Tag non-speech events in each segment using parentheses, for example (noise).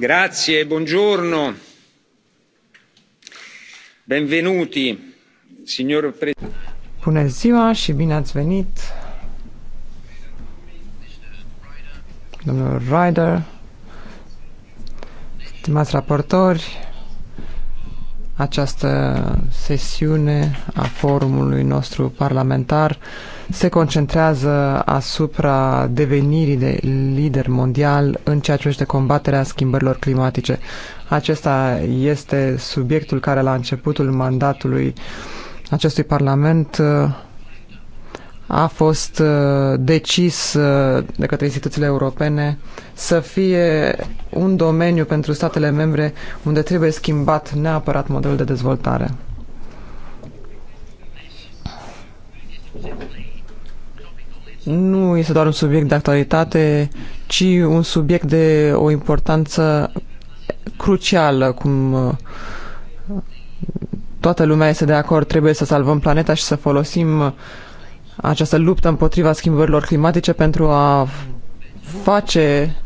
Grazie, buongiorno. Benvenuti, signor președinte. Bună ziua și bine ați venit, domnul Ryder, stimați raportori, această sesiune a forumului nostru parlamentar se concentrează asupra devenirii de lider mondial în ceea ce privește combaterea schimbărilor climatice. Acesta este subiectul care la începutul mandatului acestui parlament a fost uh, decis uh, de către instituțiile europene să fie un domeniu pentru statele membre unde trebuie schimbat neapărat modelul de dezvoltare. Nu este doar un subiect de actualitate, ci un subiect de o importanță crucială, cum uh, toată lumea este de acord, trebuie să salvăm planeta și să folosim această luptă împotriva schimbărilor climatice pentru a face,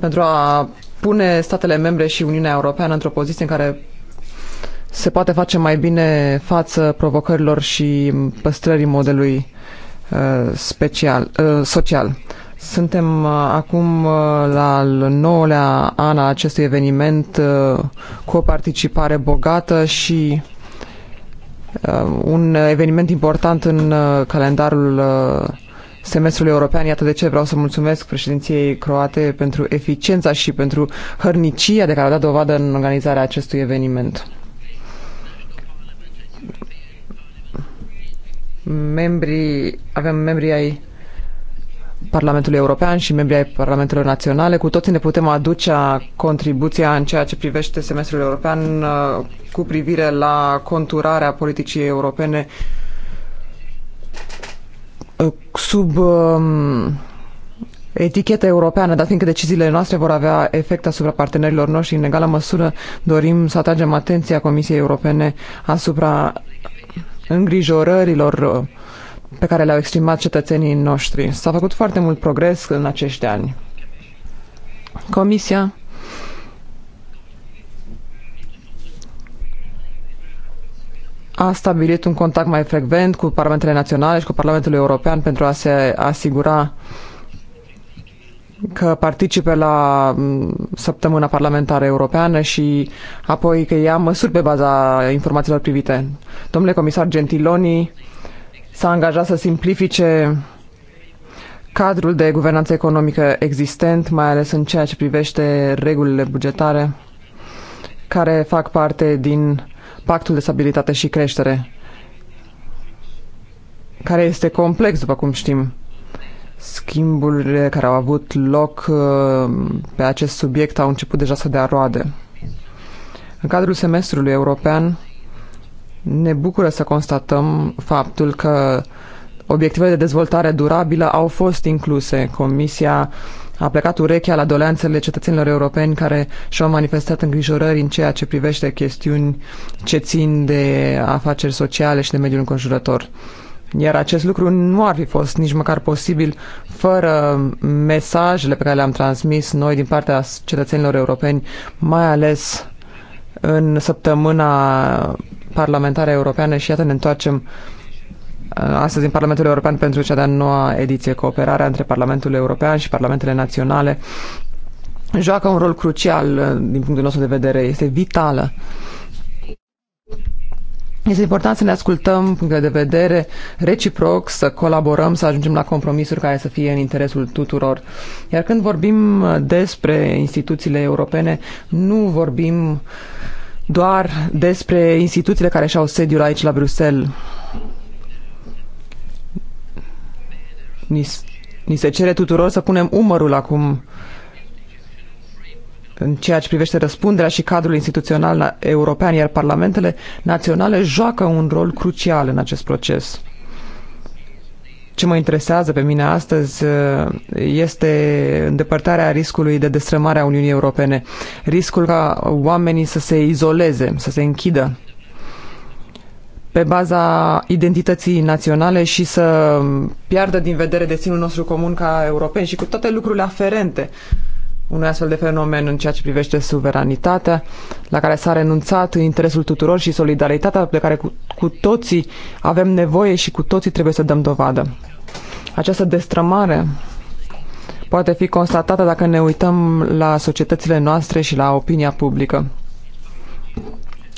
pentru a pune statele membre și Uniunea Europeană într-o poziție în care se poate face mai bine față provocărilor și păstrării modelului special, social. Suntem acum la al nouălea an a acestui eveniment cu o participare bogată și Uh, un eveniment important în uh, calendarul uh, semestrului european. Iată de ce vreau să mulțumesc președinției croate pentru eficiența și pentru hărnicia de care a dat dovadă în organizarea acestui eveniment. Membrii, avem membrii ai Parlamentului European și membrii ai Parlamentelor Naționale. Cu toții ne putem aduce contribuția în ceea ce privește semestrul european uh, cu privire la conturarea politicii europene uh, sub um, eticheta europeană, dar fiindcă deciziile noastre vor avea efect asupra partenerilor noștri, în egală măsură dorim să atragem atenția Comisiei Europene asupra îngrijorărilor uh, pe care le-au exprimat cetățenii noștri. S-a făcut foarte mult progres în acești ani. Comisia a stabilit un contact mai frecvent cu parlamentele naționale și cu Parlamentul European pentru a se asigura că participe la săptămâna parlamentară europeană și apoi că ia măsuri pe baza informațiilor privite. Domnule comisar Gentiloni s-a angajat să simplifice cadrul de guvernanță economică existent, mai ales în ceea ce privește regulile bugetare care fac parte din Pactul de Stabilitate și Creștere, care este complex, după cum știm. Schimburile care au avut loc uh, pe acest subiect au început deja să dea roade. În cadrul semestrului european, ne bucură să constatăm faptul că obiectivele de dezvoltare durabilă au fost incluse. Comisia a plecat urechea la doleanțele cetățenilor europeni care și-au manifestat îngrijorări în ceea ce privește chestiuni ce țin de afaceri sociale și de mediul înconjurător. Iar acest lucru nu ar fi fost nici măcar posibil fără mesajele pe care le-am transmis noi din partea cetățenilor europeni, mai ales în săptămâna parlamentară europeană și iată ne întoarcem uh, astăzi în Parlamentul European pentru cea de-a noua ediție, cooperarea între Parlamentul European și Parlamentele Naționale joacă un rol crucial uh, din punctul nostru de vedere, este vitală. Este important să ne ascultăm punctele de vedere reciproc, să colaborăm, să ajungem la compromisuri care să fie în interesul tuturor. Iar când vorbim despre instituțiile europene, nu vorbim doar despre instituțiile care și-au sediul aici la Bruxelles. Ni, ni se cere tuturor să punem umărul acum în ceea ce privește răspunderea și cadrul instituțional european, iar parlamentele naționale joacă un rol crucial în acest proces. Ce mă interesează pe mine astăzi uh, este îndepărtarea riscului de destrămare a Uniunii Europene, riscul ca oamenii să se izoleze, să se închidă pe baza identității naționale și să piardă din vedere destinul nostru comun ca europeni și cu toate lucrurile aferente. Uh, unui astfel de fenomen în ceea ce privește suveranitatea, la care s-a renunțat în interesul tuturor și solidaritatea pe care cu, cu toții avem nevoie și cu toții trebuie să dăm dovadă. Această destrămare poate fi constatată dacă ne uităm la societățile noastre și la opinia publică.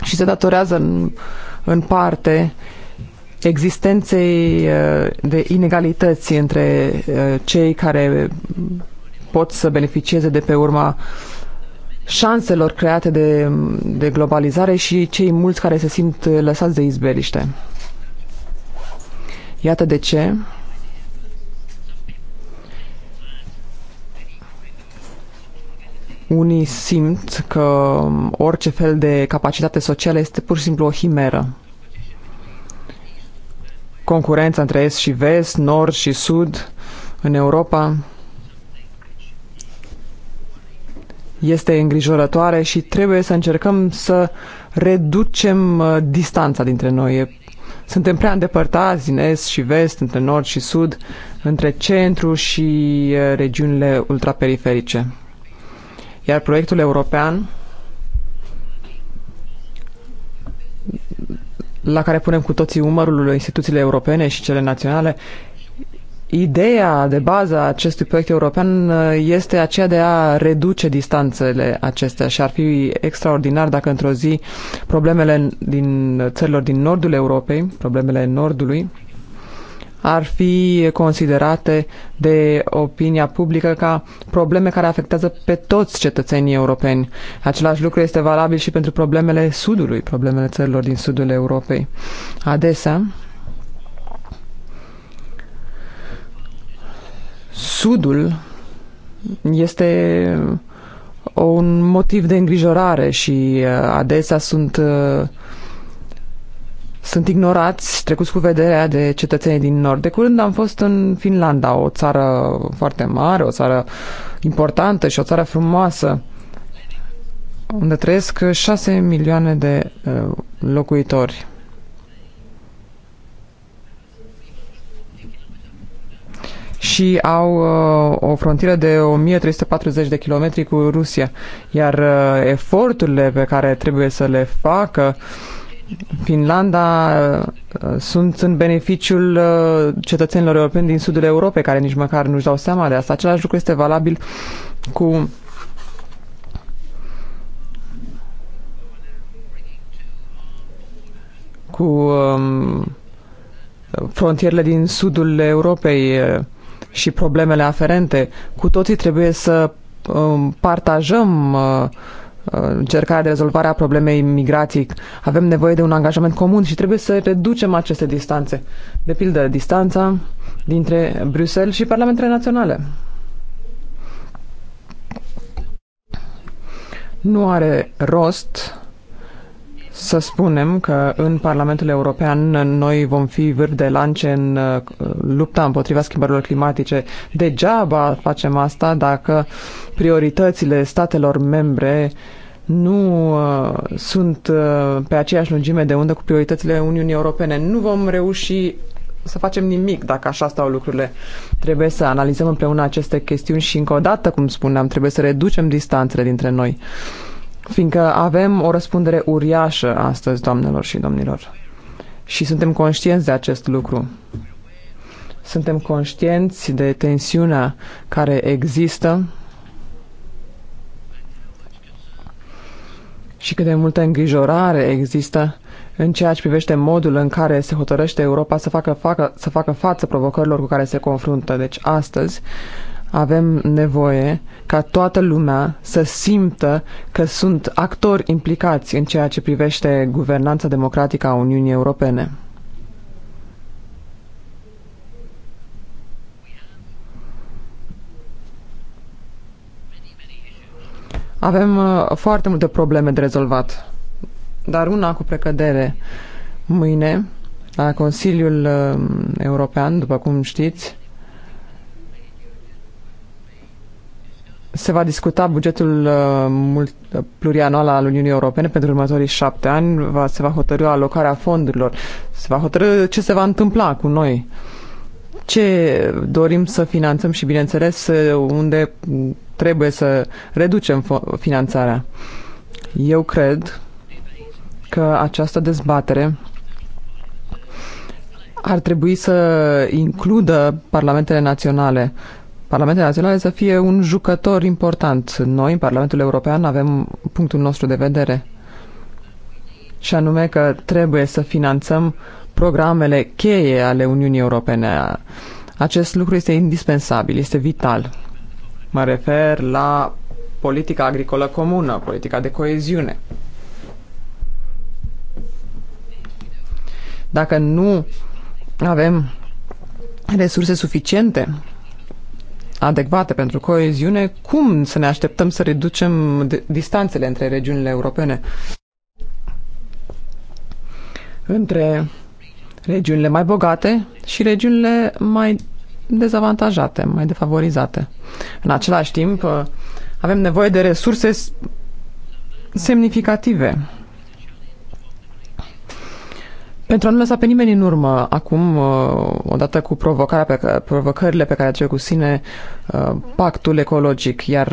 Și se datorează în, în parte existenței uh, de inegalități între uh, cei care pot să beneficieze de pe urma șanselor create de, de globalizare și cei mulți care se simt lăsați de izbeliște. Iată de ce unii simt că orice fel de capacitate socială este pur și simplu o himeră. Concurența între Est și Vest, Nord și Sud în Europa este îngrijorătoare și trebuie să încercăm să reducem uh, distanța dintre noi. Suntem prea îndepărtați din est și vest, între nord și sud, între centru și uh, regiunile ultraperiferice. Iar proiectul european la care punem cu toții umărul instituțiile europene și cele naționale Ideea de bază a acestui proiect european uh, este aceea de a reduce distanțele acestea și ar fi extraordinar dacă într-o zi problemele din țărilor din nordul Europei, problemele nordului, ar fi considerate de opinia publică ca probleme care afectează pe toți cetățenii europeni. Același lucru este valabil și pentru problemele sudului, problemele țărilor din sudul Europei. Adesea, Sudul este un motiv de îngrijorare și uh, adesea sunt uh, sunt ignorați, trecuți cu vederea de cetățenii din nord. De curând am fost în Finlanda, o țară foarte mare, o țară importantă și o țară frumoasă, unde trăiesc 6 milioane de uh, locuitori. și au uh, o frontieră de 1340 de kilometri cu Rusia. Iar uh, eforturile pe care trebuie să le facă Finlanda uh, sunt în beneficiul cetățenilor europeni din sudul Europei, care nici măcar nu-și dau seama de asta. Același lucru este valabil cu cu um, frontierele din sudul Europei și problemele aferente. Cu toții trebuie să um, partajăm uh, uh, încercarea de rezolvare a problemei migrației. Avem nevoie de un angajament comun și trebuie să reducem aceste distanțe. De pildă, distanța dintre Bruxelles și Parlamentele Naționale. Nu are rost să spunem că în Parlamentul European noi vom fi vârf de lance în uh, lupta împotriva schimbărilor climatice. Degeaba facem asta dacă prioritățile statelor membre nu uh, sunt uh, pe aceeași lungime de undă cu prioritățile Uniunii Europene. Nu vom reuși să facem nimic dacă așa stau lucrurile. Trebuie să analizăm împreună aceste chestiuni și încă o dată, cum spuneam, trebuie să reducem distanțele dintre noi fiindcă avem o răspundere uriașă astăzi, doamnelor și domnilor. Și suntem conștienți de acest lucru. Suntem conștienți de tensiunea care există și cât de multă îngrijorare există în ceea ce privește modul în care se hotărăște Europa să facă, facă, să facă față provocărilor cu care se confruntă. Deci astăzi, avem nevoie ca toată lumea să simtă că sunt actori implicați în ceea ce privește guvernanța democratică a Uniunii Europene. Avem uh, foarte multe probleme de rezolvat, dar una cu precădere. Mâine, la Consiliul uh, European, după cum știți, se va discuta bugetul uh, mult, uh, plurianual al Uniunii Europene pentru următorii șapte ani, va, se va hotărâ alocarea fondurilor, se va hotărâ ce se va întâmpla cu noi, ce dorim să finanțăm și, bineînțeles, unde trebuie să reducem finanțarea. Eu cred că această dezbatere ar trebui să includă parlamentele naționale Parlamentele naționale să fie un jucător important. Noi, în Parlamentul European, avem punctul nostru de vedere. Și anume că trebuie să finanțăm programele cheie ale Uniunii Europene. Acest lucru este indispensabil, este vital. Mă refer la politica agricolă comună, politica de coeziune. Dacă nu avem resurse suficiente adecvate pentru coeziune, cum să ne așteptăm să reducem distanțele între regiunile europene? Între regiunile mai bogate și regiunile mai dezavantajate, mai defavorizate. În același timp, avem nevoie de resurse semnificative pentru a nu lăsa pe nimeni în urmă, acum, uh, odată cu provocarea pe, provocările pe care aduce cu sine uh, pactul ecologic, iar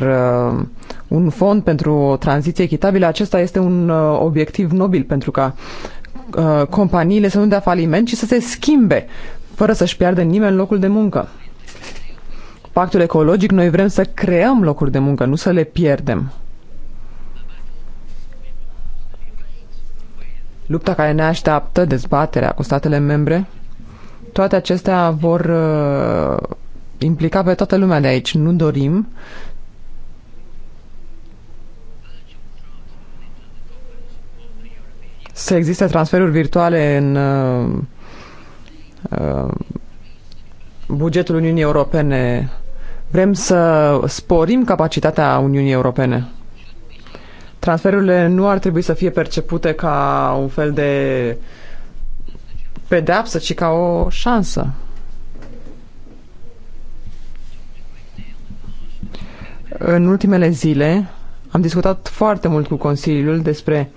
uh, un fond pentru o tranziție echitabilă, acesta este un obiectiv nobil pentru ca companiile să nu dea faliment, ci să se schimbe, fără să-și piardă nimeni locul de muncă. Pactul ecologic, noi vrem să creăm locuri de muncă, nu să le pierdem. lupta care ne așteaptă, dezbaterea cu statele membre, toate acestea vor uh, implica pe toată lumea de aici. Nu dorim să existe transferuri virtuale în uh, uh bugetul Uniunii Europene. Vrem să sporim capacitatea Uniunii Europene. Transferurile nu ar trebui să fie percepute ca un fel de pedeapsă, ci ca o șansă. În ultimele zile am discutat foarte mult cu Consiliul despre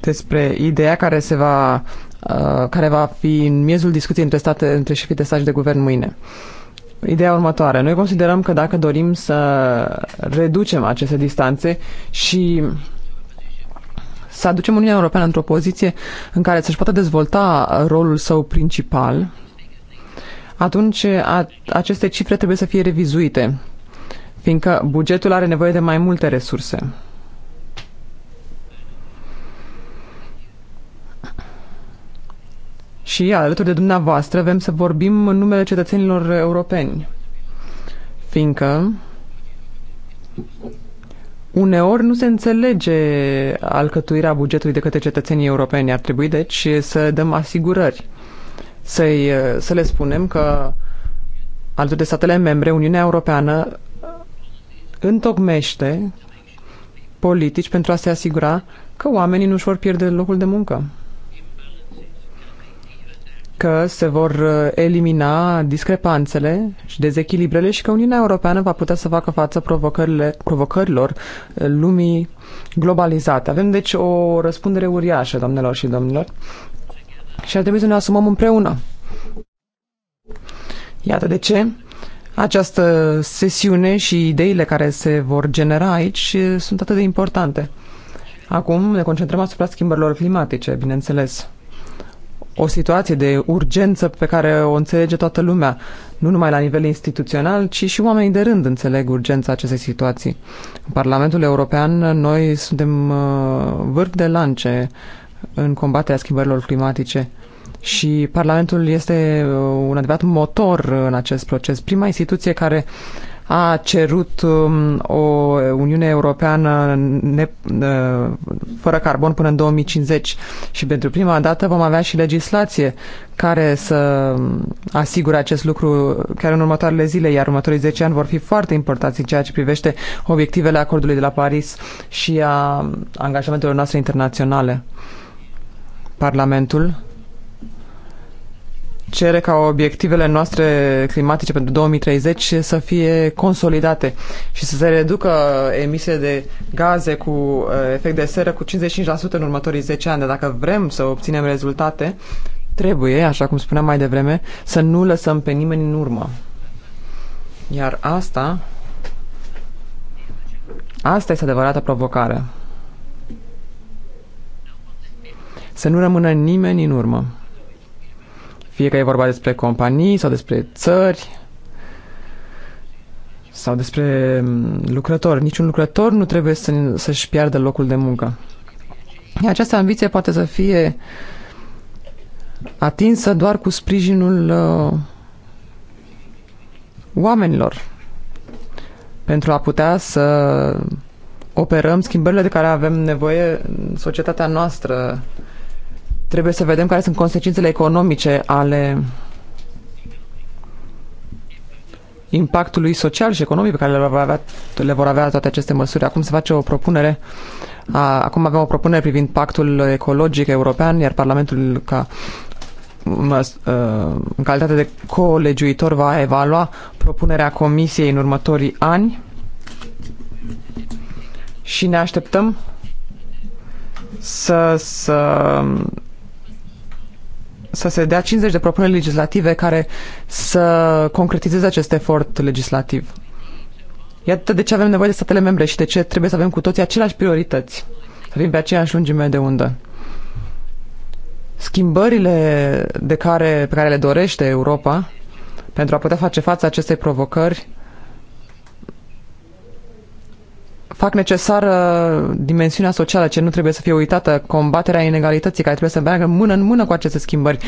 despre ideea care se va uh, care va fi în miezul discuției între state, între șefii de stat și de guvern mâine. Uh, Ideea următoare. Noi considerăm că dacă dorim să reducem aceste distanțe și să aducem Uniunea Europeană într-o poziție în care să-și poată dezvolta rolul său principal, atunci aceste cifre trebuie să fie revizuite, fiindcă bugetul are nevoie de mai multe resurse. și alături de dumneavoastră vrem să vorbim în numele cetățenilor europeni, fiindcă uneori nu se înțelege alcătuirea bugetului de către cetățenii europeni. Ar trebui, deci, să dăm asigurări, să să le spunem că alături de statele membre, Uniunea Europeană întocmește politici pentru a se asigura că oamenii nu își vor pierde locul de muncă că se vor uh, elimina discrepanțele și dezechilibrele și că Uniunea Europeană va putea să facă față provocărilor uh, lumii globalizate. Avem deci o răspundere uriașă, doamnelor și domnilor, și ar trebui să ne asumăm împreună. Iată de ce această sesiune și ideile care se vor genera aici uh, sunt atât de importante. Acum ne concentrăm asupra schimbărilor climatice, bineînțeles o situație de urgență pe care o înțelege toată lumea, nu numai la nivel instituțional, ci și oamenii de rând înțeleg urgența acestei situații. În Parlamentul European noi suntem uh, vârf de lance în combaterea schimbărilor climatice și Parlamentul este uh, un adevărat motor în acest proces. Prima instituție care a cerut um, o Uniune Europeană ne, uh, fără carbon până în 2050 și pentru prima dată vom avea și legislație care să um, asigure acest lucru chiar în următoarele zile, iar următorii 10 ani vor fi foarte importanți în ceea ce privește obiectivele acordului de la Paris și a um, angajamentelor noastre internaționale. Parlamentul cere ca obiectivele noastre climatice pentru 2030 să fie consolidate și să se reducă emisiile de gaze cu uh, efect de seră cu 55% în următorii 10 ani. dacă vrem să obținem rezultate, trebuie, așa cum spuneam mai devreme, să nu lăsăm pe nimeni în urmă. Iar asta, asta este adevărata provocare. Să nu rămână nimeni în urmă. Fie că e vorba despre companii sau despre țări sau despre mm, lucrători. Niciun lucrător nu trebuie să, să-și piardă locul de muncă. Această ambiție poate să fie atinsă doar cu sprijinul uh, oamenilor pentru a putea să operăm schimbările de care avem nevoie în societatea noastră Trebuie să vedem care sunt consecințele economice ale impactului social și economic pe care le vor avea, le vor avea toate aceste măsuri. Acum se face o propunere, a, acum avem o propunere privind pactul ecologic european, iar Parlamentul ca ă, în calitate de colegiuitor va evalua propunerea Comisiei în următorii ani și ne așteptăm să, să să se dea 50 de propuneri legislative care să concretizeze acest efort legislativ. Iată de ce avem nevoie de statele membre și de ce trebuie să avem cu toții aceleași priorități, să fim pe aceeași lungime de undă. Schimbările de care, pe care le dorește Europa pentru a putea face față acestei provocări fac necesară dimensiunea socială, ce nu trebuie să fie uitată, combaterea inegalității care trebuie să meargă mână în mână cu aceste schimbări.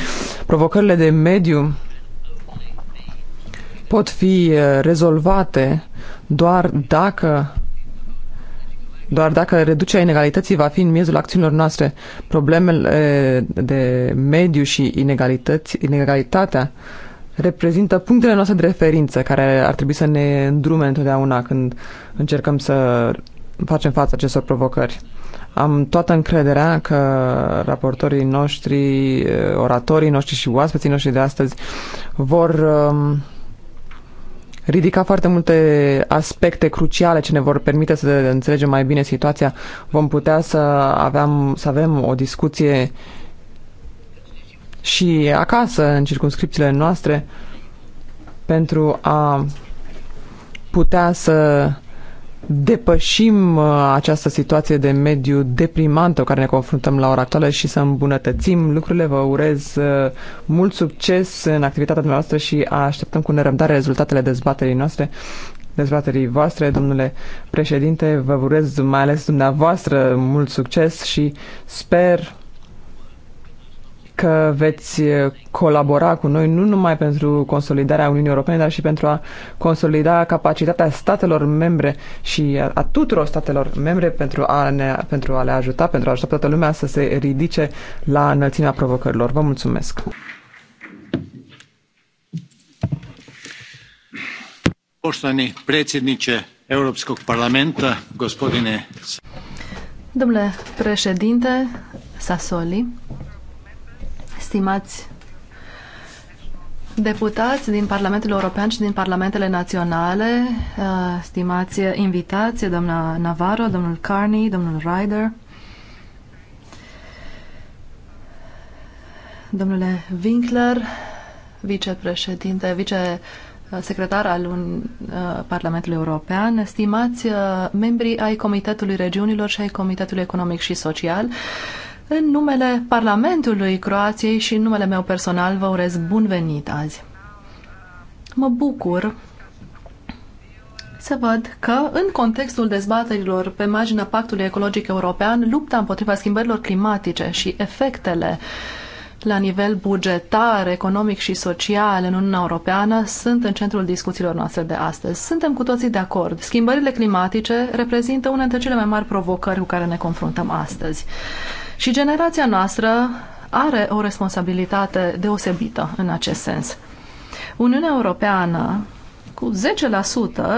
Provocările de mediu pot fi eh, rezolvate doar dacă doar dacă reducerea inegalității va fi în miezul acțiunilor noastre. Problemele eh, de mediu și inegalități, inegalitatea uh, reprezintă punctele noastre de referință care ar trebui să ne îndrume întotdeauna când încercăm să facem față acestor provocări. Am toată încrederea că raportorii noștri, eh, oratorii noștri și oaspeții noștri de astăzi vor ehm, ridica foarte multe aspecte cruciale ce ne vor permite să înțelegem mai bine situația. Vom putea să, aveam, să avem o discuție și acasă, în circunscripțiile noastre, pentru a putea să depășim uh, această situație de mediu deprimantă cu care ne confruntăm la ora actuală și să îmbunătățim lucrurile. Vă urez uh, mult succes în activitatea noastră și așteptăm cu nerăbdare rezultatele dezbaterii noastre dezbaterii voastre, domnule președinte. Vă urez mai ales dumneavoastră mult succes și sper că veți colabora cu noi nu numai pentru consolidarea Uniunii Europene, dar și pentru a consolida capacitatea statelor membre și a tuturor statelor membre pentru a, ne, pentru a le ajuta, pentru a ajuta toată lumea să se ridice la înălțimea provocărilor. Vă mulțumesc! Poștani prețednice Europskog parlamenta, gospodine... Domnule președinte Sassoli, stimați deputați din Parlamentul European și din Parlamentele Naționale, uh, stimați invitați, doamna Navarro, domnul Carney, domnul Ryder, domnule Winkler, vicepreședinte, vice secretar al un, uh, Parlamentului European, stimați uh, membrii ai Comitetului Regiunilor și ai Comitetului Economic și Social, uh, în numele Parlamentului Croației și în numele meu personal vă urez bun venit azi. Mă bucur să văd că, în contextul dezbaterilor pe marginea Pactului Ecologic European, lupta împotriva schimbărilor climatice și efectele la nivel bugetar, economic și social în Uniunea Europeană sunt în centrul discuțiilor noastre de astăzi. Suntem cu toții de acord. Schimbările climatice reprezintă una dintre cele mai mari provocări cu care ne confruntăm astăzi. Și generația noastră are o responsabilitate deosebită în acest sens. Uniunea Europeană cu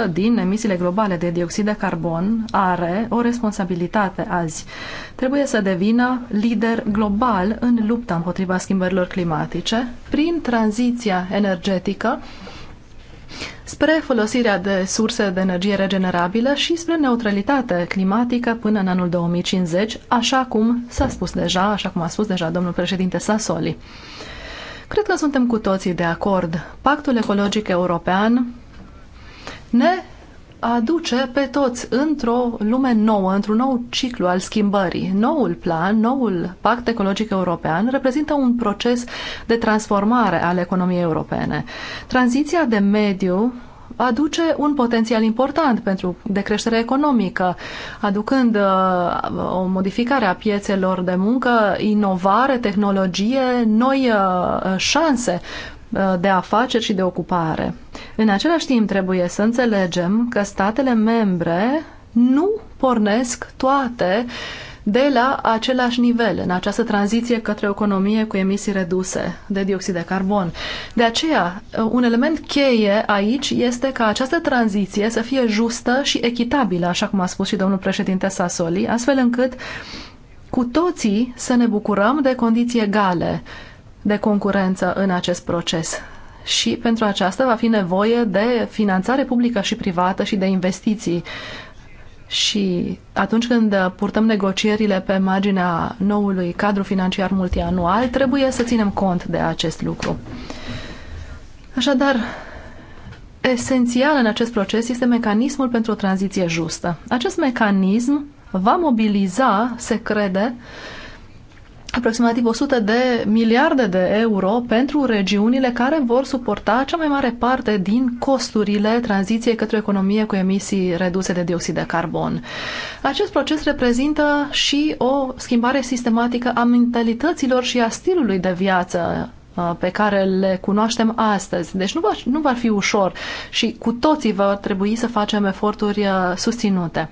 10% din emisiile globale de dioxid de carbon are o responsabilitate azi. Trebuie să devină lider global în lupta împotriva schimbărilor climatice prin tranziția energetică spre folosirea de surse de energie regenerabilă și spre neutralitate climatică până în anul 2050, așa cum s-a spus deja, așa cum a spus deja domnul președinte Sassoli. Cred că suntem cu toții de acord. Pactul ecologic european ne aduce pe toți într-o lume nouă, într-un nou ciclu al schimbării. Noul plan, noul pact ecologic european reprezintă un proces de transformare al economiei europene. Tranziția de mediu aduce un potențial important pentru de creștere economică, aducând uh, o modificare a piețelor de muncă, inovare, tehnologie, noi uh, șanse Uh, de afaceri și de ocupare. În același timp, trebuie să înțelegem că statele membre nu pornesc toate de la același nivel în această tranziție către o economie cu emisii reduse de dioxid de carbon. De aceea, uh, un element cheie aici este ca această tranziție să fie justă și echitabilă, așa cum a spus și domnul președinte Sassoli, astfel încât cu toții să ne bucurăm de condiții egale de concurență în acest proces. Și pentru aceasta va fi nevoie de finanțare publică și privată și de investiții. Și atunci când purtăm negocierile pe marginea noului cadru financiar multianual, trebuie să ținem cont de acest lucru. Așadar, esențial în acest proces este mecanismul pentru o tranziție justă. Acest mecanism va mobiliza, se crede, uh, aproximativ 100 de miliarde de euro pentru regiunile care vor suporta cea mai mare parte din costurile tranziției către o economie cu emisii reduse de dioxid de carbon. Acest proces reprezintă și o schimbare sistematică a mentalităților și a stilului de viață Uh, pe care le cunoaștem astăzi. Deci nu va, nu va fi ușor și cu toții va trebui să facem eforturi uh, susținute.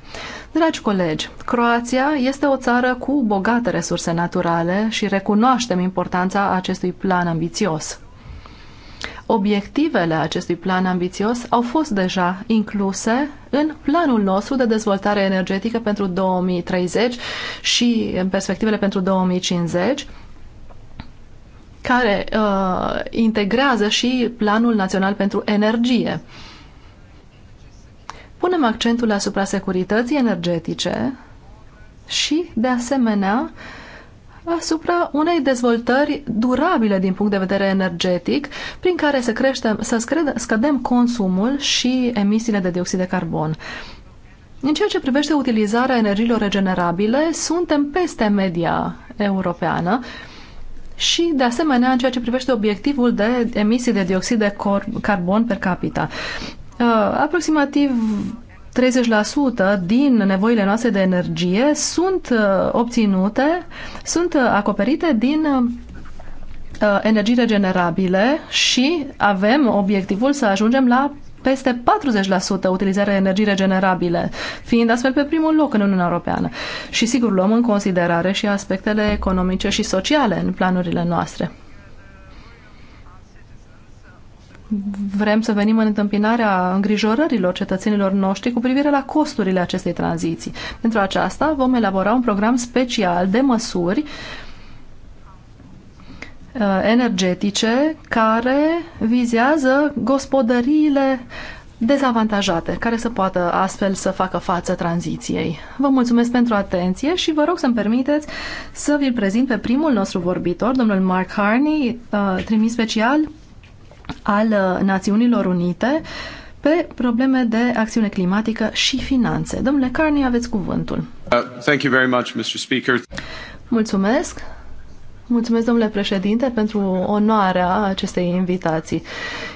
Dragi colegi, Croația este o țară cu bogate resurse naturale și recunoaștem importanța acestui plan ambițios. Obiectivele acestui plan ambițios au fost deja incluse în planul nostru de dezvoltare energetică pentru 2030 și în perspectivele pentru 2050, care uh, integrează și Planul Național pentru Energie. Punem accentul asupra securității energetice și, de asemenea, asupra unei dezvoltări durabile din punct de vedere energetic, prin care să, creștem, să scădem consumul și emisiile de dioxid de carbon. În ceea ce privește utilizarea energiilor regenerabile, suntem peste media europeană, uh, și, de asemenea, în ceea ce privește obiectivul de emisii de dioxid de carbon per capita. Uh, aproximativ 30% din nevoile noastre de energie sunt uh, obținute, sunt uh, acoperite din energii regenerabile și avem obiectivul să ajungem la peste 40% utilizarea energiei regenerabile, fiind astfel pe primul loc în Uniunea Europeană. Și sigur luăm în considerare și aspectele economice și sociale în planurile noastre. Vrem să venim în întâmpinarea îngrijorărilor cetățenilor noștri cu privire la costurile acestei tranziții. Pentru aceasta vom elabora un program special de măsuri Uh, energetice care vizează gospodăriile dezavantajate, care să poată astfel să facă față tranziției. Vă mulțumesc pentru atenție și vă rog să-mi permiteți să vi-l prezint pe primul nostru vorbitor, domnul Mark Harney, uh, trimis special al uh, Națiunilor Unite pe probleme de acțiune climatică și finanțe. Domnule Carney, aveți cuvântul. Uh, thank you very much, Mr. Speaker. Mulțumesc, Mulțumesc, domnule președinte, pentru onoarea acestei invitații.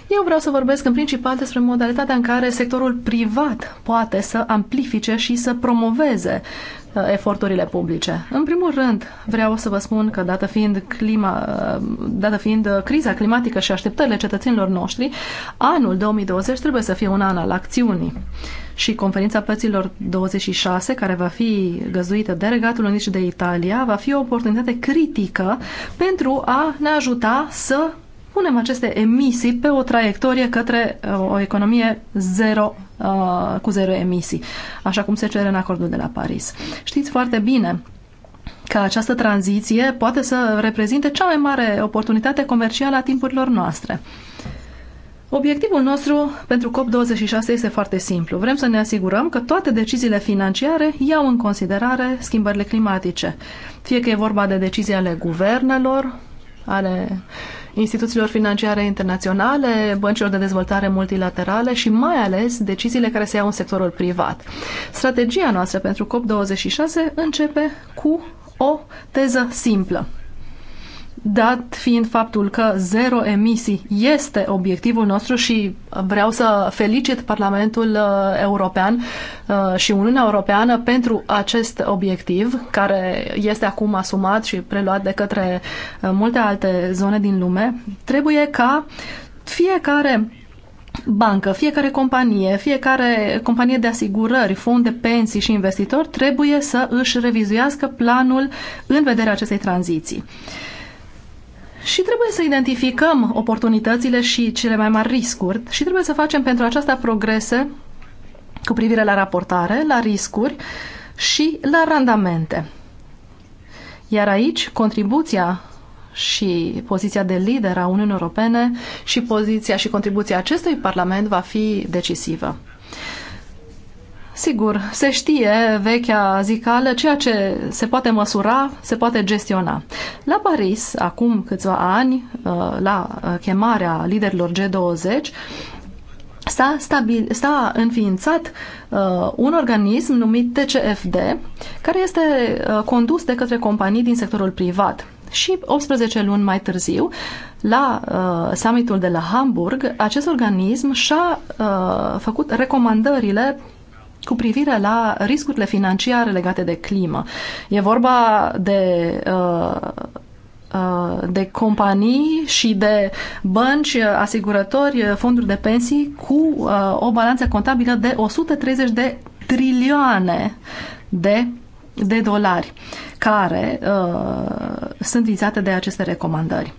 Eu vreau să vorbesc în principal despre modalitatea în care sectorul privat poate să amplifice și să promoveze Uh, eforturile publice. În primul rând, vreau să vă spun că, dată fiind, clima, uh, dată fiind uh, criza climatică și așteptările cetățenilor noștri, anul 2020 trebuie să fie un an al acțiunii. Și conferința păților 26, care va fi găzduită de Regatul Unit și de Italia, va fi o oportunitate critică pentru a ne ajuta să punem aceste emisii pe o traiectorie către uh, o economie zero, uh, cu zero emisii, așa cum se cere în acordul de la Paris. Știți foarte bine că această tranziție poate să reprezinte cea mai mare oportunitate comercială a timpurilor noastre. Obiectivul nostru pentru COP26 este foarte simplu. Vrem să ne asigurăm că toate deciziile financiare iau în considerare schimbările climatice. Fie că e vorba de decizii ale guvernelor, ale uh, instituțiilor financiare internaționale, băncilor de dezvoltare multilaterale și mai ales deciziile care se iau în sectorul privat. Strategia noastră pentru COP26 începe cu o teză simplă dat fiind faptul că zero emisii este obiectivul nostru și vreau să felicit Parlamentul uh, European uh, și Uniunea Europeană pentru acest obiectiv care este acum asumat și preluat de către uh, multe alte zone din lume, trebuie ca fiecare bancă, fiecare companie, fiecare companie de asigurări, fond de pensii și investitori trebuie să își revizuiască planul în vederea acestei tranziții. Uh, și trebuie să identificăm oportunitățile și cele mai mari riscuri și trebuie să facem pentru aceasta progrese cu privire la raportare, la riscuri și la randamente. Iar aici, contribuția și poziția de lider a Uniunii Europene și poziția și contribuția acestui Parlament va fi decisivă. Sigur, se știe vechea zicală, ceea ce se poate măsura, se poate gestiona. La Paris, acum câțiva ani, uh, la uh, chemarea liderilor G20, s-a, stabil, s-a înființat uh, un organism numit TCFD, care este uh, condus de către companii din sectorul privat. Și 18 luni mai târziu, la uh, summitul de la Hamburg, acest organism și-a uh, făcut recomandările cu privire la riscurile financiare legate de climă. E vorba de uh, uh, de companii și de bănci, asigurători, fonduri de pensii cu uh, o balanță contabilă de 130 de trilioane de, de dolari care sunt vizate de aceste recomandări.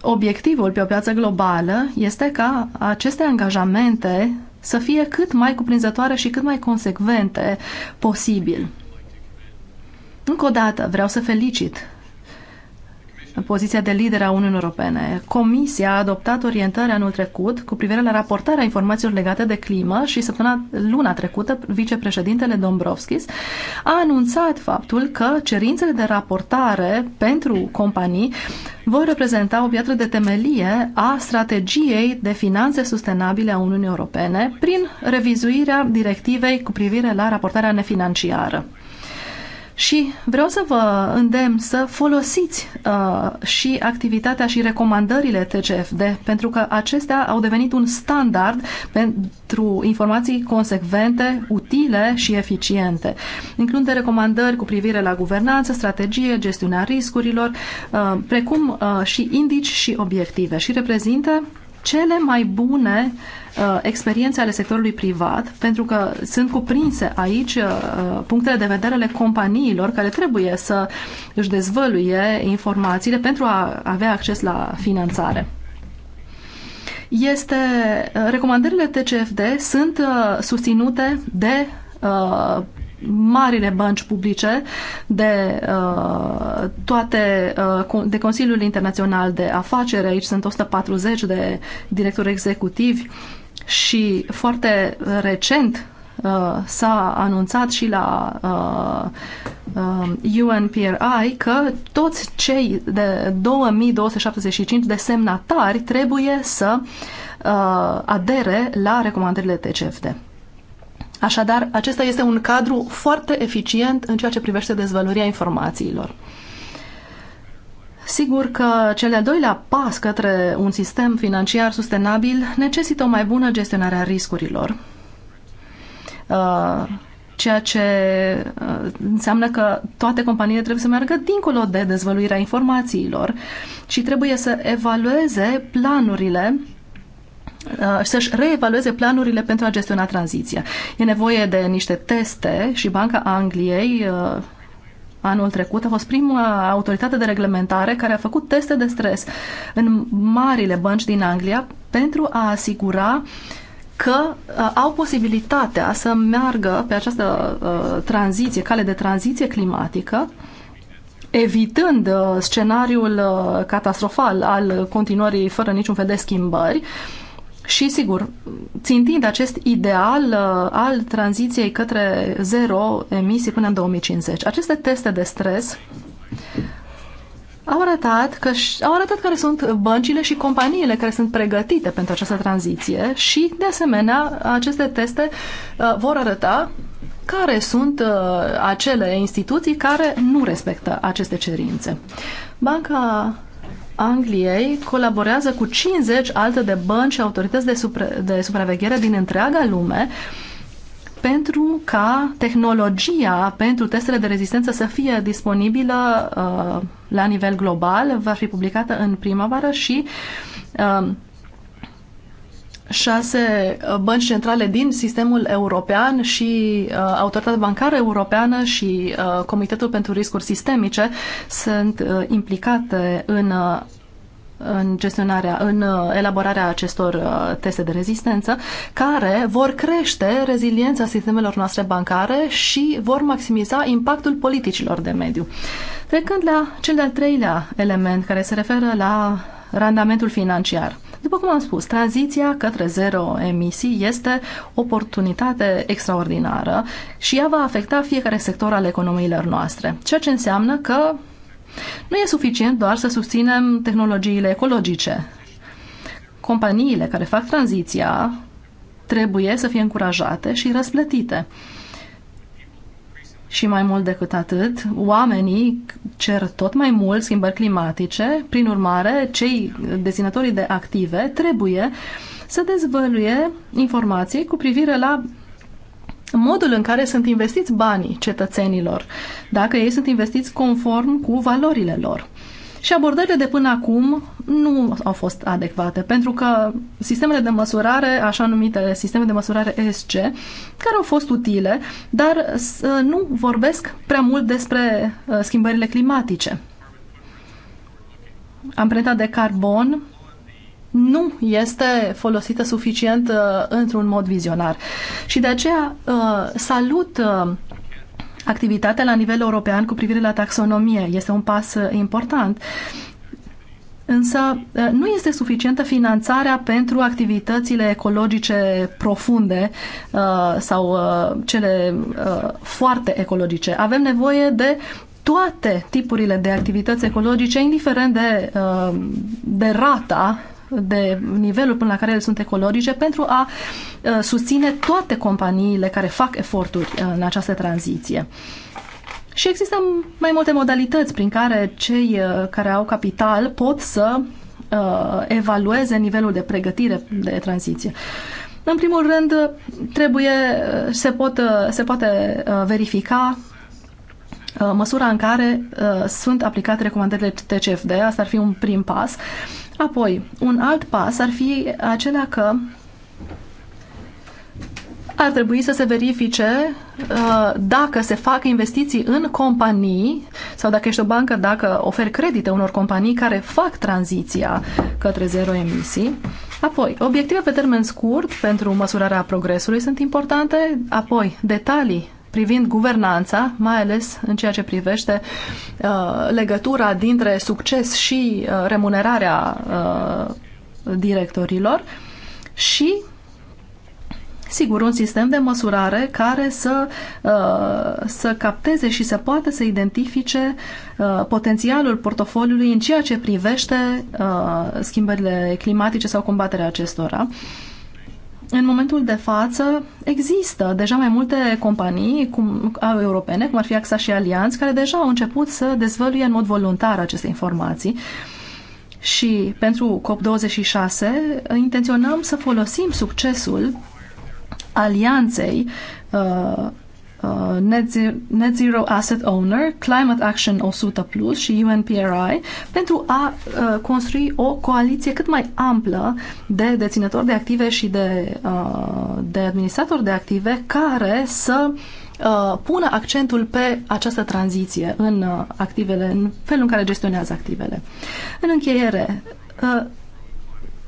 Obiectivul pe o piață globală este ca aceste angajamente să fie cât mai cuprinzătoare și cât mai consecvente posibil. Încă o dată vreau să felicit poziția de lider a Uniunii Europene. Comisia a adoptat orientări anul trecut cu privire la raportarea informațiilor legate de climă și săptămâna luna trecută vicepreședintele Dombrovskis a anunțat faptul că cerințele de raportare pentru companii vor reprezenta o piatră de temelie a strategiei de finanțe sustenabile a Uniunii Europene prin revizuirea directivei cu privire la raportarea nefinanciară. Și vreau să vă îndemn să folosiți uh, și activitatea și recomandările TCFD, pentru că acestea au devenit un standard pentru informații consecvente, utile și eficiente. Include recomandări cu privire la guvernanță, strategie, gestiunea riscurilor, uh, precum uh, și indici și obiective și reprezintă cele mai bune uh, Uh, experiențe ale sectorului privat, pentru că sunt cuprinse aici uh, punctele de vedere ale companiilor care trebuie să își dezvăluie informațiile pentru a avea acces la finanțare este uh, recomandările TCFD sunt susținute de marile bănci publice de uh, toate uh, de Consiliul Internațional de Afaceri, aici sunt 140 de directori executivi uh, și foarte recent uh, s-a anunțat și la UNPRI uh, uh, că toți cei de 2275 de semnatari trebuie să adere la recomandările TCFD. Așadar, acesta este un cadru foarte eficient în ceea ce privește dezvăluirea informațiilor. Sigur că cel de-al doilea pas către un sistem financiar sustenabil necesită o mai bună gestionare a riscurilor, uh, ceea ce uh, înseamnă că toate companiile trebuie să meargă dincolo de dezvăluirea informațiilor și trebuie să evalueze planurile uh, să-și reevalueze planurile pentru a gestiona tranziția. E nevoie de niște teste și Banca Angliei anul trecut a fost prima autoritate de reglementare care a făcut teste de stres în marile bănci din Anglia pentru a asigura că uh, au posibilitatea să meargă pe această uh, tranziție, cale de tranziție climatică evitând uh, scenariul uh, catastrofal al continuării fără niciun fel de schimbări, uh, și, sigur, țintind acest ideal uh, al tranziției către zero emisii până în 2050, aceste teste de stres au arătat, că, au arătat care sunt băncile și companiile care sunt pregătite pentru această tranziție și, de asemenea, aceste teste uh, vor arăta care sunt uh, acele instituții care nu respectă aceste cerințe. Banca Angliei colaborează cu 50 alte de bănci și autorități de, supra- de supraveghere din întreaga lume pentru ca tehnologia pentru testele de rezistență să fie disponibilă uh, la nivel global. Va fi publicată în primăvară și uh, șase uh, bănci centrale din sistemul european și uh, Autoritatea Bancară Europeană și uh, Comitetul pentru Riscuri Sistemice sunt uh, implicate în, uh, în gestionarea, în uh, elaborarea acestor uh, teste de rezistență, care vor crește reziliența sistemelor noastre bancare și vor maximiza impactul politicilor de mediu. Trecând la cel de-al treilea element care se referă la randamentul financiar. După cum am spus, tranziția către zero emisii este oportunitate extraordinară și ea va afecta fiecare sector al economiilor noastre, ceea ce înseamnă că nu e suficient doar să susținem tehnologiile ecologice. Companiile care fac tranziția trebuie să fie încurajate și răsplătite. Și mai mult decât atât, oamenii cer tot mai mult schimbări climatice, prin urmare, cei deținătorii de active trebuie să dezvăluie informații cu privire la modul în care sunt investiți banii cetățenilor, dacă ei sunt investiți conform cu valorile lor. Și abordările de până acum nu au fost adecvate, pentru că sistemele de măsurare, așa numitele sisteme de măsurare ESG, care au fost utile, dar nu vorbesc prea mult despre uh, schimbările climatice. Amprenta de carbon nu este folosită suficient uh, într-un mod vizionar. Și de aceea uh, salut activitatea la nivel european cu privire la taxonomie. Este un pas important Însă eh, nu este suficientă finanțarea pentru activitățile ecologice profunde eh, sau eh, cele foarte ecologice. Avem nevoie de toate tipurile de activități ecologice, indiferent de, de rata de nivelul până la care ele sunt ecologice pentru a susține toate companiile care fac eforturi în această tranziție. Și există mai multe modalități prin care cei uh, care au capital pot să uh, evalueze nivelul de pregătire de tranziție. În primul rând, trebuie, uh, se, pot, uh, se poate verifica măsura în care sunt aplicate recomandările TCFD, asta ar fi un prim pas. Apoi, un alt pas ar fi acela că ar trebui să se verifice uh, dacă se fac investiții în companii sau dacă ești o bancă, dacă oferi credite unor companii care fac tranziția către zero emisii. Apoi, obiective pe termen scurt pentru măsurarea progresului sunt importante. Apoi, detalii privind guvernanța, mai ales în ceea ce privește uh, legătura dintre succes și uh, remunerarea uh, directorilor și Sigur, un sistem de măsurare care să, uh, să capteze și să poată să identifice uh, potențialul portofoliului în ceea ce privește uh, schimbările climatice sau combaterea acestora. În momentul de față există deja mai multe companii cum, europene, cum ar fi AXA și Alianț, care deja au început să dezvăluie în mod voluntar aceste informații. Și pentru COP26 intenționăm să folosim succesul alianței uh, uh, Net, Zero, Net Zero Asset Owner, Climate Action 100 Plus și UNPRI pentru a uh, construi o coaliție cât mai amplă de deținători de active și de, uh, de administratori de active care să uh, pună accentul pe această tranziție în uh, activele, în felul în care gestionează activele. În încheiere, uh,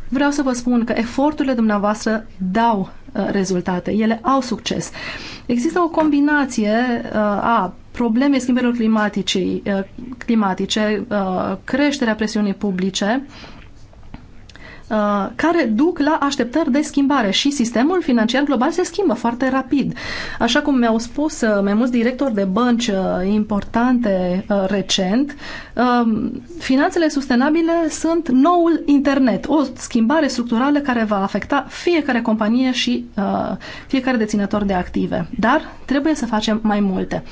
vreau să vă spun că eforturile dumneavoastră dau Uh, rezultate. Ele au succes. Există o combinație uh, a problemei schimbărilor uh, climatice, climatice creșterea presiunii publice, Uh, care duc la așteptări de schimbare și sistemul financiar global se schimbă foarte rapid. Așa cum mi-au spus uh, mai mulți directori de bănci uh, importante recent, um, finanțele sustenabile sunt noul internet, o schimbare structurală care va afecta fiecare companie și fiecare deținător de active. Dar trebuie să facem mai multe.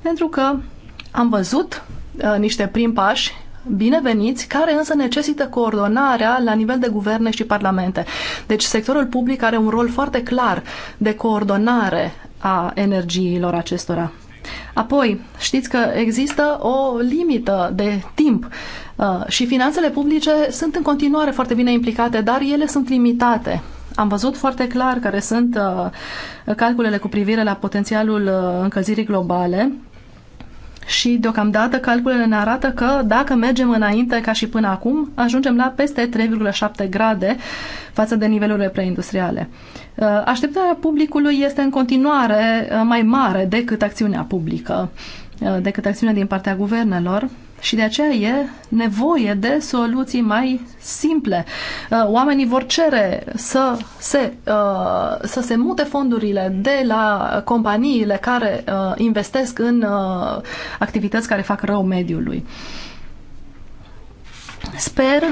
Pentru că am văzut niște prim pași bineveniți, care însă necesită coordonarea la nivel de guverne și parlamente. Deci sectorul public are un rol foarte clar de coordonare a energiilor acestora. Apoi, știți că există o limită de timp uh, și finanțele publice sunt în continuare foarte bine implicate, dar ele sunt limitate. Am văzut foarte clar care sunt uh, calculele cu privire la potențialul uh, încălzirii globale și deocamdată calculele ne arată că dacă mergem înainte ca și până acum, ajungem la peste 3,7 grade față de nivelurile preindustriale. Uh, așteptarea publicului este în continuare uh, mai mare decât acțiunea publică, uh, decât acțiunea din partea guvernelor și de aceea e nevoie de soluții mai simple. Uh, oamenii vor cere să se, uh, să se mute fondurile de la companiile care uh, investesc în activități care fac rău mediului. Sper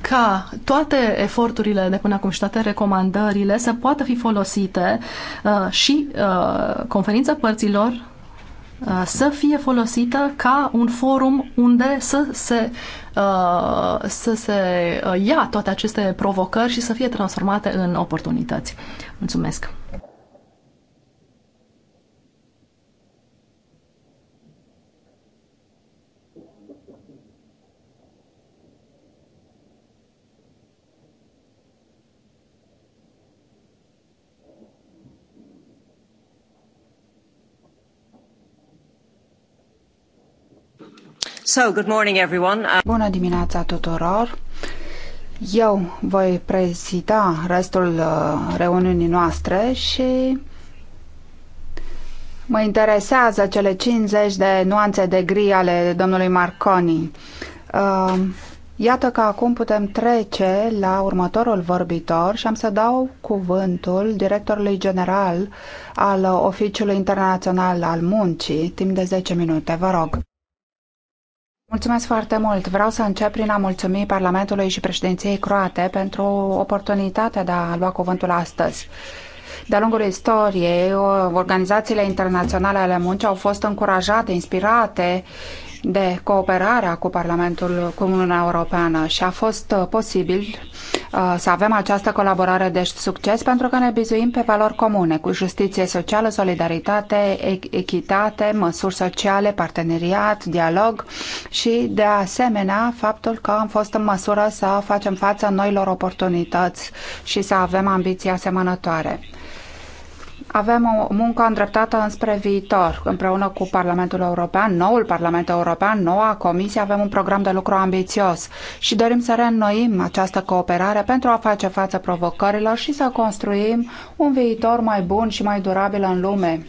ca toate eforturile de până acum și toate recomandările să poată fi folosite uh, și uh, conferința părților Uh, să fie folosită ca un forum unde să se, uh, să se uh, ia toate aceste provocări și să fie transformate în oportunități. Mulțumesc! So, good morning everyone. Uh, Bună dimineața tuturor. Eu voi prezida restul uh, reuniunii noastre și mă interesează cele 50 de nuanțe de gri ale domnului Marconi. Uh, iată că acum putem trece la următorul vorbitor și am să dau cuvântul directorului general al Oficiului Internațional al Muncii, timp de 10 minute. Vă rog. Mulțumesc foarte mult. Vreau să încep prin a mulțumi Parlamentului și președinției croate pentru oportunitatea de a lua cuvântul astăzi. De-a lungul istoriei, organizațiile internaționale ale muncii au fost încurajate, inspirate de cooperarea cu Parlamentul cu Uniunea Europeană și a fost uh, posibil uh, să avem această colaborare de succes pentru că ne bizuim pe valori comune cu justiție socială, solidaritate, echitate, măsuri sociale, parteneriat, dialog și de asemenea faptul că am fost în măsură să facem față noilor oportunități și să avem ambiții asemănătoare avem o muncă îndreptată înspre viitor. Împreună cu Parlamentul European, noul Parlament European, noua Comisie, avem un program de lucru ambițios și dorim să reînnoim această cooperare pentru a face față provocărilor și să construim un viitor mai bun și mai durabil în lume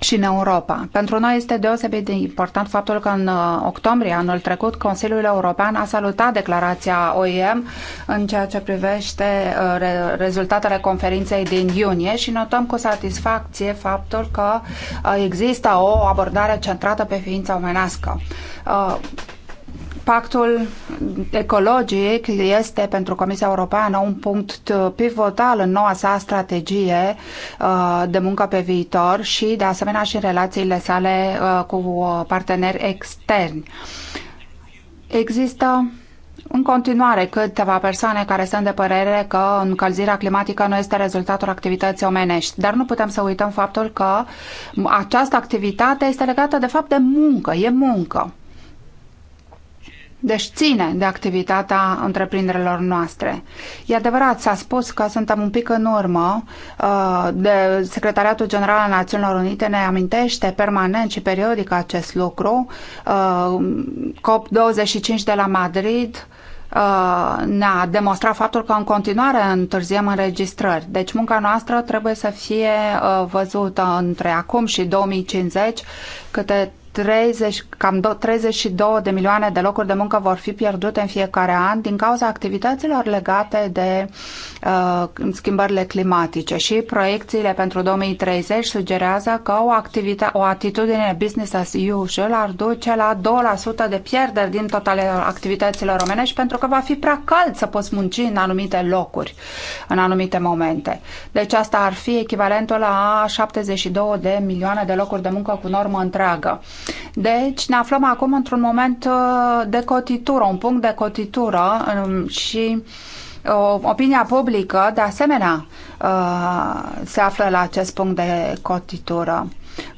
și în Europa. Pentru noi este deosebit de important faptul că în uh, octombrie anul trecut Consiliul European a salutat declarația OIM în ceea ce privește uh, rezultatele conferinței din iunie și notăm cu satisfacție faptul că uh, există o abordare centrată pe ființa omenească Pactul ecologic este pentru Comisia Europeană un punct pivotal în noua sa strategie uh, de muncă pe viitor și, de asemenea, și în relațiile sale uh, cu uh, parteneri externi. Există în continuare câteva persoane care sunt de părere că încălzirea climatică nu este rezultatul activității omenești, dar nu putem să uităm faptul că această activitate este legată de fapt de muncă, e muncă. Deci ține de activitatea întreprinderilor noastre. E adevărat, s-a spus că suntem un pic în urmă. Uh, de Secretariatul General al Națiunilor Unite ne amintește permanent și periodic acest lucru. Uh, COP25 de la Madrid uh, ne-a demonstrat faptul că în continuare întârziem înregistrări. Deci munca noastră trebuie să fie văzută între acum și 2050 câte 30, cam 32 de milioane de locuri de muncă vor fi pierdute în fiecare an din cauza activităților legate de uh, schimbările climatice și proiecțiile pentru 2030 sugerează că o, o atitudine business as usual ar duce la 2% de pierderi din totale activităților omenești pentru că va fi prea cald să poți munci în anumite locuri, în anumite momente. Deci asta ar fi echivalentul la 72 de milioane de locuri de muncă cu normă întreagă. Deci ne aflăm acum într-un moment uh, de cotitură, un punct de cotitură um, și uh, opinia publică, de asemenea, uh, se află la acest punct de cotitură.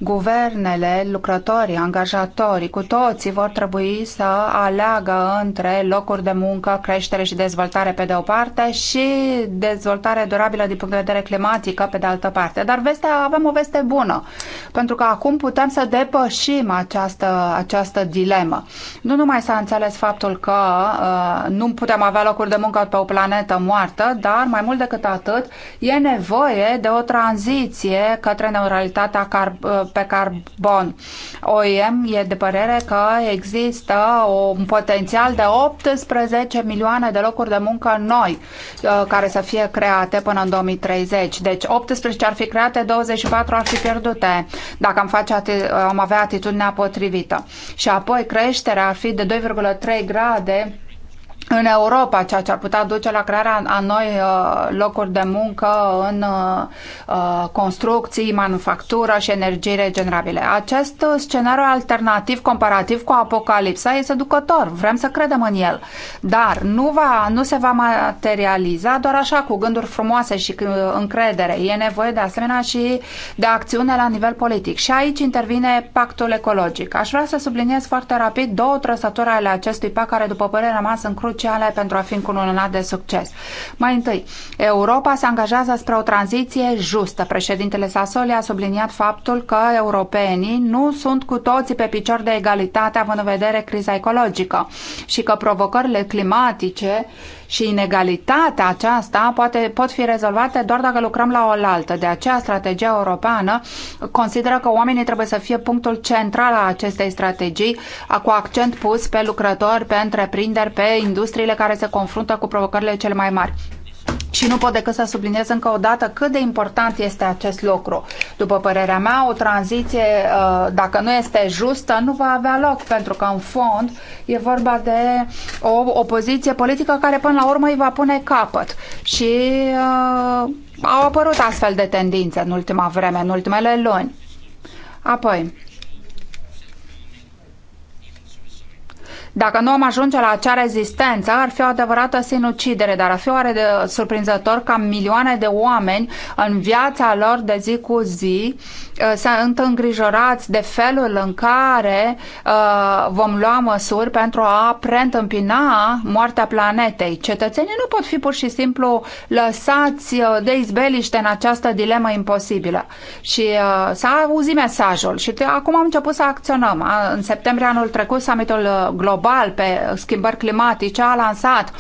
Guvernele, lucrătorii, angajatorii, cu toții vor trebui să aleagă între locuri de muncă, creștere și dezvoltare pe de o parte și dezvoltare durabilă din punct de vedere climatică pe de altă parte. Dar vestea, avem o veste bună, pentru că acum putem să depășim această, această dilemă. Nu numai s-a înțeles faptul că uh, nu putem avea locuri de muncă pe o planetă moartă, dar mai mult decât atât e nevoie de o tranziție către neutralitatea carbonă Uh, pe carbon. OIM e de părere că există un potențial de 18 milioane de locuri de muncă noi uh, care să fie create până în 2030. Deci 18 ar fi create, 24 ar fi pierdute dacă am, face, uh, am avea atitudinea potrivită. Și apoi creșterea ar fi de 2,3 grade în Europa, ceea ce ar putea duce la crearea a noi uh, locuri de muncă în uh, uh, construcții, manufactură și energie regenerabile. Acest scenariu alternativ comparativ cu apocalipsa este seducător, vrem să credem în el, dar nu, va, nu se va materializa doar așa cu gânduri frumoase și încredere. E nevoie de asemenea și de acțiune la nivel politic. Și aici intervine pactul ecologic. Aș vrea să subliniez foarte rapid două trăsături ale acestui pact care, după părerea mea, sunt cruci cruciale pentru a fi încununat de succes. Mai întâi, Europa se angajează spre o tranziție justă. Președintele Sassoli a subliniat faptul că europenii nu sunt cu toții pe picior de egalitate având în vedere criza ecologică și că provocările climatice uh, și inegalitatea aceasta poate, pot fi rezolvate doar dacă lucrăm la oaltă. De aceea, strategia europeană consideră că oamenii trebuie să fie punctul central al acestei strategii, cu accent pus pe lucrători, pe întreprinderi, pe industriile care se confruntă cu provocările cele mai mari. Și nu pot decât să subliniez încă o dată cât de important este acest lucru. După părerea mea, o tranziție, uh, dacă nu este justă, nu va avea loc, pentru că, în fond, e vorba de o opoziție politică care, până la urmă, îi va pune capăt. Și uh, au apărut astfel de tendințe în ultima vreme, în ultimele luni. Apoi, Dacă nu am ajunge la acea rezistență, ar fi o adevărată sinucidere, dar ar fi oare de surprinzător ca milioane de oameni în viața lor de zi cu zi Uh, sunt îngrijorați de felul în care uh, vom lua măsuri pentru a preîntâmpina moartea planetei. Cetățenii nu pot fi pur și simplu lăsați uh, de izbeliște în această dilemă imposibilă. Și s-a auzit mesajul și acum am început să acționăm. În septembrie anul trecut, summitul global pe schimbări climatice a lansat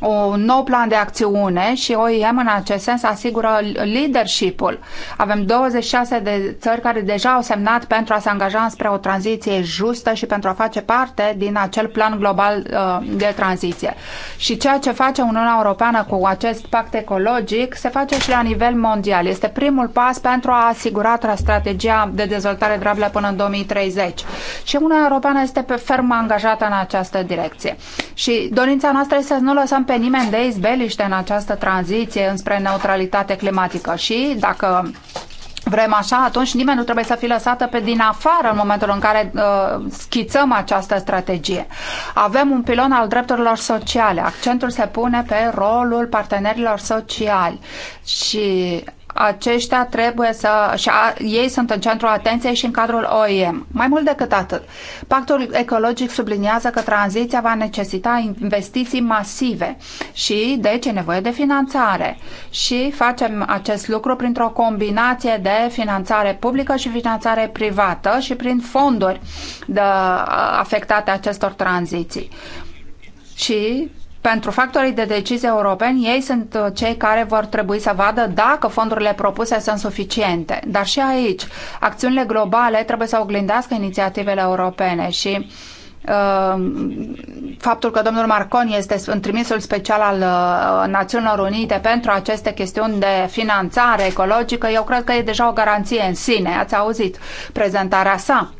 un nou plan de acțiune și OIM în acest sens asigură leadership-ul. Avem 26 de țări care deja au semnat pentru a se angaja spre o tranziție justă și pentru a face parte din acel plan global uh, de tranziție. Și ceea ce face Uniunea Europeană cu acest pact ecologic se face și la nivel mondial. Este primul pas pentru a asigura strategia de dezvoltare durabilă până în 2030. Și Uniunea Europeană este pe ferm angajată în această direcție. Și dorința noastră este să nu lăsăm pe nimeni de izbeliște în această tranziție înspre neutralitate climatică. Și dacă vrem așa, atunci nimeni nu trebuie să fie lăsată pe din afară în momentul în care uh, schițăm această strategie. Avem un pilon al drepturilor sociale. Accentul se pune pe rolul partenerilor sociali și aceștia trebuie să... și a, ei sunt în centrul atenției și în cadrul OIM. Mai mult decât atât, pactul ecologic subliniază că tranziția va necesita investiții masive și, deci, e nevoie de finanțare. Și facem acest lucru printr-o combinație de finanțare publică și finanțare privată și prin fonduri de, afectate acestor tranziții. Și pentru factorii de decizie europeni, ei sunt uh, cei care vor trebui să vadă dacă fondurile propuse sunt suficiente. Dar și aici, acțiunile globale trebuie să oglindească inițiativele europene și uh, faptul că domnul Marconi este în trimisul special al uh, Națiunilor Unite pentru aceste chestiuni de finanțare ecologică, eu cred că e deja o garanție în sine. Ați auzit prezentarea sa.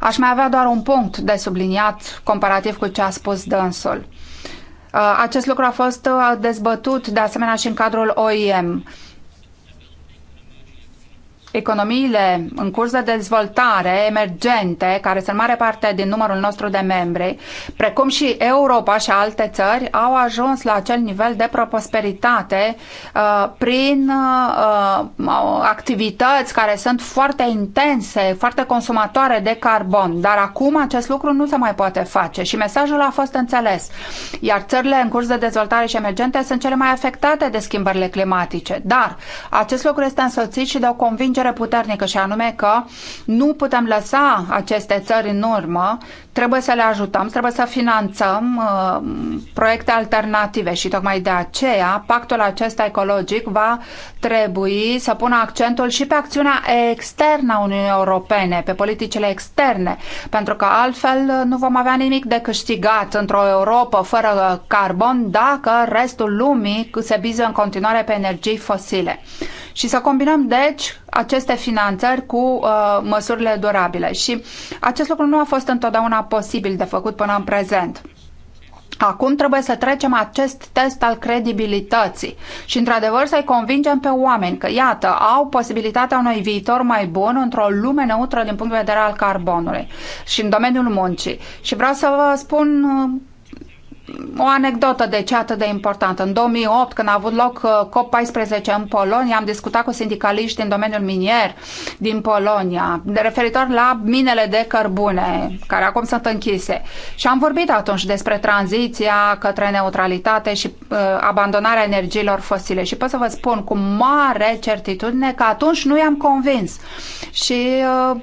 Aș mai avea doar un punct de subliniat comparativ cu ce a spus dânsul. Uh, acest lucru a fost uh, dezbătut de asemenea și în cadrul OIM economiile în curs de dezvoltare, emergente, care sunt mare parte din numărul nostru de membri, precum și Europa și alte țări, au ajuns la acel nivel de prosperitate uh, prin uh, uh, activități care sunt foarte intense, foarte consumatoare de carbon. Dar acum acest lucru nu se mai poate face și mesajul a fost înțeles. Iar țările în curs de dezvoltare și emergente sunt cele mai afectate de schimbările climatice. Dar acest lucru este însoțit și de o convingere convingere puternică și anume că nu putem lăsa aceste țări în urmă, Trebuie să le ajutăm, trebuie să finanțăm uh, proiecte alternative și tocmai de aceea pactul acesta ecologic va trebui să pună accentul și pe acțiunea externă a Uniunii Europene, pe politicile externe, pentru că altfel uh, nu vom avea nimic de câștigat într-o Europa fără uh, carbon dacă restul lumii se biză în continuare pe energii fosile. Și să combinăm, deci, aceste finanțări cu uh, măsurile durabile. Și acest lucru nu a fost întotdeauna posibil de făcut până în prezent. Acum trebuie să trecem acest test al credibilității și, într-adevăr, să-i convingem pe oameni că, iată, au posibilitatea unui viitor mai bun într-o lume neutră din punct de vedere al carbonului și în domeniul muncii. Și vreau să vă spun uh, o anecdotă de deci, ce atât de importantă. În 2008, când a avut loc uh, COP14 în Polonia, am discutat cu sindicaliști din domeniul minier din Polonia, de referitor la minele de cărbune, care acum sunt închise. Și am vorbit atunci despre tranziția către neutralitate și uh, abandonarea energiilor fosile. Și pot să vă spun cu mare certitudine că atunci nu i-am convins. Și uh,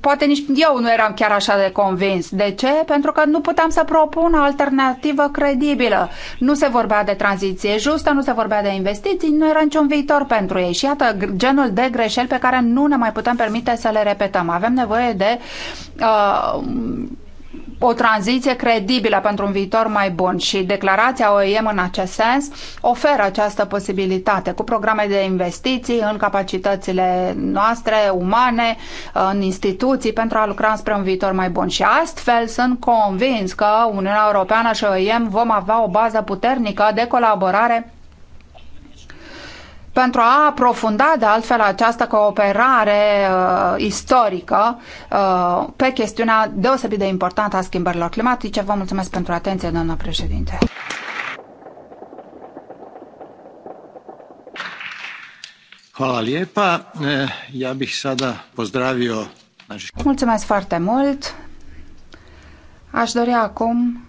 poate nici eu nu eram chiar așa de convins. De ce? Pentru că nu puteam să propun alternativă perspectivă credibilă. Nu se vorbea de tranziție justă, nu se vorbea de investiții, nu era niciun viitor pentru ei. Și iată genul de greșeli pe care nu ne mai putem permite să le repetăm. Avem nevoie de uh, o tranziție credibilă pentru un viitor mai bun și declarația OEM în acest sens oferă această posibilitate cu programe de investiții în capacitățile noastre umane, în instituții pentru a lucra spre un viitor mai bun și astfel sunt convins că Uniunea Europeană și OEM vom avea o bază puternică de colaborare pentru a aprofunda de altfel această cooperare uh, istorică uh, pe chestiunea deosebit de importantă a schimbărilor climatice. Vă mulțumesc pentru atenție, doamna președinte. Hvala lijepa. Ja bih sada pozdravio... Mulțumesc foarte mult. Aș dori acum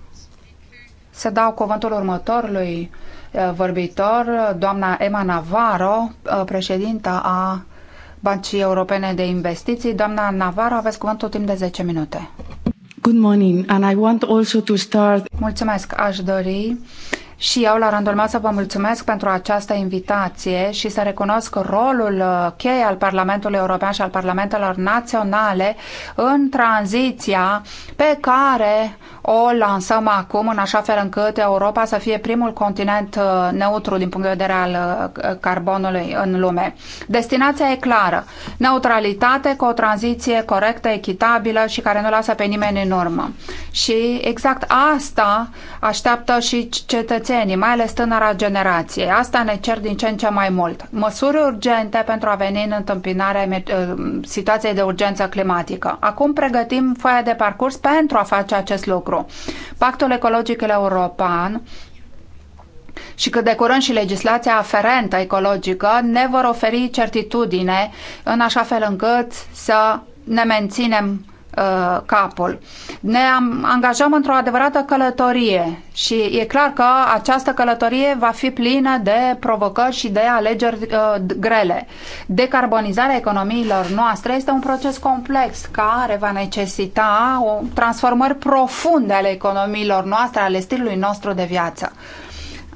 să dau cuvântul următorului vorbitor, doamna Emma Navarro, uh, președinta a Băncii Europene de Investiții. Doamna Navarro, aveți cuvântul timp de 10 minute. Good morning, and I want also to start... Mulțumesc, aș dori și eu, la rândul meu, să vă mulțumesc pentru această invitație și să recunosc rolul uh, cheie al Parlamentului European și al Parlamentelor Naționale în tranziția pe care o lansăm acum, în așa fel încât Europa să fie primul continent uh, neutru din punct de vedere al uh, carbonului în lume. Destinația e clară. Neutralitate cu o tranziție corectă, echitabilă și care nu lasă pe nimeni în urmă. Și exact asta așteaptă și cetățenii cetățenii, mai ales tânăra generație. Asta ne cer din ce în ce mai mult. Măsuri urgente pentru a veni în întâmpinarea eh, situației de urgență climatică. Acum pregătim foaia de parcurs pentru a face acest lucru. Pactul ecologic european și cât de curând și legislația aferentă ecologică ne vor oferi certitudine în așa fel încât să ne menținem Uh, capul. Ne am, angajăm într-o adevărată călătorie și e clar că această călătorie va fi plină de provocări și de alegeri uh, grele. Decarbonizarea economiilor noastre este un proces complex care va necesita o transformări profunde ale economiilor noastre, ale stilului nostru de viață.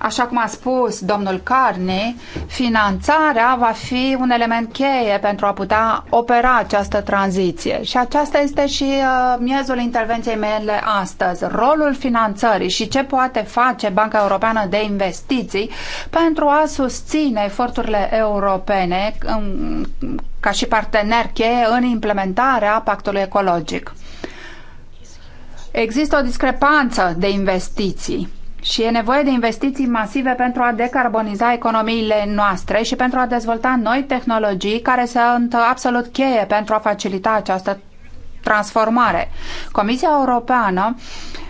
Așa cum a spus domnul Carne, finanțarea va fi un element cheie pentru a putea opera această tranziție. Și aceasta este și uh, miezul intervenției mele astăzi. Rolul finanțării și ce poate face Banca Europeană de Investiții pentru a susține eforturile europene în, um, ca și partener cheie în implementarea pactului ecologic. Există o discrepanță de investiții și e nevoie de investiții masive pentru a decarboniza economiile noastre și pentru a dezvolta noi tehnologii care sunt absolut cheie pentru a facilita această transformare. Comisia Europeană uh,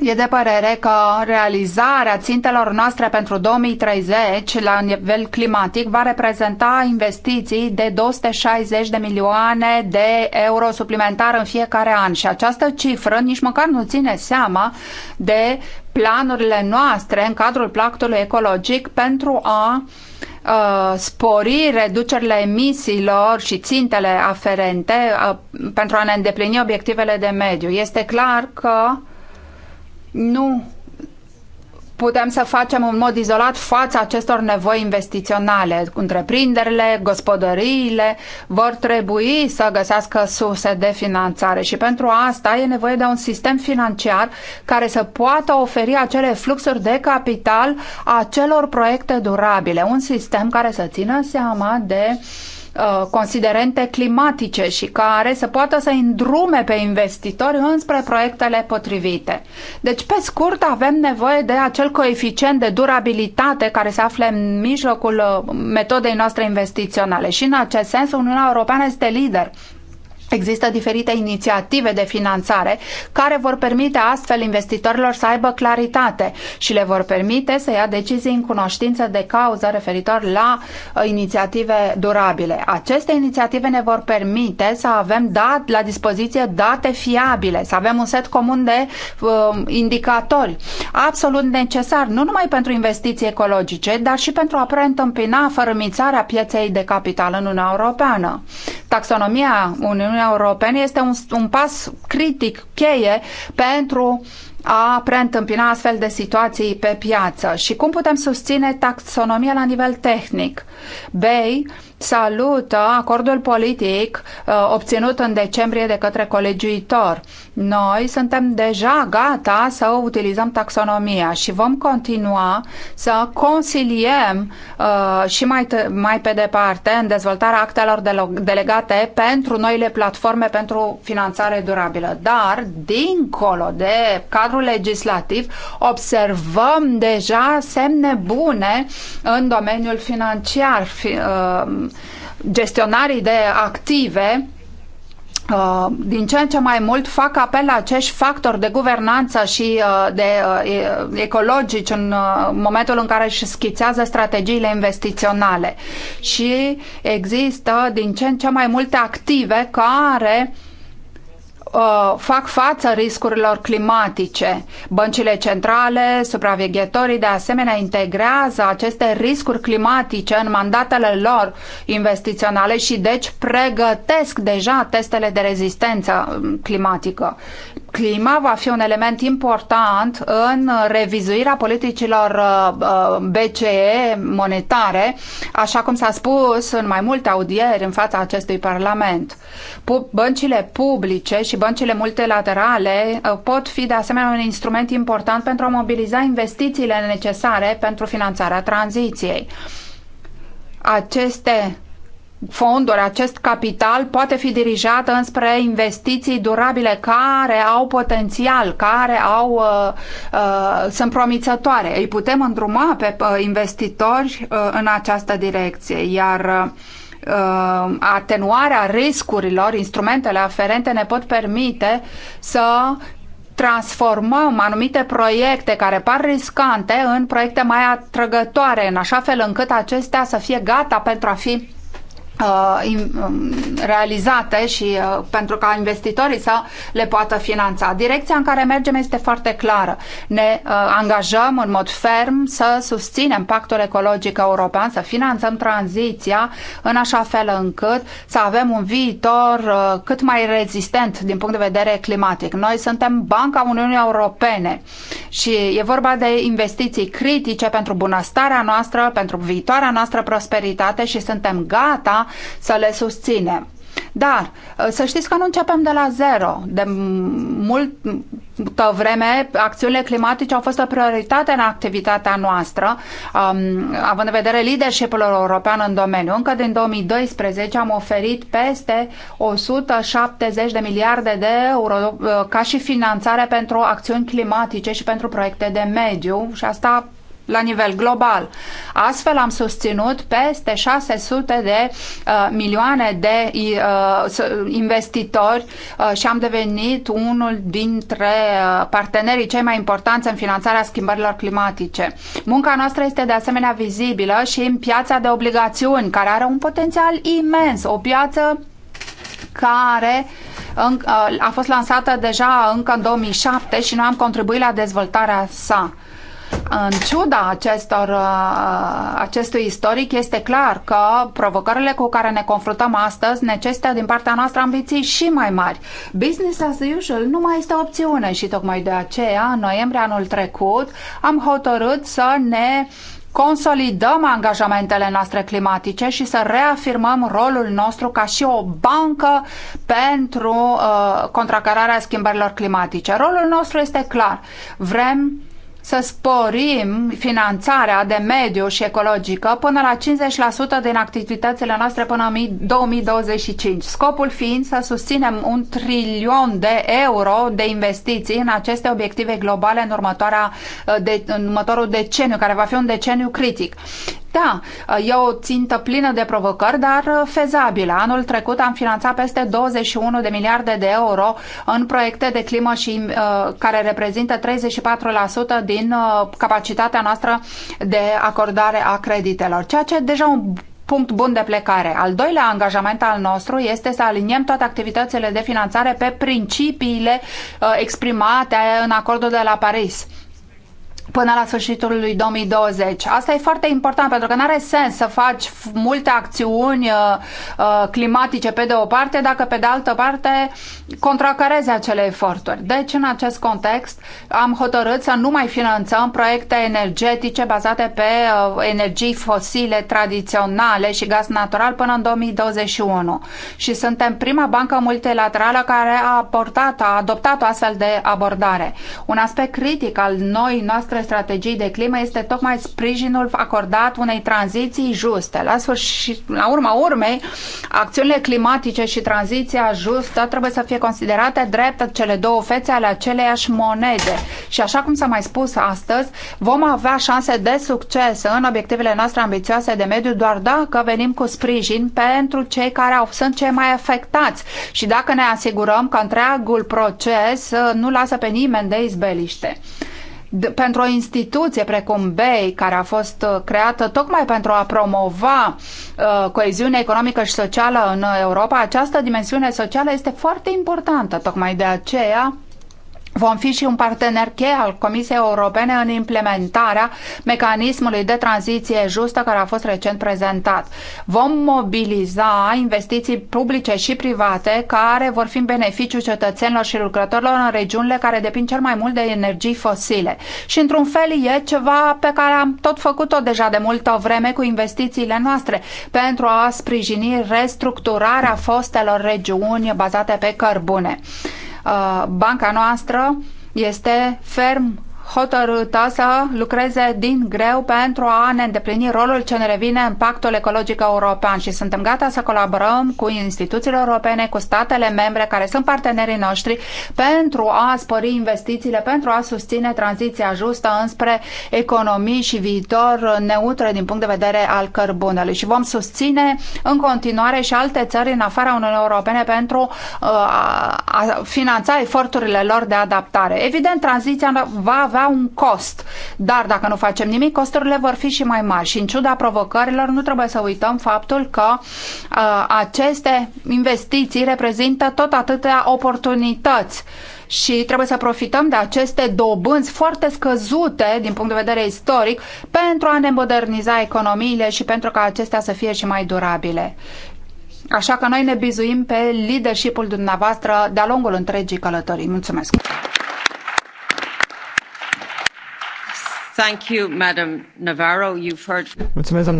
e de părere că realizarea țintelor noastre pentru 2030 la nivel climatic va reprezenta investiții de 260 de milioane de euro suplimentar în fiecare an și această cifră nici măcar nu ține seama de planurile noastre în cadrul pactului ecologic pentru a spori reducerile emisiilor și țintele aferente pentru a ne îndeplini obiectivele de mediu. Este clar că nu putem să facem în mod izolat fața acestor nevoi investiționale. Întreprinderile, gospodăriile vor trebui să găsească surse de finanțare și pentru asta e nevoie de un sistem financiar care să poată oferi acele fluxuri de capital acelor proiecte durabile, un sistem care să țină seama de uh, Uh, considerente climatice și care să poată să îndrume pe investitori înspre proiectele potrivite. Deci, pe scurt, avem nevoie de acel coeficient de durabilitate care se află în mijlocul uh, metodei noastre investiționale și, în acest sens, Uniunea Europeană este lider Există diferite inițiative de finanțare care vor permite astfel investitorilor să aibă claritate și le vor permite să ia decizii în cunoștință de cauză referitor la uh, inițiative durabile. Aceste inițiative ne vor permite să avem dat, la dispoziție date fiabile, să avem un set comun de uh, indicatori absolut necesar, nu numai pentru investiții ecologice, dar și pentru a preîntâmpina fărâmițarea pieței de capital în Uniunea Europeană. Taxonomia Uniunii Uniunii Europene este un, un pas critic, cheie, pentru a preîntâmpina astfel de situații pe piață și cum putem susține taxonomia la nivel tehnic. BEI salută acordul politic uh, obținut în decembrie de către colegiuitor. Noi suntem deja gata să utilizăm taxonomia și vom continua să consiliem uh, și mai, mai pe departe în dezvoltarea actelor delegate pentru noile platforme pentru finanțare durabilă. Dar, dincolo de cadrul legislativ, observăm deja semne bune în domeniul financiar. Fi, uh, gestionarii de active uh, din ce în ce mai mult fac apel la acești factori de guvernanță și uh, de uh, ecologici în momentul în care își schițează strategiile investiționale. Și există din ce în ce mai multe active care Uh, fac față riscurilor climatice. Băncile centrale, supraveghetorii, de asemenea, integrează aceste riscuri climatice în mandatele lor investiționale și, deci, pregătesc deja testele de rezistență um, climatică. Clima va fi un element important în revizuirea politicilor uh, uh, BCE monetare, așa cum s-a spus în mai multe audieri în fața acestui Parlament. Băncile publice și băncile multilaterale uh, pot fi de asemenea un instrument important pentru a mobiliza investițiile necesare pentru finanțarea tranziției. Aceste fonduri, acest capital poate fi dirijat înspre investiții durabile care au potențial, care au, uh, uh, sunt promițătoare. Îi putem îndruma pe uh, investitori uh, în această direcție, iar uh, atenuarea riscurilor, instrumentele aferente ne pot permite să transformăm anumite proiecte care par riscante în proiecte mai atrăgătoare, în așa fel încât acestea să fie gata pentru a fi Uh, um, realizate și uh, pentru ca investitorii să le poată finanța. Direcția în care mergem este foarte clară. Ne uh, angajăm în mod ferm să susținem pactul ecologic european, să finanțăm tranziția în așa fel încât să avem un viitor cât mai rezistent din punct de vedere climatic. Noi suntem Banca Uniunii Europene și e vorba de investiții critice pentru bunăstarea noastră, pentru viitoarea noastră prosperitate și suntem gata să le susținem. Dar uh, să știți că nu începem de la zero. De multă vreme, acțiunile climatice au fost o prioritate în activitatea noastră, um, având în vedere leadership-ul european în domeniu. Încă din 2012 am oferit peste 170 de miliarde de euro uh, ca și finanțare pentru acțiuni climatice și pentru proiecte de mediu și asta la nivel global. Astfel am susținut peste 600 de uh, milioane de uh, investitori uh, și am devenit unul dintre uh, partenerii cei mai importanți în finanțarea schimbărilor climatice. Munca noastră este de asemenea vizibilă și în piața de obligațiuni, care are un potențial imens, o piață care uh, a fost lansată deja încă în 2007 și noi am contribuit la dezvoltarea sa. În ciuda acestor, uh, acestui istoric, este clar că provocările cu care ne confruntăm astăzi necesită din partea noastră ambiții și mai mari. Business as usual nu mai este o opțiune și tocmai de aceea, în noiembrie anul trecut, am hotărât să ne consolidăm angajamentele noastre climatice și să reafirmăm rolul nostru ca și o bancă pentru uh, contracararea schimbărilor climatice. Rolul nostru este clar. Vrem să sporim finanțarea de mediu și ecologică până la 50% din activitățile noastre până în 2025, scopul fiind să susținem un trilion de euro de investiții în aceste obiective globale în, următoarea, uh, de, în următorul deceniu, care va fi un deceniu critic. Da, e o țintă plină de provocări, dar fezabilă. Anul trecut am finanțat peste 21 de miliarde de euro în proiecte de climă și uh, care reprezintă 34% din uh, capacitatea noastră de acordare a creditelor, ceea ce deja un punct bun de plecare. Al doilea angajament al nostru este să aliniem toate activitățile de finanțare pe principiile uh, exprimate în acordul de la Paris. Uh, până la sfârșitul lui 2020. Asta e foarte important pentru că nu are sens să faci multe acțiuni uh, uh, climatice pe de o parte dacă pe de altă parte contracarezi acele eforturi. Deci în acest context am hotărât să nu mai finanțăm proiecte energetice bazate pe uh, energii fosile tradiționale și gaz natural până în 2021 și suntem prima bancă multilaterală care a portat, a adoptat o astfel de abordare. Un aspect critic al noi noastre noastre strategii de climă este tocmai sprijinul acordat unei tranziții juste. La sfârșit, la urma urmei, acțiunile climatice și tranziția justă trebuie să fie considerate drept cele două fețe ale aceleiași monede. Și așa cum s-a mai spus astăzi, vom avea șanse de succes în obiectivele noastre ambițioase de mediu doar dacă venim cu sprijin pentru cei care au, sunt cei mai afectați și dacă ne asigurăm că întreagul proces uh, nu lasă pe nimeni de izbeliște pentru o instituție precum BEI, care a fost uh, creată tocmai pentru a promova uh, coeziunea economică și socială în Europa, această dimensiune socială este foarte importantă. Tocmai de aceea Vom fi și un partener cheie al Comisiei Europene în implementarea mecanismului de tranziție justă care a fost recent prezentat. Vom mobiliza investiții publice și private care vor fi în beneficiu cetățenilor și lucrătorilor în regiunile care depind cel mai mult de energii fosile. Și într-un fel e ceva pe care am tot făcut-o deja de multă vreme cu investițiile noastre pentru a sprijini restructurarea fostelor regiuni bazate pe cărbune. Uh, banca noastră este ferm hotărâtă să lucreze din greu pentru a ne îndeplini rolul ce ne revine în pactul ecologic european și suntem gata să colaborăm cu instituțiile europene, cu statele membre care sunt partenerii noștri pentru a spări investițiile, pentru a susține tranziția justă înspre economii și viitor neutre din punct de vedere al cărbunelui și vom susține în continuare și alte țări în afara Uniunii Europene pentru uh, a, a finanța eforturile lor de adaptare. Evident, tranziția va avea avea un cost, dar dacă nu facem nimic, costurile vor fi și mai mari și în ciuda provocărilor nu trebuie să uităm faptul că uh, aceste investiții reprezintă tot atâtea oportunități și trebuie să profităm de aceste dobânzi foarte scăzute din punct de vedere istoric pentru a ne moderniza economiile și pentru ca acestea să fie și mai durabile. Așa că noi ne bizuim pe leadership-ul dumneavoastră de-a lungul întregii călătorii. Mulțumesc! doamnă Navarro. You've Mulțumesc,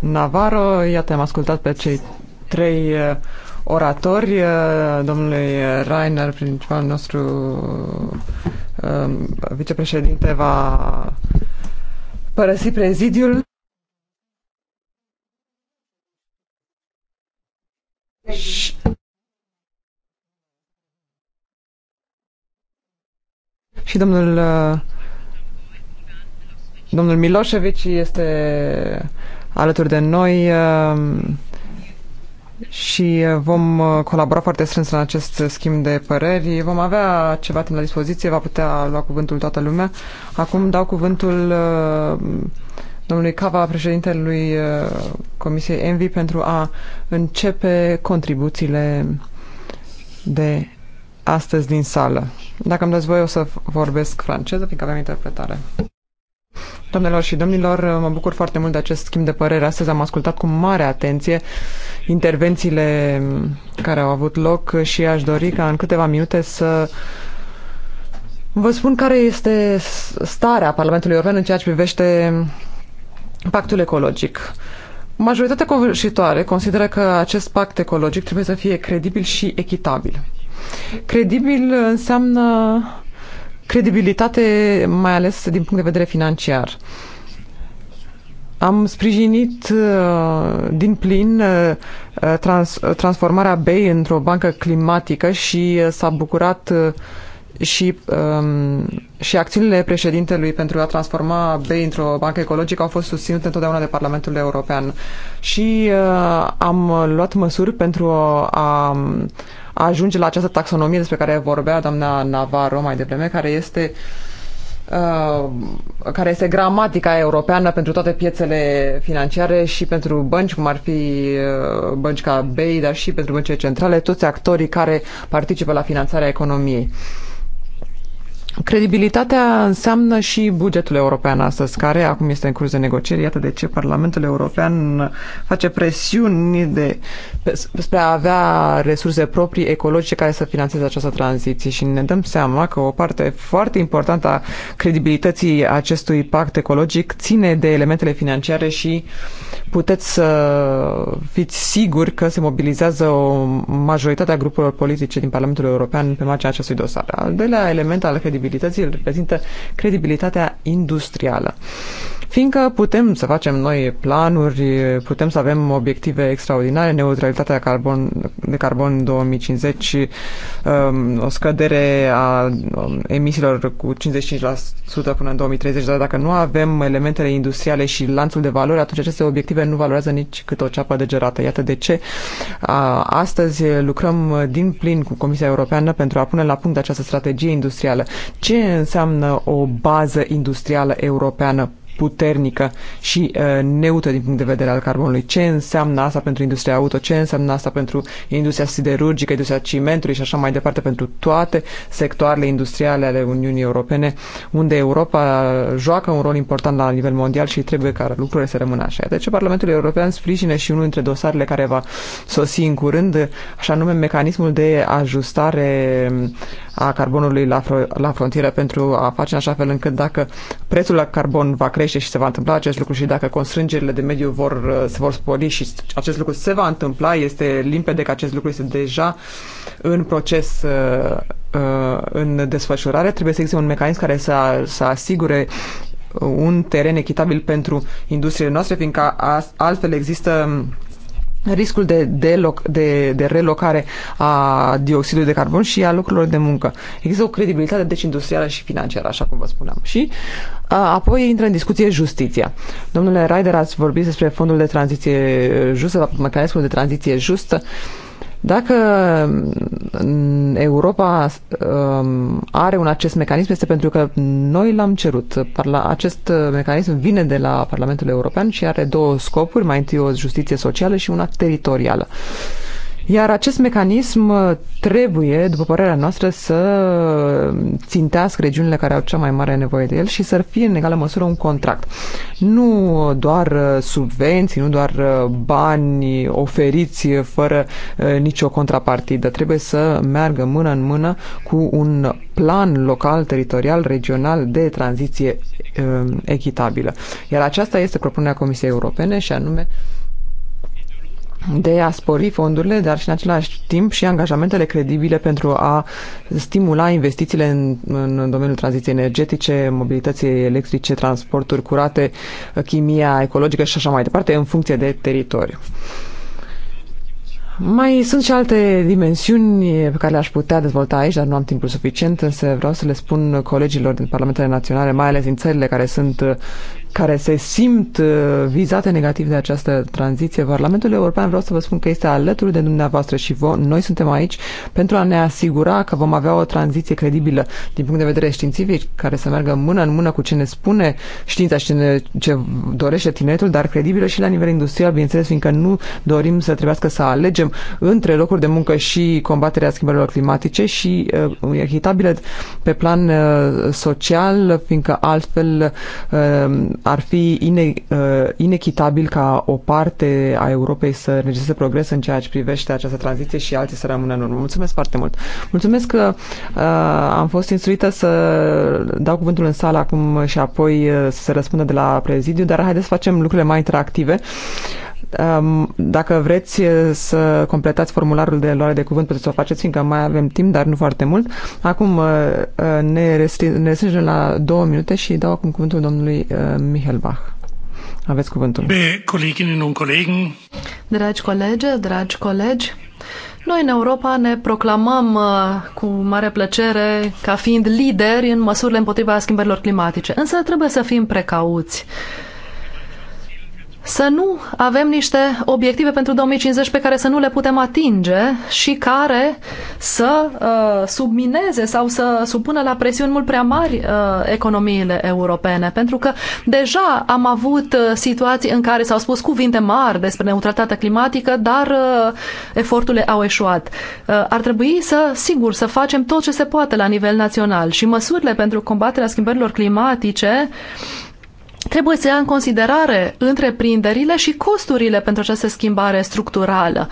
Navarro. Iată, am ascultat pe cei trei uh, oratori, uh, domnului Rainer, principalul nostru uh, vicepreședinte, va părăsi prezidiul. și domnul Domnul Milosevic este alături de noi um, și vom uh, colabora foarte strâns în acest schimb de păreri. Vom avea ceva timp la dispoziție, va putea lua cuvântul toată lumea. Acum dau cuvântul uh, domnului Cava, președintelui uh, Comisiei Envi, pentru a începe contribuțiile de astăzi din sală. Dacă îmi dați voie, o să vorbesc franceză, fiindcă avem interpretare. Doamnelor și domnilor, mă bucur foarte mult de acest schimb de părere. Astăzi am ascultat cu mare atenție intervențiile care au avut loc și aș dori ca în câteva minute să vă spun care este starea Parlamentului European în ceea ce privește pactul ecologic. Majoritatea covârșitoare consideră că acest pact ecologic trebuie să fie credibil și echitabil. Credibil înseamnă credibilitate, mai ales din punct de vedere financiar. Am sprijinit uh, din plin uh, uh, trans, transformarea BEI într-o bancă climatică și s-a bucurat și, um, și acțiunile președintelui pentru a transforma BEI într-o bancă ecologică au fost susținute întotdeauna de Parlamentul European. Și uh, am luat măsuri pentru a ajunge la această taxonomie despre care vorbea doamna Navarro mai devreme, care este uh, care este gramatica europeană pentru toate piețele financiare și pentru bănci, cum ar fi uh, bănci ca BEI, dar și pentru băncile centrale, toți actorii care participă la finanțarea economiei. Uh, Credibilitatea înseamnă și bugetul european astăzi, care acum este în curs de negocieri. Iată de ce Parlamentul European face presiuni de, spre a avea resurse proprii ecologice care să financeze această tranziție și ne dăm seama că o parte foarte importantă a credibilității acestui pact ecologic ține de elementele financiare și puteți să fiți siguri că se mobilizează o majoritate a grupurilor politice din Parlamentul European pe marginea acestui dosar. Al doilea element al credibilității credibilității îl reprezintă credibilitatea industrială fiindcă putem să facem noi planuri, putem să avem obiective extraordinare, neutralitatea carbon, de carbon 2050, um, o scădere a um, emisiilor cu 55% până în 2030, dar dacă nu avem elementele industriale și lanțul de valori, atunci aceste obiective nu valorează nici cât o ceapă de gerată. Iată de ce astăzi lucrăm din plin cu Comisia Europeană pentru a pune la punct această strategie industrială. Ce înseamnă o bază industrială europeană? puternică și uh, neutră din punct de vedere al carbonului. Ce înseamnă asta pentru industria auto? Ce înseamnă asta pentru industria siderurgică, industria cimentului și așa mai departe, pentru toate sectoarele industriale ale Uniunii Europene, unde Europa joacă un rol important la nivel mondial și trebuie ca lucrurile să rămână așa. Deci Parlamentul European sprijine și unul dintre dosarele care va sosi în curând, așa nume mecanismul de ajustare a carbonului la, fr- la frontieră pentru a face în așa fel încât dacă prețul la carbon va crește și se va întâmpla acest lucru și dacă constrângerile de mediu vor, uh, se vor spori și acest lucru se va întâmpla, este limpede că acest lucru este deja în proces uh, uh, în desfășurare, trebuie să existe un mecanism care să, să asigure un teren echitabil pentru industriile noastre, fiindcă altfel există riscul de, deloc, de, de relocare a dioxidului de carbon și a lucrurilor de muncă. Există o credibilitate deci industrială și financiară, așa cum vă spuneam. Și a, apoi intră în discuție justiția. Domnule Raider, ați vorbit despre fondul de tranziție justă, mecanismul de tranziție justă. Dacă mm, Europa um, are un acest mecanism, este pentru că noi l-am cerut. Parla- acest uh, mecanism vine de la Parlamentul European și are două scopuri, mai întâi o justiție socială și una teritorială. Iar acest mecanism uh, trebuie, după părerea noastră, să țintească regiunile care au cea mai mare nevoie de el și să fie în egală măsură un contract. Nu doar uh, subvenții, nu doar uh, bani oferiți fără nicio contrapartidă. Trebuie să meargă mână în mână cu un plan local, teritorial, regional de tranziție echitabilă. Iar aceasta este propunerea Comisiei Europene și anume de a spori fondurile, dar și în același timp și angajamentele credibile pentru a stimula investițiile în, în domeniul tranziției energetice, mobilității electrice, transporturi curate, chimia ecologică și așa mai departe, în funcție de teritoriu. Mai sunt și alte dimensiuni pe care le-aș putea dezvolta aici, dar nu am timpul suficient, însă vreau să le spun colegilor din Parlamentele Naționale, mai ales din țările care sunt care se simt uh, vizate negativ de această tranziție, Parlamentul European vreau să vă spun că este alături de dumneavoastră și noi suntem aici pentru a ne asigura că vom avea o tranziție credibilă din punct de vedere științific, care să meargă mână în mână cu ce ne spune știința și ce, ne, ce dorește tineretul, dar credibilă și la nivel industrial, bineînțeles, fiindcă nu dorim să trebuiască să alegem între locuri de muncă și combaterea schimbărilor climatice și uh, echitabile pe plan uh, social, fiindcă altfel uh, ar fi ine, uh, inechitabil ca o parte a Europei să înregistreze progres în ceea ce privește această tranziție și alții să rămână în urmă. Mulțumesc foarte mult! Mulțumesc că uh, am fost instruită să dau cuvântul în sală acum și apoi uh, să se răspundă de la prezidiu, dar haideți să facem lucrurile mai interactive. Uh, dacă vreți să completați formularul de luare de cuvânt, puteți să o faceți, fiindcă mai avem timp, dar nu foarte mult. Acum ne restrângem la două minute și dau acum cuvântul domnului Michel Bach. Aveți cuvântul. Dragi colegi, dragi colegi, noi în Europa ne proclamăm cu mare plăcere ca fiind lideri în măsurile împotriva schimbărilor climatice, însă trebuie să fim precauți. Uh, să nu avem niște obiective pentru 2050 pe care să nu le putem atinge și care să uh, submineze sau să supună la presiuni mult prea mari uh, economiile europene. Pentru că deja am avut uh, situații în care s-au spus cuvinte mari despre neutralitatea climatică, dar uh, eforturile au eșuat. Uh, ar trebui să, sigur, să facem tot ce se poate la nivel național și măsurile pentru combaterea schimbărilor climatice uh, trebuie să ia în considerare întreprinderile și costurile pentru această schimbare structurală.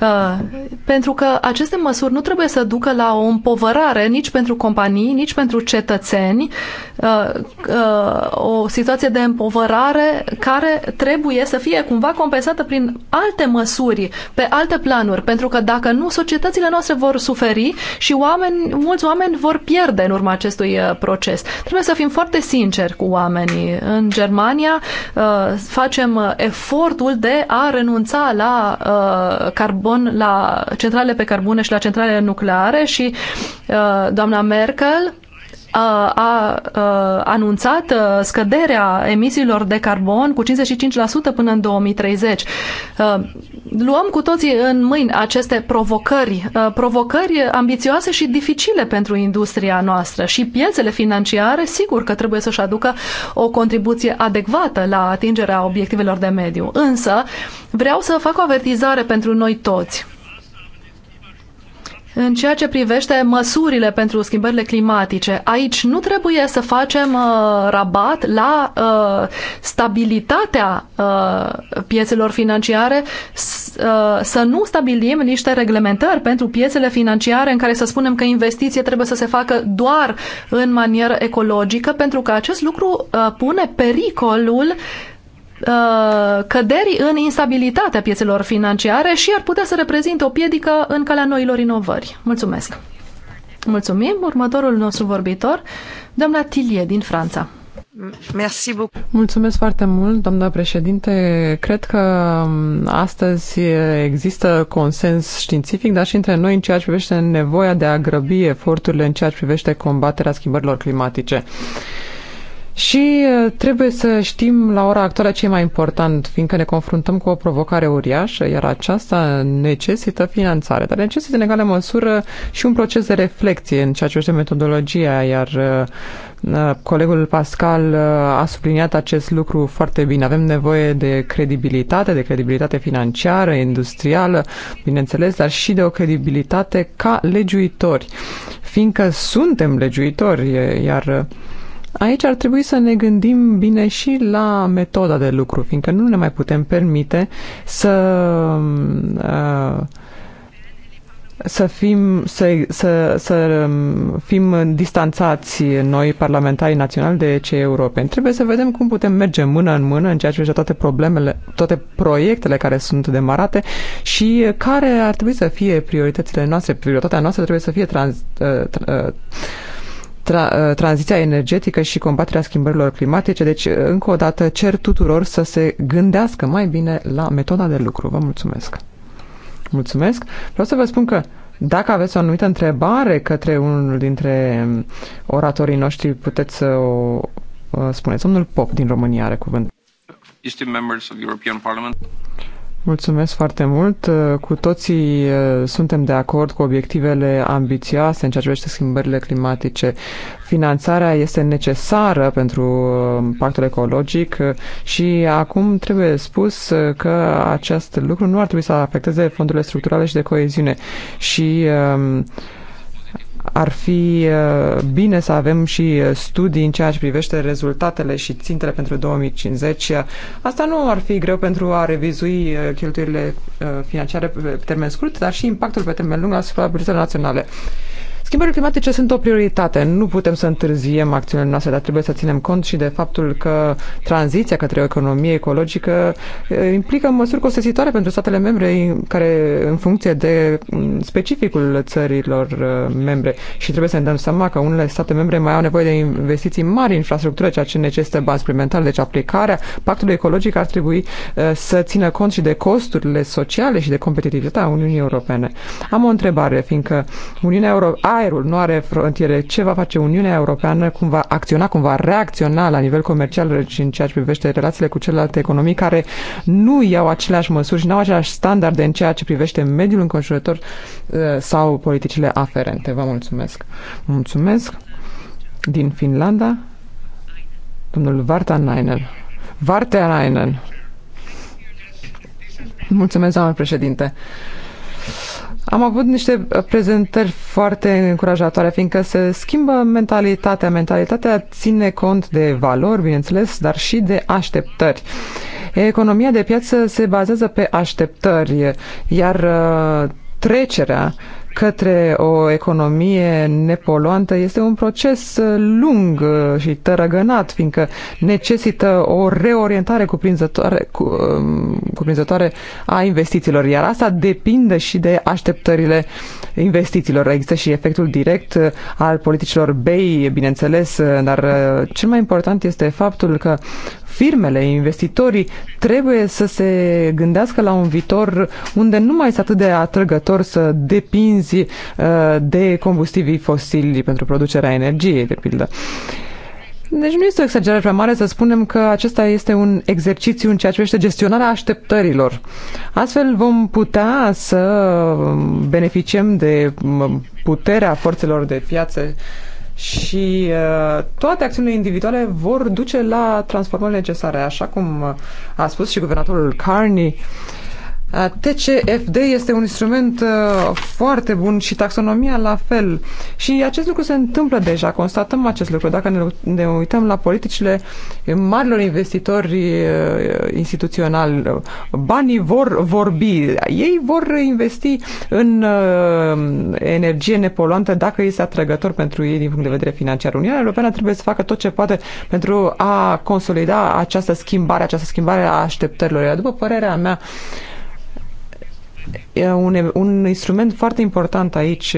Uh, pentru că aceste măsuri nu trebuie să ducă la o împovărare nici pentru companii, nici pentru cetățeni, uh, uh, o situație de împovărare care trebuie să fie cumva compensată prin alte măsuri, pe alte planuri, pentru că dacă nu, societățile noastre vor suferi și oameni, mulți oameni vor pierde în urma acestui proces. Trebuie să fim foarte sinceri cu oamenii. În Germania facem efortul de a renunța la carbon carbon la centralele pe cărbune și la centralele nucleare și uh, doamna Merkel a, a, anunțat uh, scăderea emisiilor de carbon cu 55% până în 2030. Uh, luăm cu toții în mâini aceste provocări, uh, provocări ambițioase și dificile pentru industria noastră și piețele financiare, sigur că trebuie să-și aducă o contribuție adecvată la atingerea obiectivelor de mediu. Însă, vreau să fac o avertizare pentru noi toți în ceea ce privește măsurile pentru schimbările climatice, aici nu trebuie să facem uh, rabat la uh, stabilitatea uh, piețelor financiare, uh, să nu stabilim niște reglementări pentru piețele financiare în care să spunem că investiție trebuie să se facă doar în manieră ecologică, pentru că acest lucru uh, pune pericolul uh, Uh, căderi în instabilitatea piețelor financiare și ar putea să reprezinte o piedică în calea noilor inovări. Mulțumesc! Mulțumim! Următorul nostru vorbitor, doamna Tilie din Franța. Mulțumesc foarte mult, doamna președinte. Cred că um, astăzi există consens științific, dar și între noi în ceea ce privește nevoia de a grăbi eforturile în ceea ce privește combaterea schimbărilor climatice. Și uh, trebuie să știm la ora actuală ce e mai important, fiindcă ne confruntăm cu o provocare uriașă, iar aceasta necesită finanțare, dar necesită în egală măsură și un proces de reflexie în ceea ce este metodologia, iar uh, uh, colegul Pascal a subliniat acest lucru foarte bine. Avem nevoie de credibilitate, de credibilitate financiară, industrială, bineînțeles, dar și de o credibilitate ca legiuitori, fiindcă suntem legiuitori, iar Aici ar trebui să ne gândim bine și la metoda de lucru, fiindcă nu ne mai putem permite să uh, să fim, să, să, să um, fim distanțați noi, parlamentarii naționali, de cei europeni. Trebuie să vedem cum putem merge mână în mână în ceea ce privește toate problemele, toate proiectele care sunt demarate și care ar trebui să fie prioritățile noastre. Prioritatea noastră trebuie să fie trans, uh, uh, tra- uh, tranziția energetică și combaterea schimbărilor climatice. Deci, uh, încă o dată, cer tuturor să se gândească mai bine la metoda de lucru. Vă mulțumesc! Mulțumesc! Vreau să vă spun că dacă aveți o anumită întrebare către unul dintre oratorii noștri, puteți să o uh, spuneți. Domnul Pop din România are cuvânt. Mulțumesc foarte mult. Uh, cu toții uh, suntem de acord cu obiectivele ambițioase în ceea ce privește schimbările climatice. Finanțarea este necesară pentru uh, pactul ecologic și acum trebuie spus că acest lucru nu ar trebui să afecteze fondurile structurale și de coeziune. Și um, ar fi uh, bine să avem și uh, studii în ceea ce privește rezultatele și țintele pentru 2050. Uh, asta nu ar fi greu pentru a revizui cheltuielile financiare pe termen scurt, dar și impactul pe termen lung asupra bugetelor naționale. Schimbările climatice sunt o prioritate. Nu putem să întârziem acțiunile noastre, dar trebuie să ținem cont și de faptul că tranziția către o economie ecologică implică măsuri costisitoare pentru statele membre care în funcție de specificul țărilor membre și trebuie să ne dăm seama că unele state membre mai au nevoie de investiții mari în infrastructură, ceea ce necesită bani suplimentari. Deci aplicarea pactului ecologic ar trebui să țină cont și de costurile sociale și de competitivitatea Uniunii Europene. Am o întrebare, fiindcă Uniunea Europeană aerul nu are frontiere. Ce va face Uniunea Europeană? Cum va acționa? Cum va reacționa la nivel comercial și în ceea ce privește relațiile cu celelalte economii care nu iau aceleași măsuri și nu au aceleași standarde în ceea ce privește mediul înconjurător uh, sau politicile aferente? Vă mulțumesc! Mulțumesc! Din Finlanda, domnul Vartanainen. Vartanainen! Mulțumesc, doamnă președinte! Am avut niște prezentări foarte încurajatoare, fiindcă se schimbă mentalitatea. Mentalitatea ține cont de valori, bineînțeles, dar și de așteptări. Economia de piață se bazează pe așteptări, iar uh, trecerea către o economie nepoluantă este un proces uh, lung uh, și tărăgănat, fiindcă necesită o reorientare cuprinzătoare, cu, um, cuprinzătoare a investițiilor, iar asta depinde și de așteptările investițiilor. Există și efectul direct uh, al politicilor BEI, bineînțeles, dar cel mai important este faptul că firmele, investitorii trebuie să se gândească la un viitor unde nu mai este atât de atrăgător să depinzi dependenți uh, de combustibili fosili pentru producerea energiei, de pildă. Deci nu este o exagerare prea mare să spunem că acesta este un exercițiu în ceea ce privește gestionarea așteptărilor. Astfel vom putea să beneficiem de puterea forțelor de piață și uh, toate acțiunile individuale vor duce la transformări necesare, așa cum a spus și guvernatorul Carney TCFD este un instrument uh, foarte bun și taxonomia la fel. Și acest lucru se întâmplă deja, constatăm acest lucru. Dacă ne uităm la politicile marilor investitori uh, instituționali, uh, banii vor vorbi. Ei vor investi în energie nepoluantă dacă este atrăgător pentru ei din punct de vedere financiar. Uniunea Europeană trebuie să facă tot ce poate pentru a consolida această schimbare, această schimbare a așteptărilor. După părerea mea, un, un instrument foarte important aici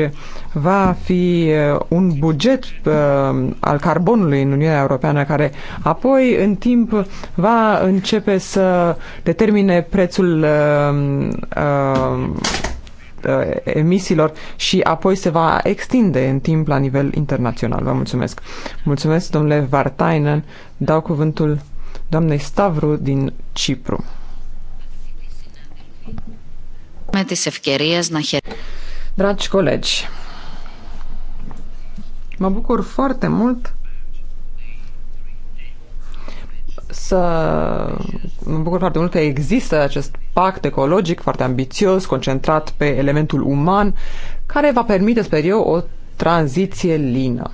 va fi un buget uh, al carbonului în Uniunea Europeană care apoi în timp va începe să determine prețul uh, uh, emisiilor și apoi se va extinde în timp la nivel internațional. Vă mulțumesc. Mulțumesc, domnule Vartainen. Dau cuvântul doamnei Stavru din Cipru. Με τις ευκαιρίες να Dragi colegi, mă bucur foarte mult să mă bucur foarte mult că există acest pact ecologic foarte ambițios, concentrat pe elementul uman, care va permite, sper eu, o tranziție lină.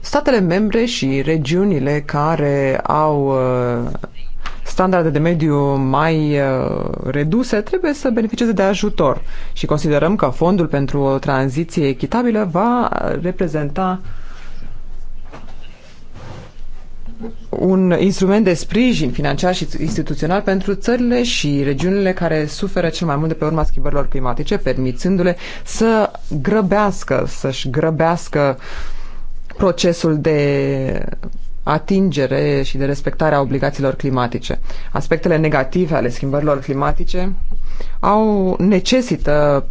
Statele membre și regiunile care au uh, standarde de mediu mai uh, reduse trebuie să beneficieze de ajutor și considerăm că fondul pentru o tranziție echitabilă va reprezenta un instrument de sprijin financiar și instituțional pentru țările și regiunile care suferă cel mai mult de pe urma schimbărilor climatice, permițându-le să grăbească, să-și grăbească procesul de atingere și de respectarea obligațiilor climatice. Aspectele negative ale schimbărilor climatice au necesită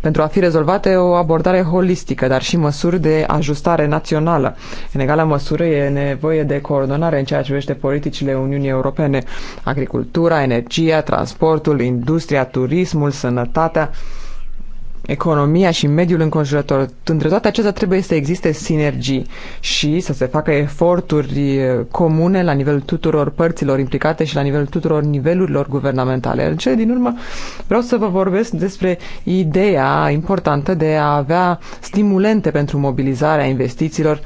pentru a fi rezolvate o abordare holistică, dar și măsuri de ajustare națională. În egală măsură e nevoie de coordonare în ceea ce privește politicile Uniunii Europene, agricultura, energia, transportul, industria, turismul, sănătatea, economia și mediul înconjurător. Între toate acestea trebuie să existe sinergii și să se facă eforturi eh, comune la nivelul tuturor părților implicate și la nivelul tuturor nivelurilor guvernamentale. În cele din urmă vreau să vă vorbesc despre ideea importantă de a avea stimulente pentru mobilizarea investițiilor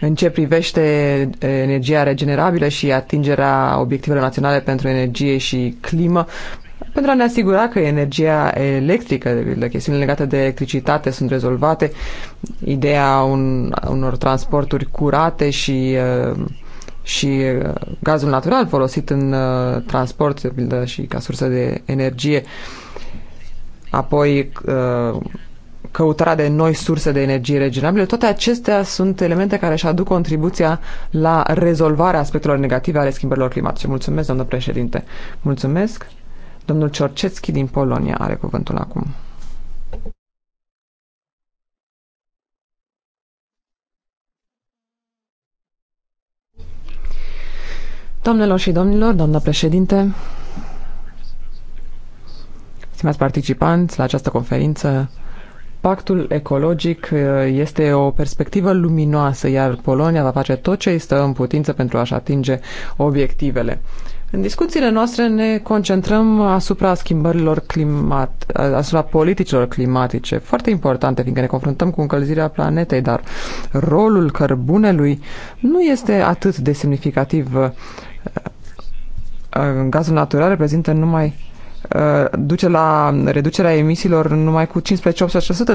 în ce privește eh, energia regenerabilă și atingerea obiectivelor naționale pentru energie și climă, pentru a ne asigura că energia electrică, de chestiunile legate de electricitate sunt rezolvate, ideea un, unor transporturi curate și uh, și uh, gazul natural folosit în uh, transport, și ca sursă de energie. Apoi, căutarea de noi surse de energie regenerabile, toate acestea sunt elemente care își aduc contribuția la rezolvarea aspectelor negative ale schimbărilor climatice. Mulțumesc, doamnă președinte. Mulțumesc. Domnul Ciorcețchi din Polonia are cuvântul acum. Domnilor și domnilor, doamnă președinte, stimați participanți la această conferință, pactul ecologic uh, este o perspectivă luminoasă, iar Polonia va face tot ce este în putință pentru a-și atinge obiectivele. În discuțiile noastre ne concentrăm asupra schimbărilor climat, asupra politicilor climatice, foarte importante, fiindcă ne confruntăm cu încălzirea planetei, dar rolul cărbunelui nu este atât de semnificativ. Uh, uh, gazul natural reprezintă numai uh, duce la reducerea emisiilor numai cu 15-18%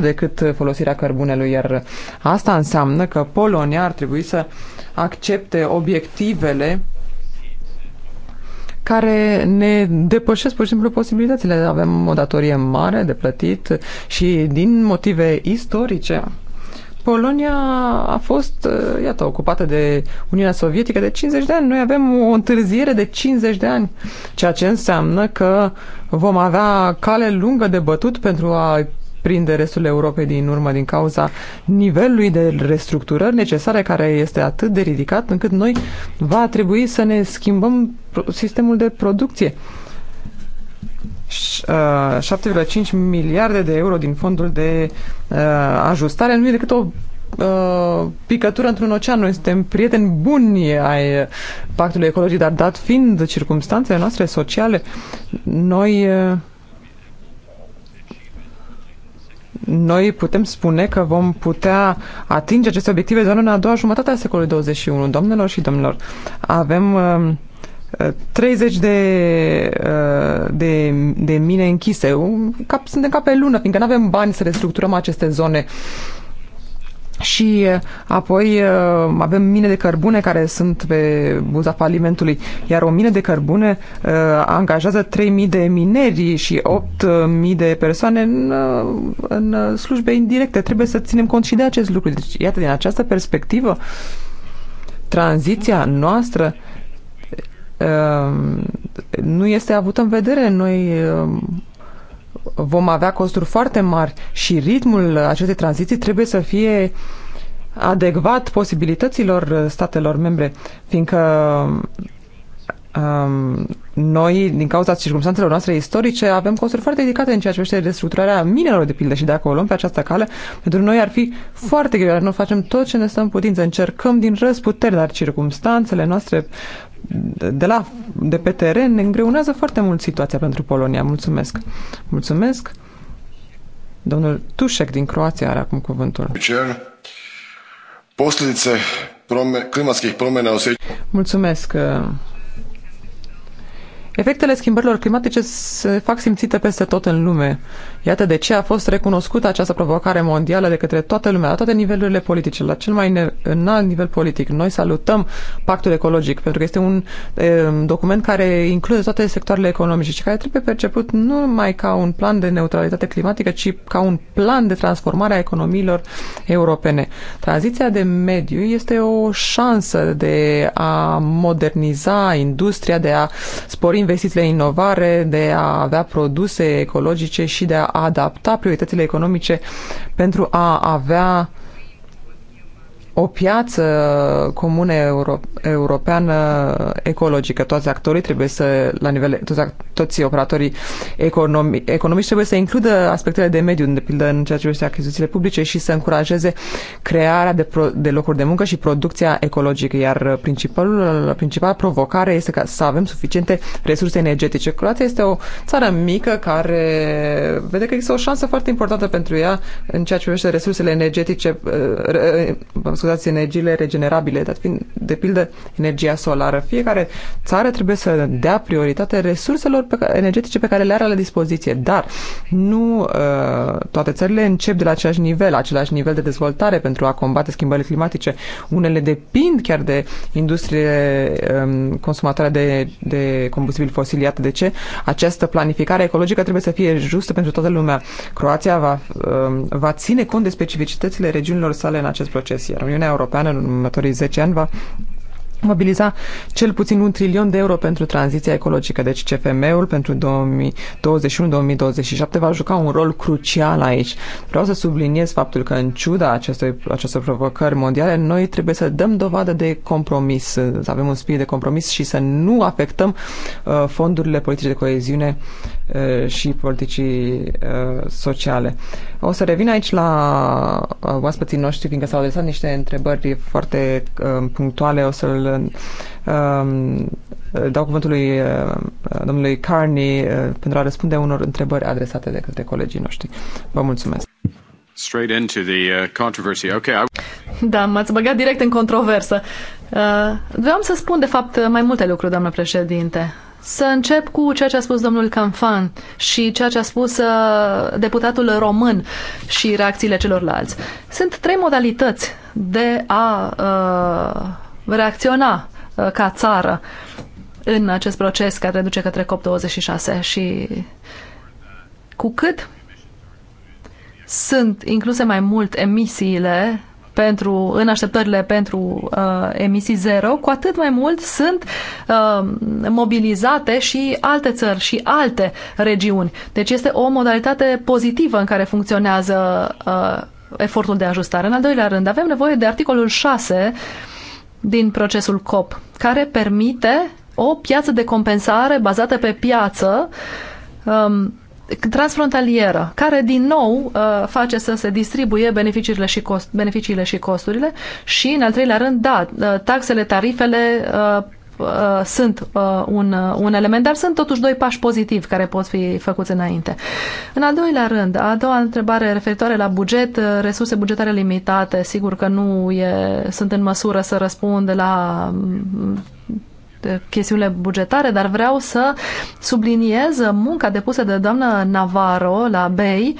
decât folosirea cărbunelui, iar asta înseamnă că Polonia ar trebui să accepte obiectivele care ne depășesc pur și simplu posibilitățile. Avem o datorie mare de plătit și din motive istorice Polonia a fost, iată, ocupată de Uniunea Sovietică de 50 de ani. Noi avem o întârziere de 50 de ani, ceea ce înseamnă că vom avea cale lungă de bătut pentru a prinde restul Europei din urmă din cauza nivelului de restructurări necesare care este atât de ridicat încât noi va trebui să ne schimbăm sistemul de producție. 7,5 uh, miliarde de euro din fondul de uh, ajustare nu e decât o uh, picătură într-un ocean. Noi suntem prieteni buni ai pactului ecologic, dar dat fiind circumstanțele noastre sociale, noi uh, noi putem spune că vom putea atinge aceste obiective doar în a doua jumătate a secolului 21. Domnilor și domnilor, avem um, uh, 30 de, de, de mine închise. Cap, suntem ca pe lună, fiindcă nu avem bani să restructurăm aceste zone. Uh, și uh, apoi uh, avem mine de cărbune care sunt pe buza falimentului, iar o mine de cărbune uh, angajează 3.000 de mineri și 8.000 de persoane în, în slujbe indirecte. Trebuie să ținem cont și de acest lucru. Deci, iată, din această perspectivă, tranziția noastră nu este avută în vedere. Noi vom avea costuri foarte mari și ritmul acestei tranziții trebuie să fie adecvat posibilităților statelor membre, fiindcă um, noi, din cauza circunstanțelor noastre istorice, avem costuri foarte ridicate în ceea ce privește restructurarea minelor, de pildă, și dacă o luăm pe această cale, pentru noi ar fi foarte greu, noi facem tot ce ne stăm putință, încercăm din răzputeri, dar circunstanțele noastre de, la, de pe teren ne îngreunează foarte mult situația pentru Polonia. Mulțumesc! Mulțumesc! Domnul Tușek din Croația are acum cuvântul. klimatskih promjena Mulțumesc, Efectele schimbărilor climatice se fac simțite peste tot în lume. Iată de ce a fost recunoscută această provocare mondială de către toată lumea, la toate nivelurile politice, la cel mai înalt nivel politic. Noi salutăm pactul ecologic, pentru că este un e, um, document care include toate sectoarele economice și care trebuie perceput nu numai ca un plan de neutralitate climatică, ci ca un plan de transformare a economiilor europene. Tranziția de mediu este o șansă de a moderniza industria, de a spori investițiile în inovare, de a avea produse ecologice și de a adapta prioritățile economice pentru a avea o piață comună euro- europeană ecologică. Toți actorii trebuie să, la nivel, toți, toți operatorii economi, economici trebuie să includă aspectele de mediu, de pildă în ceea ce privește achizițiile publice și să încurajeze crearea de, pro, de locuri de muncă și producția ecologică. Iar principalul, principal provocare este ca să avem suficiente resurse energetice. Croația este o țară mică care vede că există o șansă foarte importantă pentru ea în ceea ce privește resursele energetice, uh, scuzați, energiile regenerabile, dar fiind, de pildă, energia solară. Fiecare țară trebuie să dea prioritate resurselor pe care, energetice pe care le are la dispoziție, dar nu uh, toate țările încep de la același nivel, același nivel de dezvoltare pentru a combate schimbările climatice. Unele depind chiar de industrie um, consumatoare de, de combustibili fosili. Iată de ce această planificare ecologică trebuie să fie justă pentru toată lumea. Croația va, um, va ține cont de specificitățile regiunilor sale în acest proces, iar Uniunea Europeană în următorii 10 ani va mobiliza cel puțin un trilion de euro pentru tranziția ecologică. Deci CFM-ul pentru 2021-2027 va juca un rol crucial aici. Vreau să subliniez faptul că în ciuda acestei, acestor provocări mondiale, noi trebuie să dăm dovadă de compromis, să avem un spirit de compromis și să nu afectăm uh, fondurile politice de coeziune Uh, și politicii uh, sociale. O să revin aici la uh, oaspeții noștri, fiindcă s-au adresat niște întrebări foarte punctuale. O să-l um, dau cuvântul lui domnului Carney pentru a răspunde unor întrebări adresate de către colegii noștri. Vă mulțumesc! Straight into the controversy. Okay, I... Da, m-ați băgat direct în controversă. Uh, vreau să spun, de fapt, mai multe lucruri, doamnă președinte. Să încep cu ceea ce a spus domnul Canfan și ceea ce a spus uh, deputatul român și reacțiile celorlalți. Sunt trei modalități de a uh, reacționa uh, ca țară în acest proces care reduce către COP26 și cu cât sunt incluse mai mult emisiile pentru, în așteptările pentru uh, emisii zero, cu atât mai mult sunt uh, mobilizate și alte țări și alte regiuni. Deci este o modalitate pozitivă în care funcționează uh, efortul de ajustare. În al doilea rând, avem nevoie de articolul 6 din procesul COP, care permite o piață de compensare bazată pe piață um, transfrontalieră, care din nou uh, face să se distribuie beneficiile și, cost, beneficiile și costurile și, în al treilea rând, da, uh, taxele, tarifele uh, sunt un, un element, dar sunt totuși doi pași pozitivi care pot fi făcuți înainte. În al doilea rând, a doua întrebare referitoare la buget, resurse bugetare limitate, sigur că nu e, sunt în măsură să răspund la mm, chestiunile bugetare, dar vreau să subliniez munca depusă de doamna Navarro la BEI.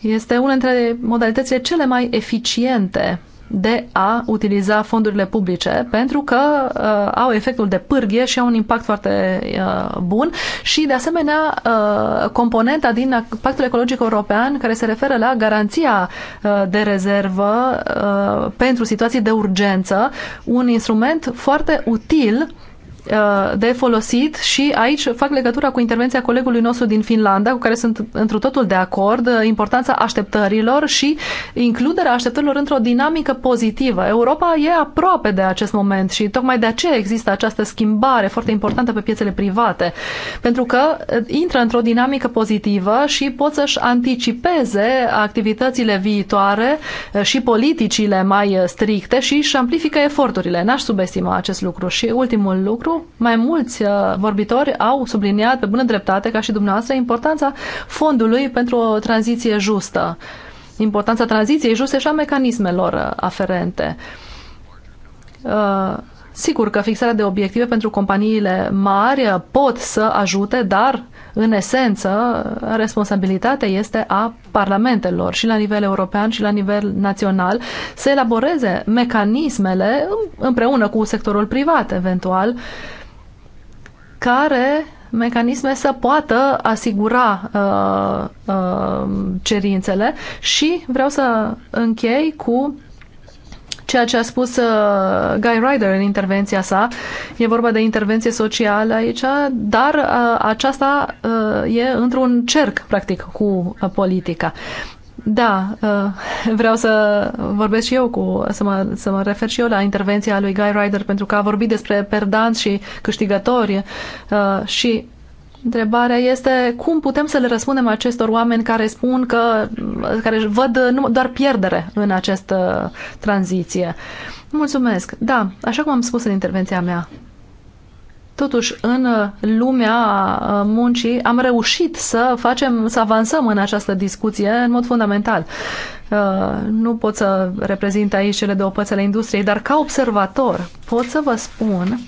Este una dintre modalitățile cele mai eficiente de a utiliza fondurile publice pentru că uh, au efectul de pârghie și au un impact foarte uh, bun și de asemenea uh, componenta din Pactul Ecologic European care se referă la garanția uh, de rezervă uh, pentru situații de urgență, un instrument foarte util Uh, de folosit și aici fac legătura cu intervenția colegului nostru din Finlanda, cu care sunt întru totul de acord, uh, importanța așteptărilor și includerea așteptărilor într-o dinamică pozitivă. Europa e aproape de acest moment și tocmai de aceea există această schimbare foarte importantă pe piețele private, pentru că uh, intră într-o dinamică pozitivă și pot să-și anticipeze activitățile viitoare și politicile mai stricte și își amplifică eforturile. N-aș subestima acest lucru. Și ultimul lucru, lucru, mai mulți uh, vorbitori au subliniat pe bună dreptate, ca și dumneavoastră, importanța fondului pentru o tranziție justă, importanța tranziției juste și a mecanismelor uh, aferente. Uh, Sigur că fixarea de obiective pentru companiile mari pot să ajute, dar în esență, responsabilitatea este a parlamentelor și la nivel european și la nivel național să elaboreze mecanismele împreună cu sectorul privat eventual care mecanisme să poată asigura uh, uh, cerințele și vreau să închei cu ceea ce a spus uh, Guy Ryder în intervenția sa. E vorba de intervenție socială aici, dar uh, aceasta uh, e într-un cerc, practic, cu uh, politica. Da, uh, (laughs) vreau să vorbesc și eu cu, să mă, să mă refer și eu la intervenția lui Guy Ryder pentru că a vorbit despre perdanți și câștigători uh, și Întrebarea este cum putem să le răspundem acestor oameni care spun că, care văd doar pierdere în această tranziție. Mulțumesc. Da, așa cum am spus în intervenția mea, totuși în lumea uh, muncii am reușit să facem, să avansăm în această discuție în mod fundamental. Uh, nu pot să reprezint aici cele două părți ale industriei, dar ca observator pot să vă spun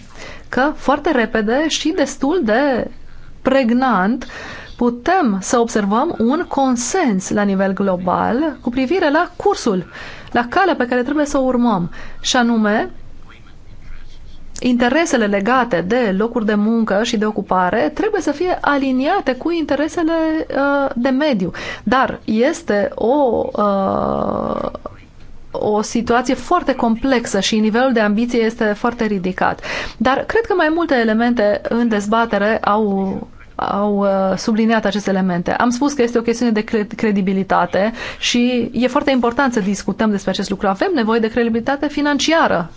că foarte repede și destul de pregnant, putem să observăm un consens la nivel global cu privire la cursul, la calea pe care trebuie să o urmăm, și anume interesele legate de locuri de muncă și de ocupare trebuie să fie aliniate cu interesele uh, de mediu. Dar este o, uh, o situație foarte complexă și nivelul de ambiție este foarte ridicat. Dar cred că mai multe elemente în dezbatere au au uh, subliniat aceste elemente. Am spus că este o chestiune de credibilitate și e foarte important să discutăm despre acest lucru. Avem nevoie de credibilitate financiară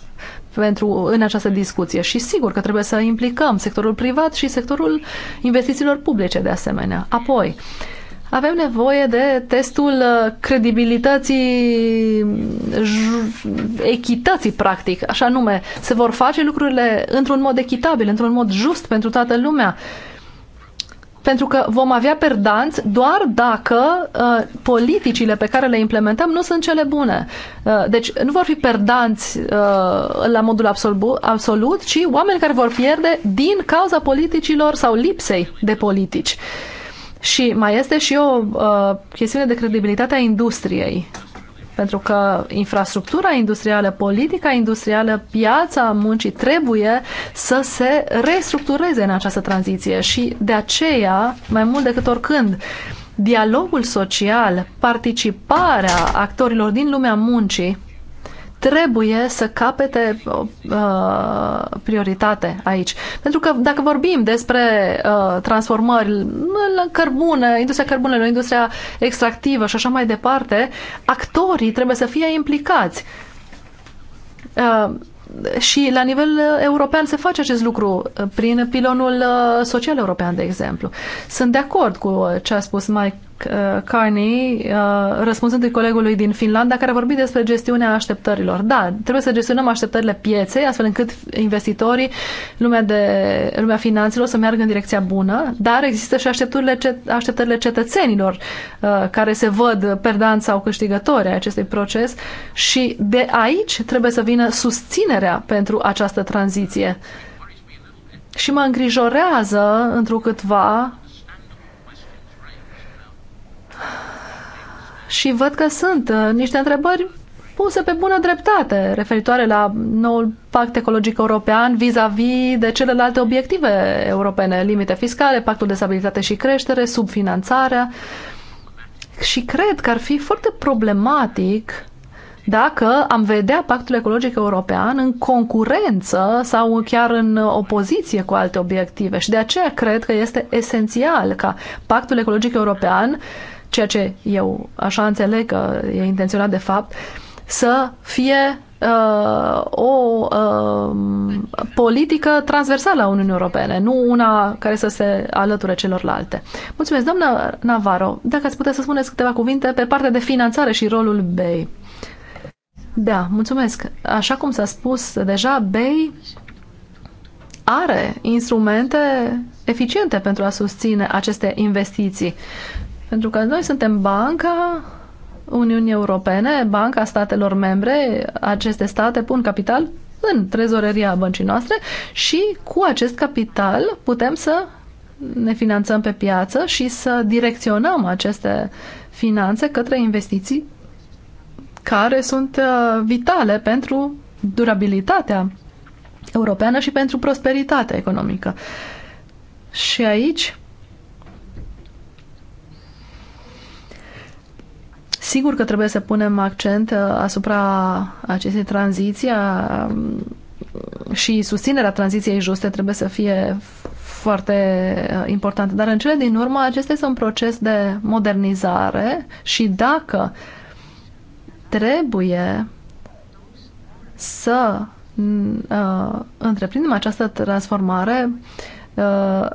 pentru, în această discuție și sigur că trebuie să implicăm sectorul privat și sectorul investițiilor publice de asemenea. Apoi, avem nevoie de testul uh, credibilității, echității, practic, așa nume. Se vor face lucrurile într-un mod echitabil, într-un mod just pentru toată lumea pentru că vom avea perdanți doar dacă uh, politicile pe care le implementăm nu sunt cele bune. Uh, deci nu vor fi perdanți uh, la modul absolut, absolut, ci oameni care vor pierde din cauza politicilor sau lipsei de politici. Și mai este și o uh, chestiune de credibilitate a industriei. Pentru că infrastructura industrială, politica industrială, piața muncii trebuie să se restructureze în această tranziție și de aceea, mai mult decât oricând, dialogul social, participarea actorilor din lumea muncii trebuie să capete uh, prioritate aici. Pentru că dacă vorbim despre uh, transformări în cărbune, industria cărbunelor, industria extractivă și așa mai departe, actorii trebuie să fie implicați. Uh, și la nivel european se face acest lucru uh, prin pilonul uh, social european, de exemplu. Sunt de acord cu ce a spus Mike Uh, Carney, uh, răspunzându-i colegului din Finlanda, care a vorbit despre gestiunea așteptărilor. Da, trebuie să gestionăm așteptările pieței, astfel încât investitorii, lumea, de, lumea finanțelor să meargă în direcția bună, dar există și așteptările, așteptările cetățenilor uh, care se văd perdanți sau câștigători a acestui proces și de aici trebuie să vină susținerea pentru această tranziție. Și mă îngrijorează întrucâtva și văd că sunt uh, niște întrebări puse pe bună dreptate referitoare la noul pact ecologic european vis-a-vis -vis de celelalte obiective europene, limite fiscale, pactul de stabilitate și creștere, subfinanțarea. Și cred că ar fi foarte problematic dacă am vedea pactul ecologic european în concurență sau chiar în opoziție cu alte obiective. Și de aceea cred că este esențial ca pactul ecologic european ceea ce eu așa înțeleg că e intenționat de fapt, să fie uh, o uh, politică transversală a Uniunii Europene, nu una care să se alăture celorlalte. Mulțumesc, doamnă Navarro. Dacă ați putea să spuneți câteva cuvinte pe partea de finanțare și rolul BEI. Da, mulțumesc. Așa cum s-a spus deja, BEI are instrumente eficiente pentru a susține aceste investiții pentru că noi suntem banca Uniunii Europene, banca statelor membre, aceste state pun capital în trezoreria băncii noastre și cu acest capital putem să ne finanțăm pe piață și să direcționăm aceste finanțe către investiții care sunt uh, vitale pentru durabilitatea europeană și pentru prosperitatea economică. Și aici Sigur că trebuie să punem accent uh, asupra acestei tranziții um, și susținerea tranziției juste trebuie să fie foarte uh, importantă. Dar în cele din urmă, acesta este un proces de modernizare și dacă trebuie să uh, întreprindem această transformare, uh,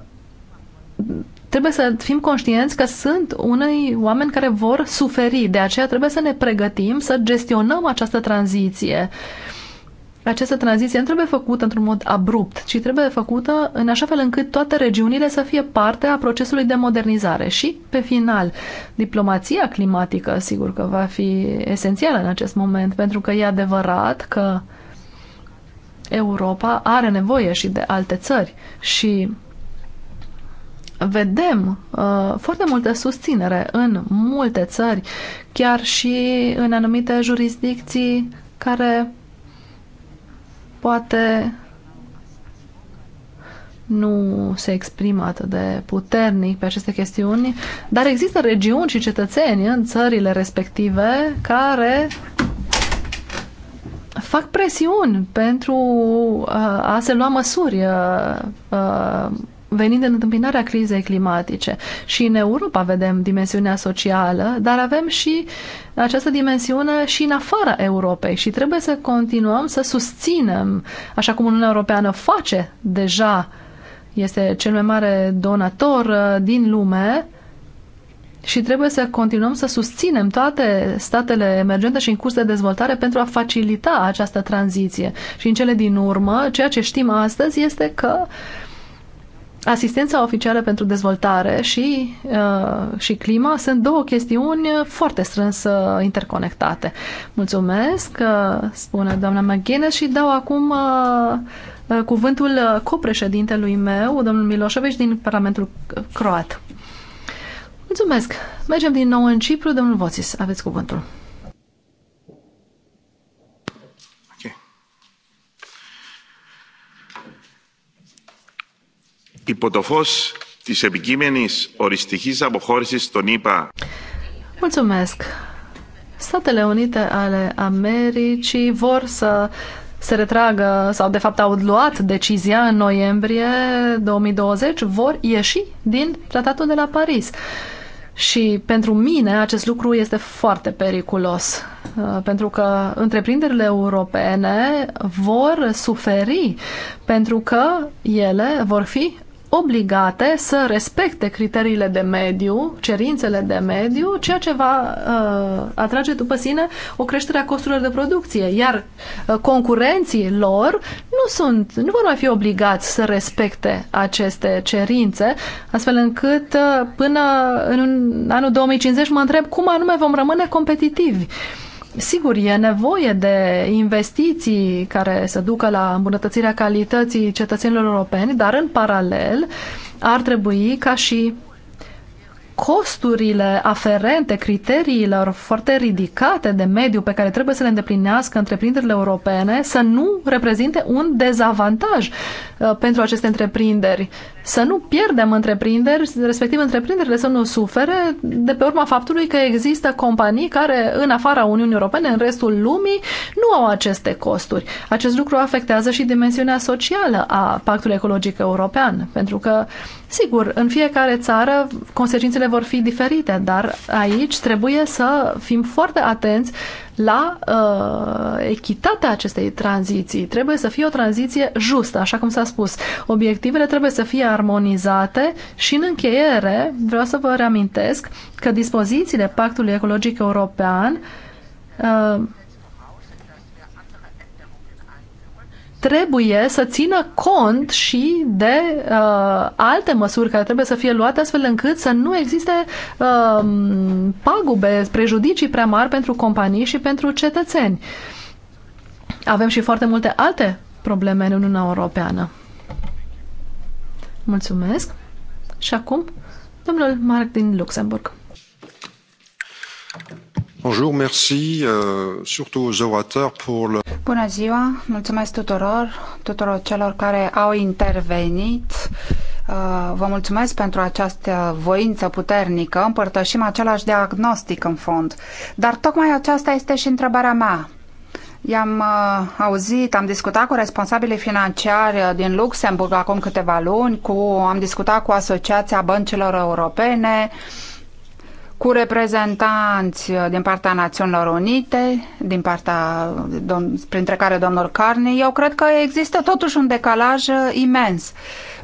Trebuie să fim conștienți că sunt unei oameni care vor suferi, de aceea trebuie să ne pregătim să gestionăm această tranziție. Această tranziție nu trebuie făcută într-un mod abrupt, ci trebuie făcută în așa fel încât toate regiunile să fie parte a procesului de modernizare. Și, pe final, diplomația climatică, sigur că va fi esențială în acest moment, pentru că e adevărat că Europa are nevoie și de alte țări și vedem uh, foarte multă susținere în multe țări, chiar și în anumite jurisdicții care poate nu se exprimă atât de puternic pe aceste chestiuni, dar există regiuni și cetățeni în țările respective care fac presiuni pentru uh, a se lua măsuri uh, uh, venind în întâmpinarea crizei climatice. Și în Europa vedem dimensiunea socială, dar avem și această dimensiune și în afara Europei și trebuie să continuăm să susținem, așa cum Uniunea Europeană face deja, este cel mai mare donator uh, din lume, și trebuie să continuăm să susținem toate statele emergente și în curs de dezvoltare pentru a facilita această tranziție. Și în cele din urmă, ceea ce știm astăzi este că uh, asistența oficială pentru dezvoltare și, uh, și clima sunt două chestiuni foarte strâns interconectate. Mulțumesc, uh, spune doamna McGuinness și dau acum uh, uh cuvântul copreședintelui meu, domnul Miloșoveș, din Parlamentul Croat. Mulțumesc! Mergem din nou în Cipru, domnul Voțis, aveți cuvântul. υπό το φως της επικείμενης οριστικής αποχώρησης των ΗΠΑ. Mulțumesc. Statele Unite ale Americii vor să se retragă sau de fapt au luat decizia în noiembrie 2020, vor ieși din tratatul de la Paris. Și pentru mine acest lucru este foarte periculos, uh, pentru că întreprinderile europene vor suferi, pentru că ele vor fi obligate să respecte criteriile de mediu, cerințele de mediu, ceea ce va uh, atrage după sine o creștere a costurilor de producție. Iar uh, concurenții lor nu sunt, nu vor mai fi obligați să respecte aceste cerințe, astfel încât uh, până în anul 2050 mă întreb cum anume vom rămâne competitivi. Uh, Sigur, e nevoie de investiții care să ducă la îmbunătățirea calității cetățenilor europeni, dar în paralel ar trebui ca și costurile aferente criteriilor foarte ridicate de mediu pe care trebuie să le îndeplinească întreprinderile europene să nu reprezinte un dezavantaj uh, pentru aceste întreprinderi să nu pierdem întreprinderi, respectiv întreprinderile să nu sufere de pe urma faptului că există companii care în afara Uniunii Europene, în restul lumii, nu au aceste costuri. Acest lucru afectează și dimensiunea socială a Pactului Ecologic European, pentru că, sigur, în fiecare țară consecințele vor fi diferite, dar aici trebuie să fim foarte atenți la uh, echitatea acestei tranziții. Trebuie să fie o tranziție justă, așa cum s-a spus. Obiectivele trebuie să fie armonizate și în încheiere vreau să vă reamintesc că dispozițiile Pactului Ecologic European uh, trebuie să țină cont și de uh, alte măsuri care trebuie să fie luate astfel încât să nu existe uh, pagube, prejudicii prea mari pentru companii și pentru cetățeni. Avem și foarte multe alte probleme în Uniunea Europeană. Mulțumesc. Și acum, domnul Marc din Luxemburg. Bonjour, merci euh, surtout aux orateurs pour le... Bună ziua, mulțumesc tuturor, tuturor celor care au intervenit. Uh, vă mulțumesc pentru această voință puternică, împărtășim același diagnostic în fond. Dar tocmai aceasta este și întrebarea mea. I-am uh, auzit, am discutat cu responsabilii financiari uh, din Luxemburg acum câteva luni, cu, am discutat cu Asociația Băncilor Europene, uh, cu reprezentanți din partea Națiunilor Unite, din partea, printre care domnul Carney, eu cred că există totuși un decalaj uh, imens.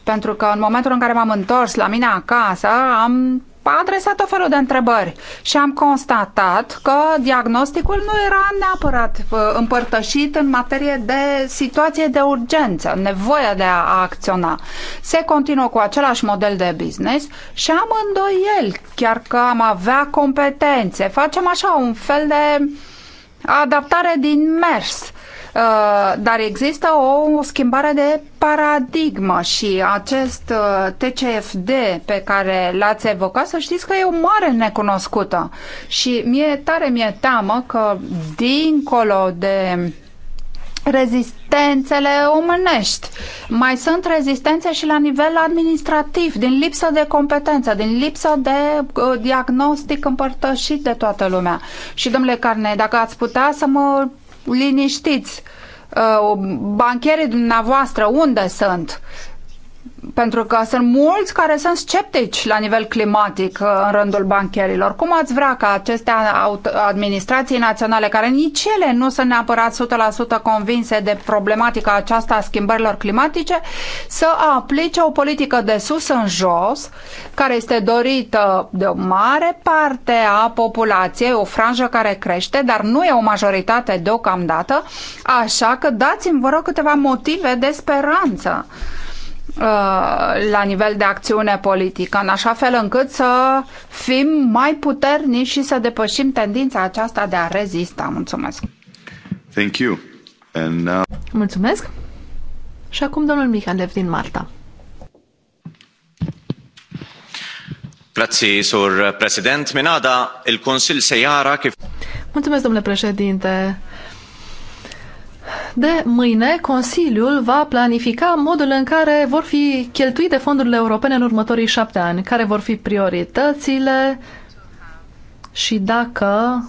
Pentru că în momentul în care m-am întors la mine acasă, am a adresat o felul de întrebări și am constatat că diagnosticul nu era neapărat uh, împărtășit în materie de situație de urgență, nevoia de a acționa. Se continuă cu același model de business și am îndoieli, chiar că am avea competențe. Facem așa un fel de adaptare din mers. Uh, Uh, dar există o schimbare de paradigmă și acest uh, TCFD pe care l-ați evocat, să știți că e o mare necunoscută și mie tare mi-e teamă că dincolo de rezistențele omânești. Mai sunt rezistențe și la nivel administrativ, din lipsă de competență, din lipsă de uh, diagnostic împărtășit de toată lumea. Și, domnule Carne, dacă ați putea să mă liniștiți. Uh, bancherii dumneavoastră unde sunt? pentru că sunt mulți care sunt sceptici la nivel climatic uh, în rândul bancherilor. Cum ați vrea ca aceste administrații naționale, care nici ele nu sunt neapărat 100% convinse de problematica aceasta a schimbărilor climatice, să aplice o politică de sus în jos, care este dorită de o mare parte a populației, o franjă care crește, dar nu e o majoritate deocamdată, așa că dați-mi, vă rog, câteva motive de speranță. Uh, la nivel de acțiune politică, în așa fel încât să fim mai puternici și să depășim tendința aceasta de a rezista. Mulțumesc! Thank you. And now... Mulțumesc! Și acum domnul Mihalev din Marta. Grazie, il Consil se iara... Mulțumesc, domnule președinte de mâine Consiliul va planifica modul în care vor fi cheltuite fondurile europene în următorii șapte ani, care vor fi prioritățile și dacă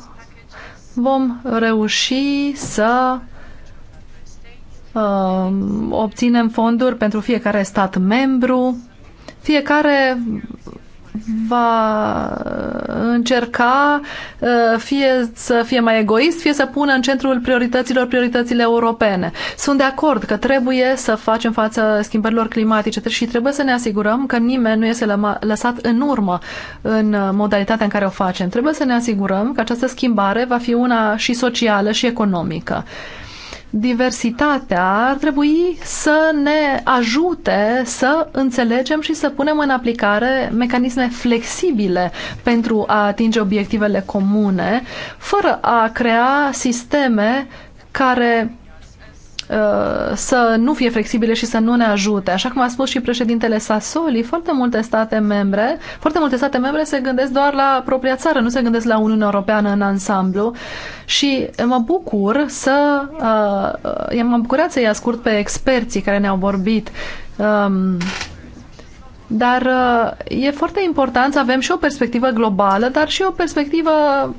vom reuși să uh, obținem fonduri pentru fiecare stat membru. Fiecare va uh, încerca uh, fie să fie mai egoist, fie să pună în centrul priorităților prioritățile europene. Sunt de acord că trebuie să facem față schimbărilor climatice și trebuie să ne asigurăm că nimeni nu este lăsat în urmă în modalitatea în care o facem. Trebuie să ne asigurăm că această schimbare va fi una și socială și economică diversitatea ar trebui să ne ajute să înțelegem și să punem în aplicare mecanisme flexibile pentru a atinge obiectivele comune, fără a crea sisteme care Uh, să nu fie flexibile și să nu ne ajute. Așa cum a spus și președintele Sassoli, foarte multe state membre, foarte multe state membre se gândesc doar la propria țară, nu se gândesc la Uniunea Europeană în ansamblu și mă bucur să uh, uh m-am bucurat să-i ascult pe experții care ne-au vorbit um, dar uh, e foarte important să avem și o perspectivă globală, dar și o perspectivă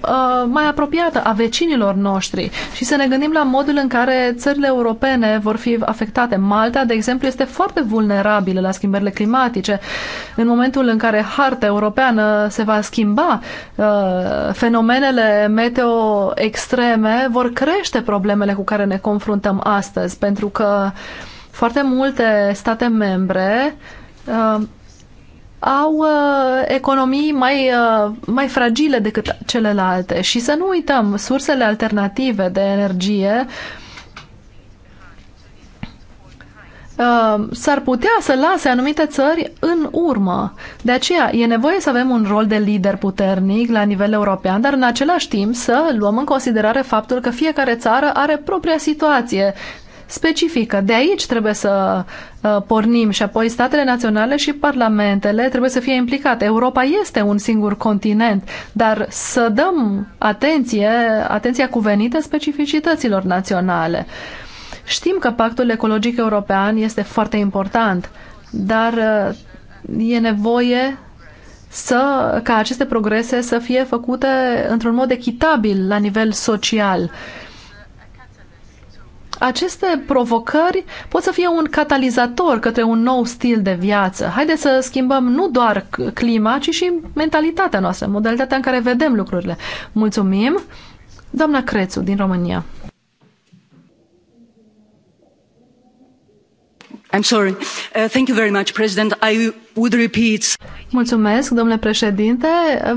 uh, mai apropiată a vecinilor noștri și să ne gândim la modul în care țările europene vor fi afectate. Malta, de exemplu, este foarte vulnerabilă la schimbările climatice. În momentul în care harta europeană se va schimba, uh, fenomenele meteo extreme vor crește problemele cu care ne confruntăm astăzi, pentru că foarte multe state membre uh, au uh, economii mai, uh, mai fragile decât celelalte. Și să nu uităm, sursele alternative de energie uh, s-ar putea să lase anumite țări în urmă. De aceea e nevoie să avem un rol de lider puternic la nivel european, dar în același timp să luăm în considerare faptul că fiecare țară are propria situație specifică. De aici trebuie să uh, pornim și apoi statele naționale și parlamentele trebuie să fie implicate. Europa este un singur continent, dar să dăm atenție, atenția cuvenită specificităților naționale. Știm că pactul ecologic european este foarte important, dar uh, e nevoie să, ca aceste progrese să fie făcute într-un mod echitabil la nivel social. Uh, aceste provocări pot să fie un catalizator către un nou stil de viață. Haideți să schimbăm nu doar clima, ci și mentalitatea noastră, modalitatea în care vedem lucrurile. Mulțumim! Doamna Crețu, din România. Mulțumesc, domnule președinte.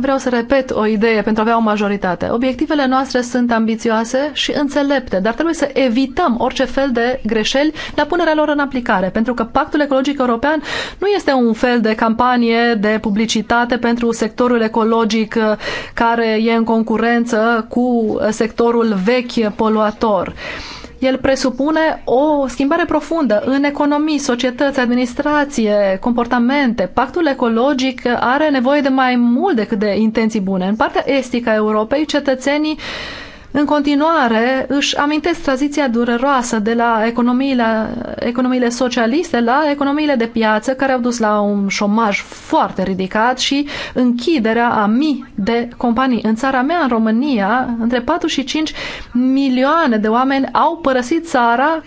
Vreau să repet o idee pentru a avea o majoritate. Obiectivele noastre sunt ambițioase și înțelepte, dar trebuie să evităm orice fel de greșeli la punerea lor în aplicare, pentru că Pactul Ecologic European nu este un fel de campanie de publicitate pentru sectorul ecologic uh, care e în concurență cu sectorul vechi poluator. El presupune o schimbare profundă în economii, societăți, administrație, comportamente. Pactul ecologic are nevoie de mai mult decât de intenții bune. În partea estică a Europei, cetățenii în continuare își amintesc tranziția dureroasă de la economiile, economiile socialiste la economiile de piață care au dus la un șomaj foarte ridicat și închiderea a mii de companii. În țara mea, în România, între 4 și 5 milioane de oameni au părăsit țara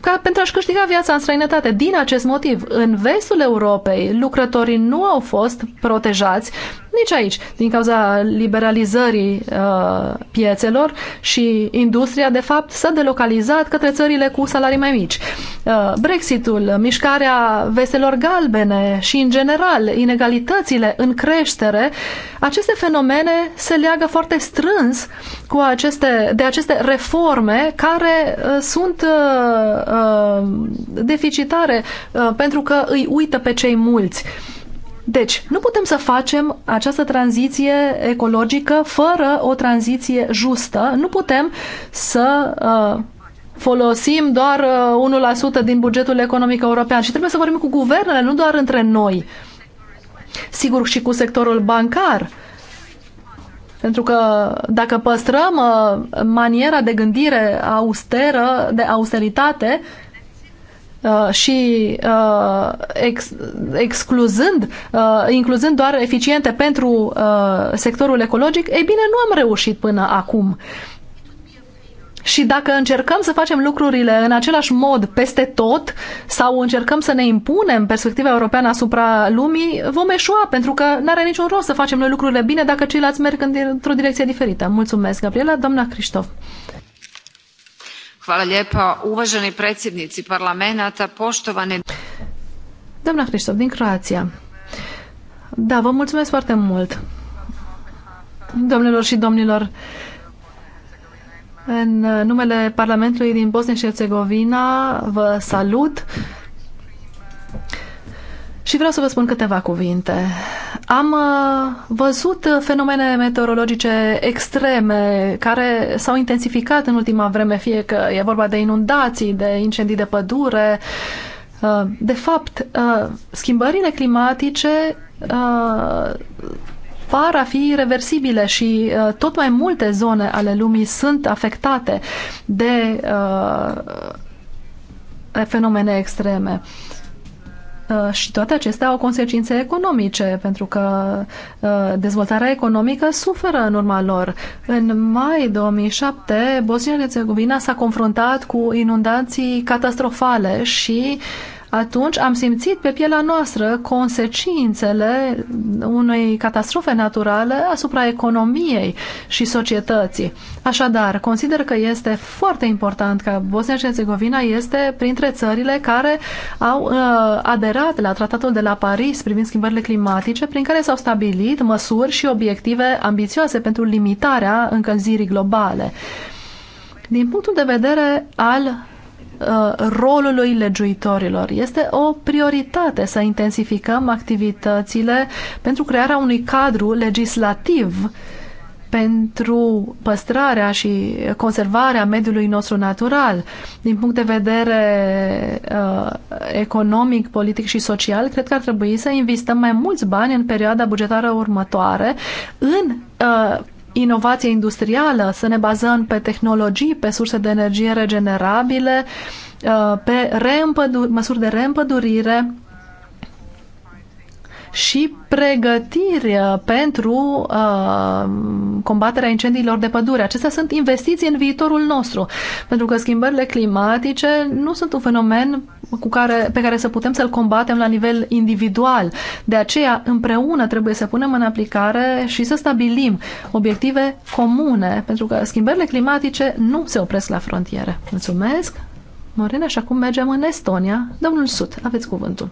ca pentru a-și câștiga viața în străinătate. Din acest motiv, în vestul Europei, lucrătorii nu au fost protejați, nici aici, din cauza liberalizării uh, piețelor și industria, de fapt, s-a delocalizat către țările cu salarii mai mici. Uh, Brexitul, mișcarea veselor galbene și, în general, inegalitățile în creștere, aceste fenomene se leagă foarte strâns cu aceste, de aceste reforme care uh, sunt uh, uh, deficitare uh, pentru că îi uită pe cei mulți. Uh, deci, nu putem să facem această tranziție ecologică fără o tranziție justă. Nu putem să uh, folosim doar uh, 1% din bugetul economic european și trebuie să vorbim cu guvernele, nu doar între noi. Sigur, și cu sectorul bancar. Pentru că dacă păstrăm uh, maniera de gândire austeră, de austeritate, uh, Uh, și uh, ex, excluzând, uh, incluzând doar eficiente pentru sectorul ecologic, ei bine, nu am reușit până acum. Și dacă încercăm să facem lucrurile în același mod peste tot sau încercăm să ne impunem perspectiva europeană asupra lumii, vom eșua pentru că nu are niciun rost să facem noi lucrurile bine dacă ceilalți merg într-o direcție diferită. Mulțumesc, Gabriela. Doamna Cristof. Hvala lijepa. Uvaženi predsjednici parlamenta, poštovane... Doamna Hriștov, din Croația. Da, vă mulțumesc foarte mult. Domnilor și domnilor, în numele Parlamentului din Bosnia și Herțegovina vă salut. Și vreau să vă spun câteva cuvinte. Am uh, văzut fenomene meteorologice extreme care s-au intensificat în ultima vreme, fie că e vorba de inundații, de incendii de pădure. Uh, de fapt, uh, schimbările climatice par a fi reversibile și tot mai multe zone ale lumii sunt afectate de fenomene extreme. Uh, Uh, și toate acestea au consecințe economice, pentru că uh, dezvoltarea economică suferă în urma lor. În mai 2007, Bosnia-Herzegovina s-a confruntat cu inundații catastrofale și atunci am simțit pe pielea noastră consecințele unei catastrofe naturale asupra economiei și societății. Așadar, consider că este foarte important că Bosnia și Herzegovina este printre țările care au uh, aderat la tratatul de la Paris privind schimbările climatice, prin care s-au stabilit măsuri și obiective ambițioase pentru limitarea încălzirii globale. Din punctul de vedere al Uh, rolului legiuitorilor. Este o prioritate să intensificăm activitățile pentru crearea unui cadru legislativ pentru păstrarea și conservarea mediului nostru natural. Din punct de vedere uh, economic, politic și social, cred că ar trebui să investăm mai mulți bani în perioada bugetară următoare în uh, inovație industrială, să ne bazăm pe tehnologii, pe surse de energie regenerabile, uh, pe măsuri de reîmpădurire și pregătiri uh, pentru uh, combaterea incendiilor de pădure. Acestea sunt investiții în viitorul nostru, pentru că schimbările climatice nu sunt un fenomen cu care, pe care să putem să-l combatem la nivel individual. De aceea, împreună trebuie să punem în aplicare și să stabilim obiective comune, pentru că schimbările climatice nu se opresc la frontiere. Mulțumesc! Morena, și acum mergem în Estonia. Domnul Sut, aveți cuvântul.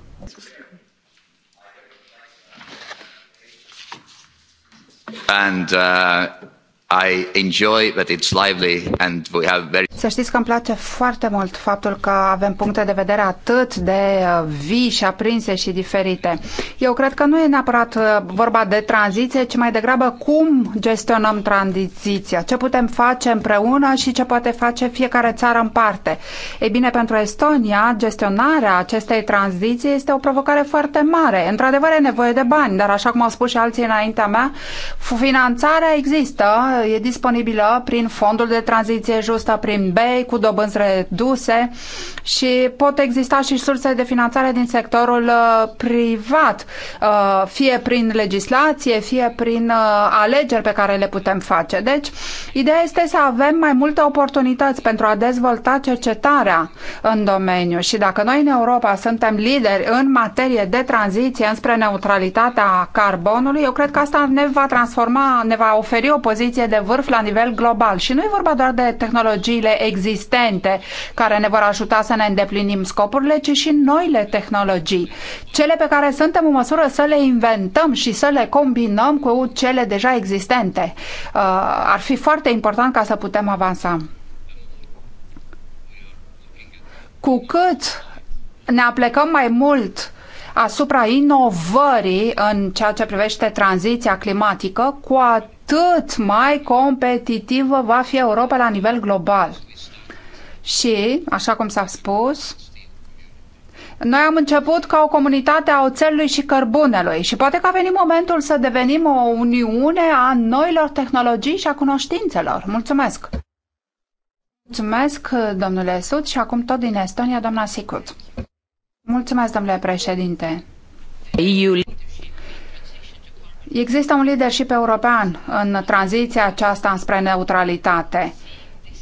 And uh, I enjoy that it's lively and we have very... Să știți că îmi place foarte mult faptul că avem puncte de vedere atât de uh, vii și aprinse și diferite. Eu cred că nu e neapărat uh, vorba de tranziție, ci mai degrabă cum gestionăm tranziția, ce putem face împreună și ce poate face fiecare țară în parte. Ei bine, pentru Estonia, gestionarea acestei tranziții este o provocare foarte mare. Într-adevăr, e nevoie de bani, dar așa cum au spus și alții înaintea mea, finanțarea există, e disponibilă prin fondul de tranziție justă, prin BEI, cu dobânzi reduse și pot exista și surse de finanțare din sectorul uh, privat, uh, fie prin legislație, fie prin uh, alegeri pe care le putem face. Deci, ideea este să avem mai multe oportunități pentru a dezvolta cercetarea în domeniu și dacă noi în Europa suntem lideri în materie de tranziție înspre neutralitatea carbonului, eu cred că asta ne va transforma, ne va oferi o poziție de vârf la nivel global. Și nu e vorba doar de tehnologiile existente care ne vor ajuta să ne îndeplinim scopurile, ci și noile tehnologii. Cele pe care suntem în măsură să le inventăm și să le combinăm cu cele deja existente. Uh, ar fi foarte important ca să putem avansa. Cu cât ne aplecăm mai mult asupra inovării în ceea ce privește tranziția climatică, cu atât atât mai competitivă va fi Europa la nivel global. Și, așa cum s-a spus, noi am început ca o comunitate a oțelului și cărbunelui și poate că a venit momentul să devenim o uniune a noilor tehnologii și a cunoștințelor. Mulțumesc! Mulțumesc, domnule Sud, și acum tot din Estonia, doamna Sicut. Mulțumesc, domnule președinte. Există un leadership european în tranziția aceasta spre neutralitate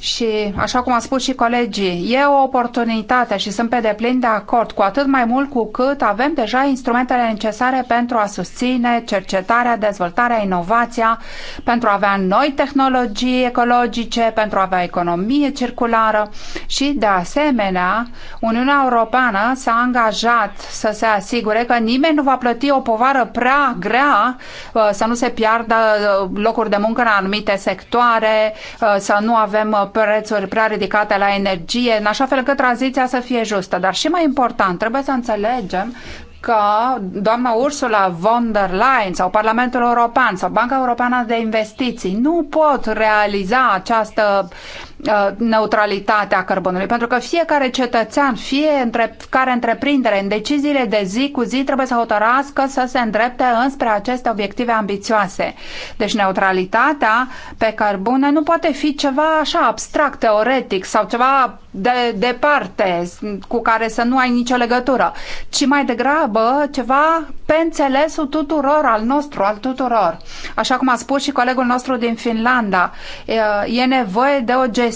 și, așa cum a spus și colegii, e o oportunitate și sunt pe deplin de acord, cu atât mai mult cu cât avem deja instrumentele necesare pentru a susține cercetarea, dezvoltarea, inovația, pentru a avea noi tehnologii ecologice, pentru a avea economie circulară și, de asemenea, Uniunea Europeană s-a angajat să se asigure că nimeni nu va plăti o povară prea grea, uh, să nu se piardă uh, locuri de muncă în anumite sectoare, uh, să nu avem prețuri prea ridicate la energie, în așa fel încât tranziția să fie justă. Dar și mai important, trebuie să înțelegem că doamna Ursula von der Leyen sau Parlamentul European sau Banca Europeană de Investiții nu pot realiza această uh, Uh, neutralitatea cărbunului, pentru că fiecare cetățean, fie care întreprindere în deciziile de zi cu zi trebuie să hotărască să se îndrepte înspre aceste obiective ambițioase. Deci neutralitatea pe cărbune nu poate fi ceva așa abstract, teoretic sau ceva de departe cu care să nu ai nicio legătură, ci mai degrabă ceva pe înțelesul tuturor al nostru, al tuturor. Așa cum a spus și colegul nostru din Finlanda, uh, e nevoie de o gestiune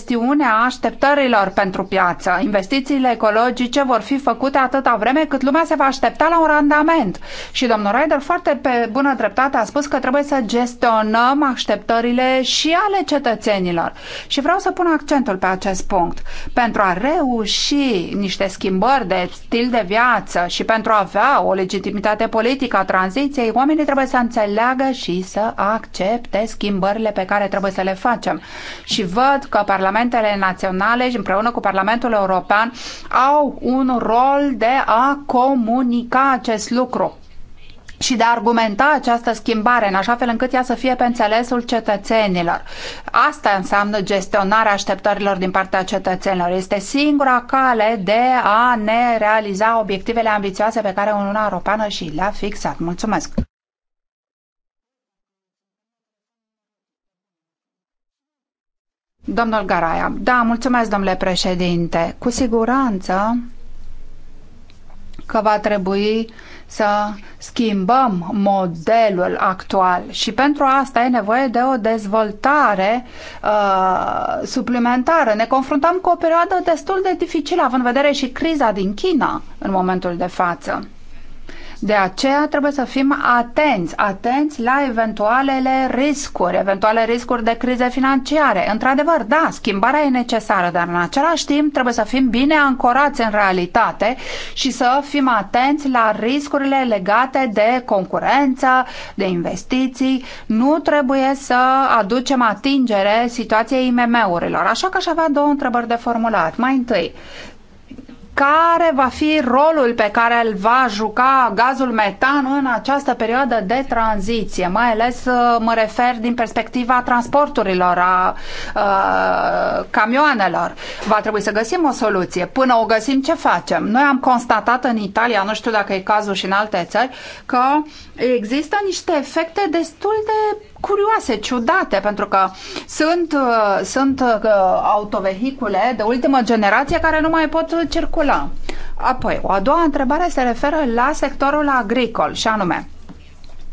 a așteptărilor pentru piață. Investițiile ecologice vor fi făcute atâta vreme cât lumea se va aștepta la un randament. Și domnul Ryder foarte pe bună dreptate a spus că trebuie să gestionăm așteptările și ale cetățenilor. Și vreau să pun accentul pe acest punct. Pentru a reuși niște schimbări de stil de viață și pentru a avea o legitimitate politică a tranziției, oamenii trebuie să înțeleagă și să accepte schimbările pe care trebuie să le facem. Și văd că Parlamentul parlamentele naționale și împreună cu Parlamentul European au un rol de a comunica acest lucru și de a argumenta această schimbare în așa fel încât ea să fie pe înțelesul cetățenilor. Asta înseamnă gestionarea așteptărilor din partea cetățenilor. Este singura cale de a ne realiza obiectivele ambițioase pe care Uniunea Europeană și le-a fixat. Mulțumesc! Domnul Garaia. Da, mulțumesc, domnule președinte. Cu siguranță că va trebui să schimbăm modelul actual și pentru asta e nevoie de o dezvoltare uh, suplimentară. Ne confruntăm cu o perioadă destul de dificilă, având în vedere și criza din China în momentul de față. De aceea trebuie să fim atenți, atenți la eventualele riscuri, eventuale riscuri de crize financiare. Într-adevăr, da, schimbarea e necesară, dar în același timp trebuie să fim bine ancorați în realitate și să fim atenți la riscurile legate de concurență, de investiții. Nu trebuie să aducem atingere situației IMM-urilor. Așa că aș avea două întrebări de formulat. Mai întâi, care va fi rolul pe care îl va juca gazul metan în această perioadă de tranziție, mai ales uh, mă refer din perspectiva transporturilor, a, a uh, camioanelor. Va trebui să găsim o soluție. Până o găsim, ce facem? Noi am constatat în Italia, nu știu dacă e cazul și în alte țări, că există niște efecte destul de curioase, ciudate, pentru că sunt, uh, sunt uh, autovehicule de ultimă generație care nu mai pot circula. Apoi, o a doua întrebare se referă la sectorul agricol și anume,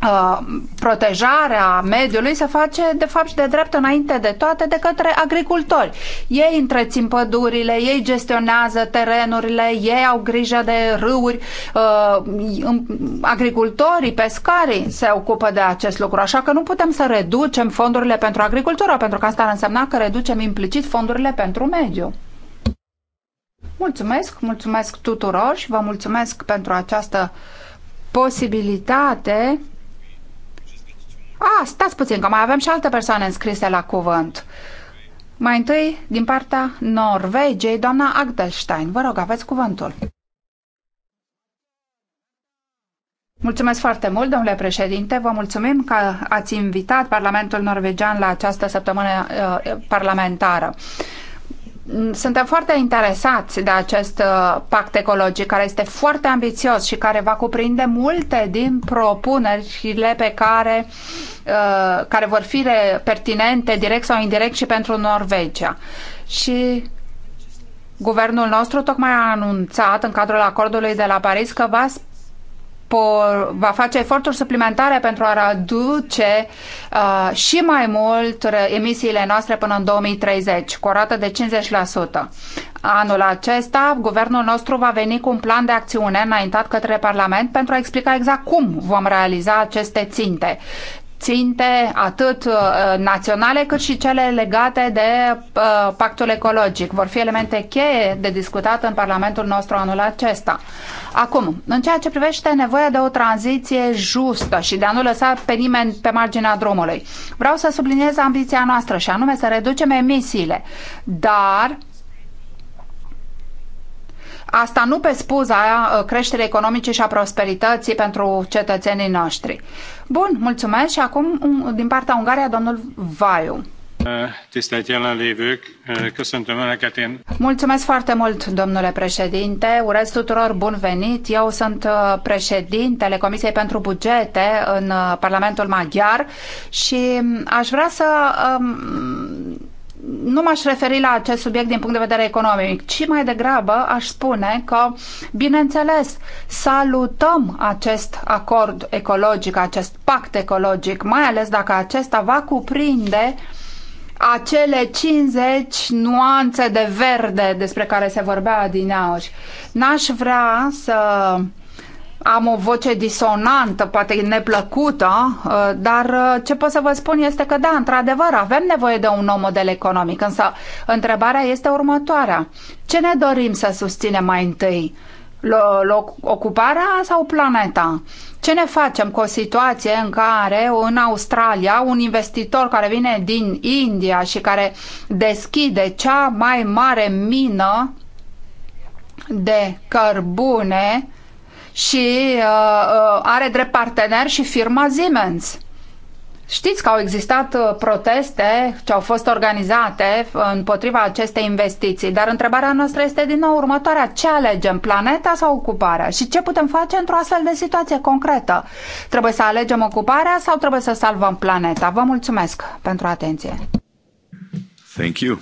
Uh, protejarea mediului se face de fapt și de drept înainte de toate de către agricultori. Ei întrețin pădurile, ei gestionează terenurile, ei au grijă de râuri, uh, agricultorii, pescarii se ocupă de acest lucru, așa că nu putem să reducem fondurile pentru agricultură, pentru că asta ar însemna că reducem implicit fondurile pentru mediu. Mulțumesc, mulțumesc tuturor și vă mulțumesc pentru această posibilitate a, stați puțin, că mai avem și alte persoane înscrise la cuvânt. Mai întâi, din partea Norvegiei, doamna Agdelstein. Vă rog, aveți cuvântul. Mulțumesc foarte mult, domnule președinte. Vă mulțumim că ați invitat Parlamentul norvegian la această săptămână uh, parlamentară. Uh, suntem foarte interesați de acest uh, pact ecologic care este foarte ambițios și care va cuprinde multe din propunerile pe care, uh, care vor fi pertinente direct sau indirect și pentru Norvegia. Și Guvernul nostru tocmai a anunțat în cadrul acordului de la Paris că va va face eforturi suplimentare pentru a reduce uh, și mai mult emisiile noastre până în 2030, cu o rată de 50%. Anul acesta, guvernul nostru va veni cu un plan de acțiune înaintat către Parlament pentru a explica exact cum vom realiza aceste ținte ținte atât uh, naționale cât și cele legate de uh, pactul ecologic. Vor fi elemente cheie de discutat în Parlamentul nostru anul acesta. Acum, în ceea ce privește nevoia de o tranziție justă și de a nu lăsa pe nimeni pe marginea drumului, vreau să subliniez ambiția noastră și anume să reducem emisiile, dar Asta nu pe spuza uh, creșterii economice și a prosperității pentru cetățenii noștri. Bun, mulțumesc și acum um, din partea Ungaria domnul Vaiu. Uh, tisztelt jelenlévők, uh, köszöntöm Önöket én. Mulțumesc foarte mult, domnule președinte. Urez tuturor bun venit. Eu sunt președintele Comisiei pentru Bugete în Parlamentul Maghiar și um, aș vrea să um, nu m-aș referi la acest subiect din punct de vedere economic, ci mai degrabă aș spune că, bineînțeles, salutăm acest acord ecologic, acest pact ecologic, mai ales dacă acesta va cuprinde acele 50 nuanțe de verde despre care se vorbea din adineauri. N-aș vrea să am o voce disonantă, poate neplăcută, uh, dar uh, ce pot să vă spun este că da, într-adevăr, avem nevoie de un nou model economic, însă întrebarea este următoarea. Ce ne dorim să susținem mai întâi? ocuparea sau planeta? Ce ne facem cu o situație în care în Australia un investitor care vine din India și care deschide cea mai mare mină de cărbune și uh, uh, are drept partener și firma Siemens. Știți că au existat uh, proteste ce au fost organizate împotriva acestei investiții, dar întrebarea noastră este din nou următoarea. Ce alegem, planeta sau ocuparea? Și ce putem face într-o astfel de situație concretă? Trebuie să alegem ocuparea sau trebuie să salvăm planeta? Vă mulțumesc pentru atenție. Thank you.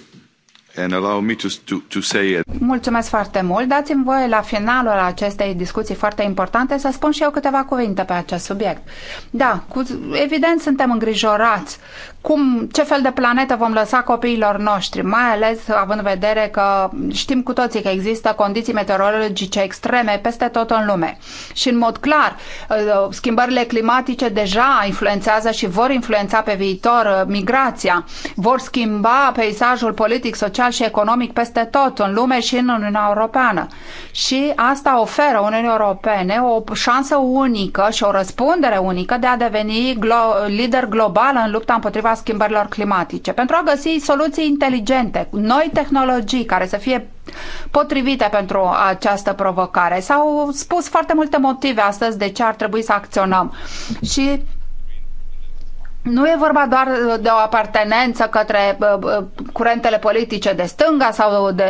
And allow me to, to, to say Mulțumesc foarte mult. Dați-mi voie la finalul acestei discuții foarte importante să spun și eu câteva cuvinte pe acest subiect. Da, cu, evident suntem îngrijorați cum, ce fel de planetă vom lăsa copiilor noștri, mai ales având în vedere că știm cu toții că există condiții meteorologice extreme peste tot în lume. Și în mod clar, ă, schimbările climatice deja influențează și vor influența pe viitor ă, migrația, vor schimba peisajul politic, social social și economic peste tot în lume și în Uniunea Europeană. Și asta oferă Uniunii Europene o șansă unică și o răspundere unică de a deveni glo- lider global în lupta împotriva schimbărilor climatice, pentru a găsi soluții inteligente, noi tehnologii care să fie potrivite pentru această provocare. S-au spus foarte multe motive astăzi de ce ar trebui să acționăm. Și nu e vorba doar uh, de o apartenență către uh, uh, curentele politice de stânga sau de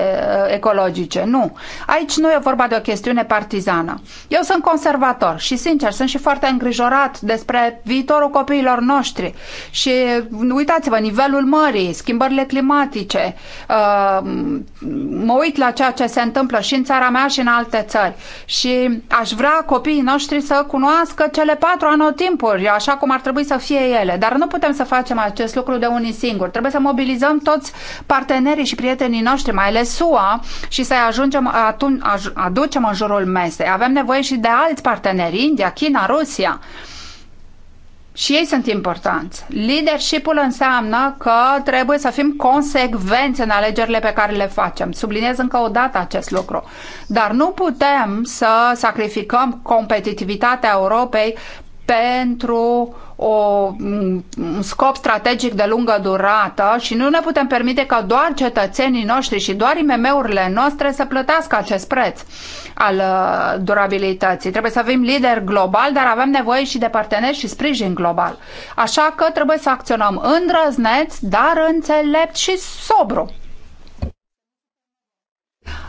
ecologice, nu. Aici nu e vorba de o chestiune partizană. Eu sunt conservator și, sincer, sunt și foarte îngrijorat despre viitorul copiilor noștri. Și uitați-vă, nivelul mării, schimbările climatice, mă uit la ceea ce se întâmplă și în țara mea și în alte țări. Și aș vrea copiii noștri să cunoască cele patru anotimpuri, așa cum ar trebui să fie ele dar nu putem să facem acest lucru de unii singuri. Trebuie să mobilizăm toți partenerii și prietenii noștri, mai ales SUA, și să-i ajungem, atun, aducem în jurul mesei. Avem nevoie și de alți parteneri, India, China, Rusia. Și ei sunt importanți. Leadership-ul înseamnă că trebuie să fim consecvenți în alegerile pe care le facem. Subliniez încă o dată acest lucru. Dar nu putem să sacrificăm competitivitatea Europei pentru o, un scop strategic de lungă durată și nu ne putem permite ca doar cetățenii noștri și doar IMM-urile noastre să plătească acest preț al uh, durabilității. Trebuie să avem lider global, dar avem nevoie și de parteneri și sprijin global. Așa că trebuie să acționăm îndrăzneți, dar înțelept și sobru.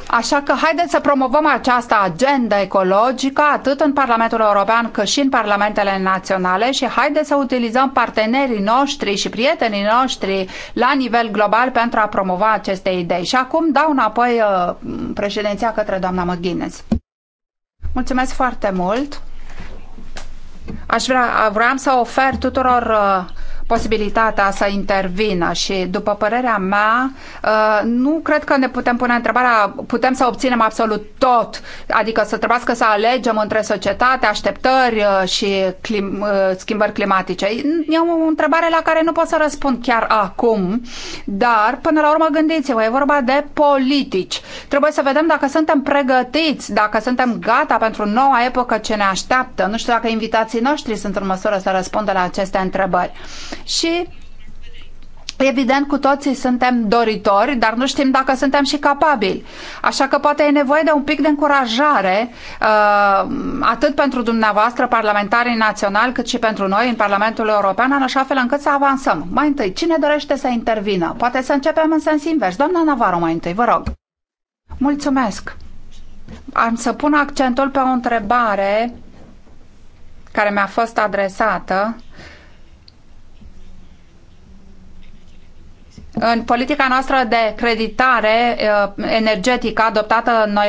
Așa că haideți să promovăm această agenda ecologică atât în Parlamentul European cât și în Parlamentele naționale și haideți să utilizăm partenerii noștri și prietenii noștri la nivel global pentru a promova aceste idei. Și acum dau înapoi uh, președinția către doamna McGuinness. Mulțumesc foarte mult! Aș vrea, vreau să ofer tuturor uh, posibilitatea să intervină și, după părerea mea, uh, nu cred că ne putem pune întrebarea, putem să obținem absolut tot, adică să trebuiască să alegem între societate, așteptări uh, și clim, uh, schimbări climatice. E o întrebare la care nu pot să răspund chiar acum, dar, până la urmă, gândiți-vă, e vorba de politici. Trebuie să vedem dacă suntem pregătiți, dacă suntem gata pentru noua epocă ce ne așteaptă. Nu știu dacă invitații noștri sunt în măsură să răspundă la aceste întrebări și Evident, cu toții suntem doritori, dar nu știm dacă suntem și capabili. Așa că poate e nevoie de un pic de încurajare, uh, atât pentru dumneavoastră, parlamentarii naționali, cât și pentru noi în Parlamentul European, în așa fel încât să avansăm. Mai întâi, cine dorește să intervină? Poate să începem în sens invers. Doamna Navarro, mai întâi, vă rog. Mulțumesc. Am să pun accentul pe o întrebare care mi-a fost adresată În politica noastră de creditare uh, energetică adoptată în uh,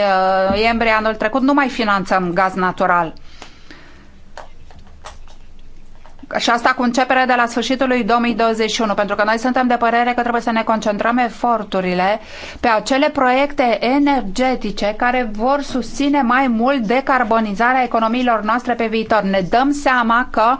noiembrie anul trecut nu mai finanțăm gaz natural. și asta cu începere de la sfârșitul lui 2021, pentru că noi suntem de părere că trebuie să ne concentrăm eforturile pe acele proiecte energetice care vor susține mai mult decarbonizarea economiilor noastre pe viitor. Ne dăm seama că,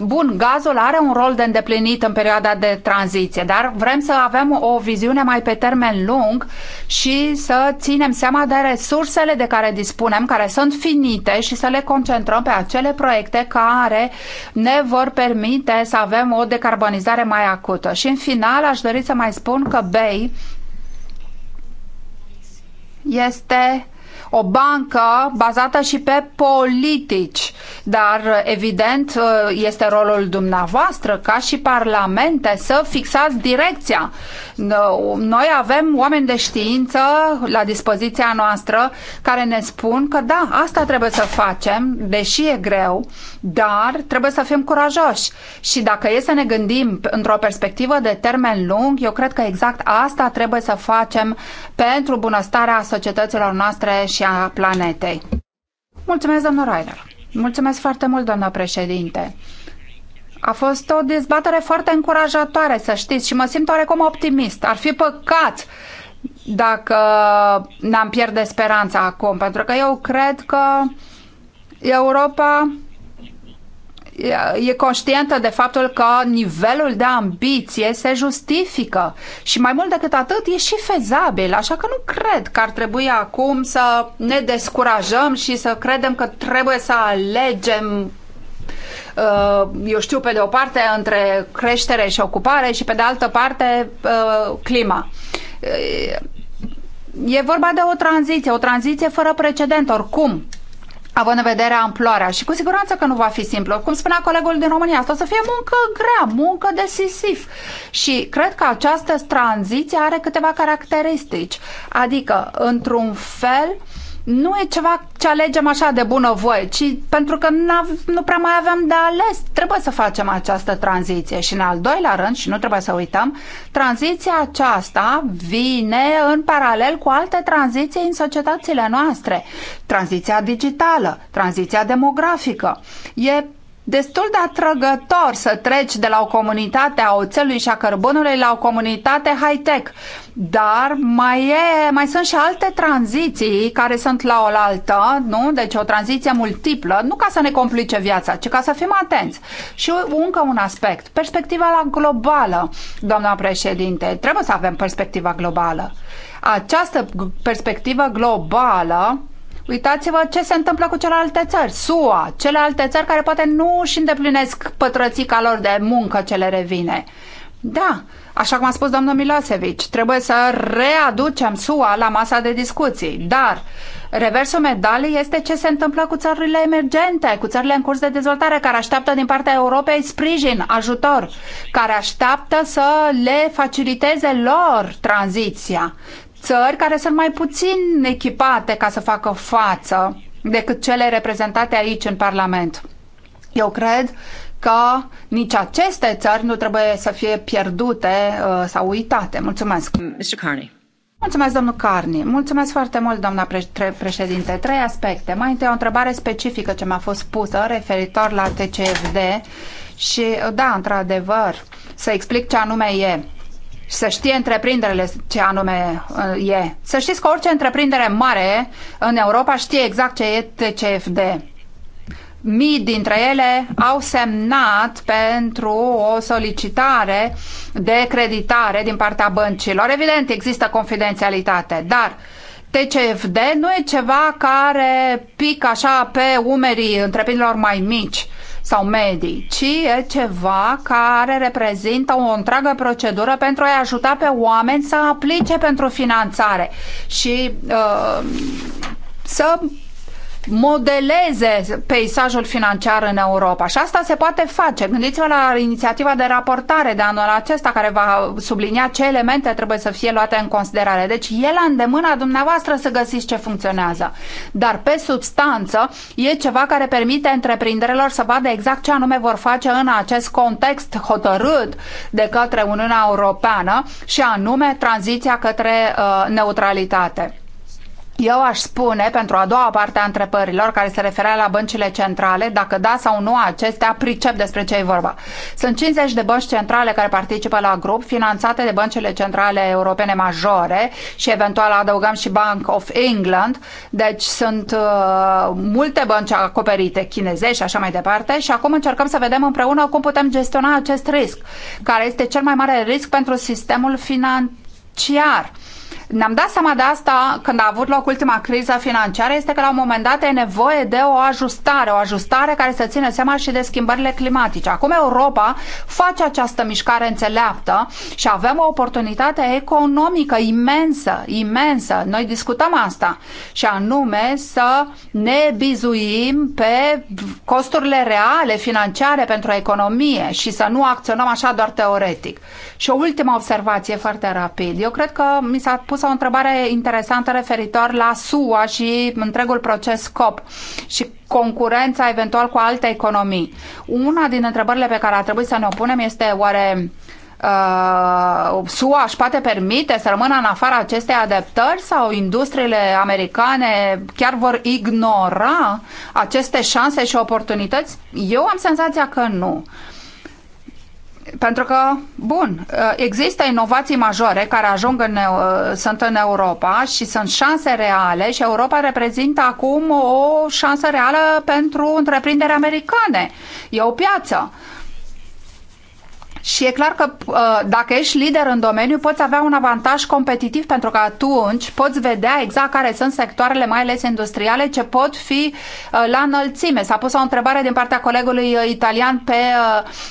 bun, gazul are un rol de îndeplinit în perioada de tranziție, dar vrem să avem o viziune mai pe termen lung și să ținem seama de resursele de care dispunem, care sunt finite și să le concentrăm pe acele proiecte care ne vor permite să avem o decarbonizare mai acută. Și în final aș dori să mai spun că BEI este o bancă bazată și pe politici. Dar, evident, este rolul dumneavoastră, ca și parlamente, să fixați direcția. Noi avem oameni de știință la dispoziția noastră care ne spun că da, asta trebuie să facem, deși e greu, dar trebuie să fim curajoși. Și dacă e să ne gândim într-o perspectivă de termen lung, eu cred că exact asta trebuie să facem pentru bunăstarea societăților noastre și și a planetei. Mulțumesc, domnul Reiner. Mulțumesc foarte mult, doamna președinte. A fost o dezbatere foarte încurajatoare, să știți, și mă simt oarecum optimist. Ar fi păcat dacă ne-am pierde speranța acum, pentru că eu cred că Europa e conștientă de faptul că nivelul de ambiție se justifică și mai mult decât atât e și fezabil, așa că nu cred că ar trebui acum să ne descurajăm și să credem că trebuie să alegem uh, eu știu, pe de o parte între creștere și ocupare și pe de altă parte uh, clima. Uh, e vorba de o tranziție, o tranziție fără precedent oricum având în vedere amploarea. Și cu siguranță că nu va fi simplu. Cum spunea colegul din România, asta o să fie muncă grea, muncă de sisif. Și cred că această tranziție are câteva caracteristici. Adică, într-un fel, uh, nu e ceva ce alegem așa de voie, ci pentru că nu prea mai avem de ales. Trebuie să facem această tranziție și în al doilea rând, și nu trebuie să uităm, tranziția aceasta vine în paralel cu alte tranziții în societățile noastre. Tranziția digitală, tranziția demografică. E destul de atrăgător să treci de la o comunitate a oțelului și a cărbunului la o comunitate high-tech. Dar mai, e, mai sunt și alte tranziții care sunt la oaltă, nu? Deci o tranziție multiplă, nu ca să ne complice viața, ci ca să fim atenți. Și încă un aspect, perspectiva globală, doamna președinte. Trebuie să avem perspectiva globală. Această perspectivă globală Uitați-vă ce se întâmplă cu celelalte țări, SUA, celelalte țări care poate nu își îndeplinesc pătrățica lor de muncă ce le revine. Da, așa cum a spus domnul Milosevic, trebuie să readucem SUA la masa de discuții, dar reversul medalii este ce se întâmplă cu țările emergente, cu țările în curs de dezvoltare, care așteaptă din partea Europei sprijin, ajutor, care așteaptă să le faciliteze lor tranziția țări care sunt mai puțin echipate ca să facă față decât cele reprezentate aici în Parlament. Eu cred că nici aceste țări nu trebuie să fie pierdute uh, sau uitate. Mulțumesc. Mr. Mm, Carney. Mulțumesc, domnul Carni. Mulțumesc foarte mult, doamna președinte. Trei aspecte. Mai întâi o întrebare specifică ce mi-a fost pusă referitor la TCFD și, da, într-adevăr, să explic ce anume e să știe întreprinderile ce anume uh, e. Să știți că orice întreprindere mare în Europa știe exact ce e TCFD. Mii dintre ele au semnat pentru o solicitare de creditare din partea băncilor. Evident, există confidențialitate, dar TCFD nu e ceva care pică așa pe umerii întreprinderilor mai mici sau medii, ci e ceva care reprezintă o întreagă procedură pentru a-i ajuta pe oameni să aplice pentru finanțare și uh, să modeleze peisajul financiar în Europa. Și asta se poate face. Gândiți-vă la inițiativa de raportare de anul acesta care va sublinia ce elemente trebuie să fie luate în considerare. Deci e la îndemâna dumneavoastră să găsiți ce funcționează. Dar pe substanță e ceva care permite întreprinderilor să vadă exact ce anume vor face în acest context hotărât de către Uniunea Europeană și anume tranziția către uh, neutralitate. Eu aș spune, pentru a doua parte a întrebărilor, care se referea la băncile centrale, dacă da sau nu acestea pricep despre ce e vorba. Sunt 50 de bănci centrale care participă la grup, finanțate de băncile centrale europene majore și eventual adăugăm și Bank of England, deci sunt uh, multe bănci acoperite, chinezești și așa mai departe și acum încercăm să vedem împreună cum putem gestiona acest risc, care este cel mai mare risc pentru sistemul financiar financiar. Ne-am dat seama de asta când a avut loc ultima criză financiară, este că la un moment dat e nevoie de o ajustare, o ajustare care să țină seama și de schimbările climatice. Acum Europa face această mișcare înțeleaptă și avem o oportunitate economică imensă, imensă. Noi discutăm asta și anume să ne bizuim pe costurile reale financiare pentru economie și să nu acționăm așa doar teoretic. Și o ultimă observație foarte rapid. Eu cred că mi s-a pus pus o întrebare interesantă referitor la SUA și întregul proces COP și concurența eventual cu alte economii. Una din întrebările pe care ar trebui să ne o punem este oare uh, SUA își poate permite să rămână în afara acestei adaptări sau industriile americane chiar vor ignora aceste șanse și oportunități? Eu am senzația că nu. Pentru că, bun, uh, există inovații majore care ajung în, uh, sunt în Europa și sunt șanse reale și Europa reprezintă acum o șansă reală pentru întreprinderi americane. E o piață. Și e clar că uh, dacă ești lider în domeniu, poți avea un avantaj competitiv pentru că atunci poți vedea exact care sunt sectoarele, mai ales industriale, ce pot fi uh, la înălțime. S-a pus o întrebare din partea colegului uh, italian pe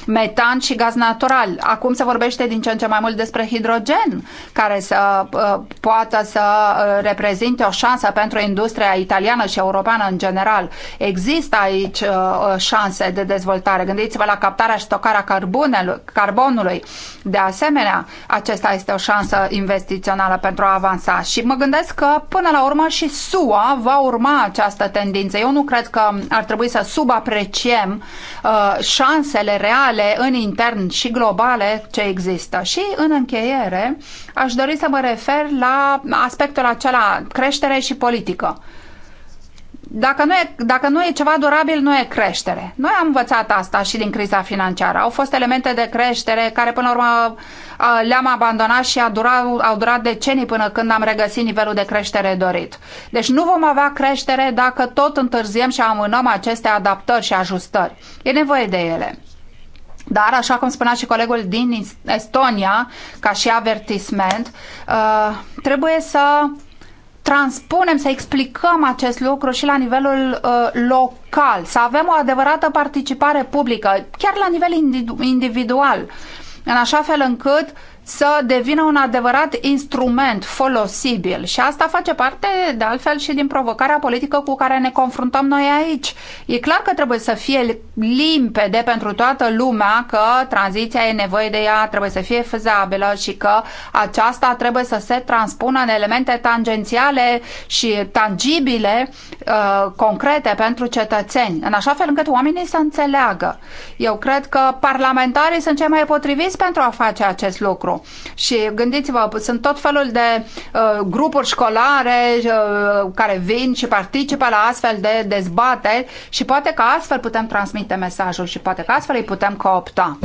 metan și gaz natural. Acum se vorbește din ce în ce mai mult despre hidrogen, care să poată să reprezinte o șansă pentru industria italiană și europeană în general. Există aici șanse de dezvoltare. Gândiți-vă la captarea și stocarea carbonelor carbonului. De asemenea, acesta este o șansă investițională pentru a avansa și mă gândesc că până la urmă și SUA va urma această tendință. Eu nu cred că ar trebui să subapreciem uh, șansele reale în intern și globale ce există. Și în încheiere, aș dori să mă refer la aspectul acela creștere și politică dacă nu, e, dacă nu e ceva durabil, nu e creștere. Noi am învățat asta și din criza financiară. Au fost elemente de creștere care până la urmă le-am abandonat și a durat, au durat decenii până când am regăsit nivelul de creștere dorit. Deci nu vom avea creștere dacă tot întârziem și amânăm aceste adaptări și ajustări. E nevoie de ele. Dar, așa cum spunea și colegul din Estonia, ca și avertisment, trebuie să transpunem, să explicăm acest lucru și la nivelul uh, local, să avem o adevărată participare publică, chiar la nivel individual, în așa fel încât să devină un adevărat instrument folosibil și asta face parte de altfel și din provocarea politică cu care ne confruntăm noi aici. E clar că trebuie să fie limpede pentru toată lumea că tranziția e nevoie de ea, trebuie să fie fezabilă și că aceasta trebuie să se transpună în elemente tangențiale și tangibile, uh, concrete pentru cetățeni, în așa fel încât oamenii să înțeleagă. Eu cred că parlamentarii sunt cei mai potriviți pentru a face acest lucru. Și gândiți-vă, sunt tot felul de uh, grupuri școlare uh, care vin și participă la astfel de dezbateri și poate că astfel putem transmite mesajul și poate că astfel îi putem coopta.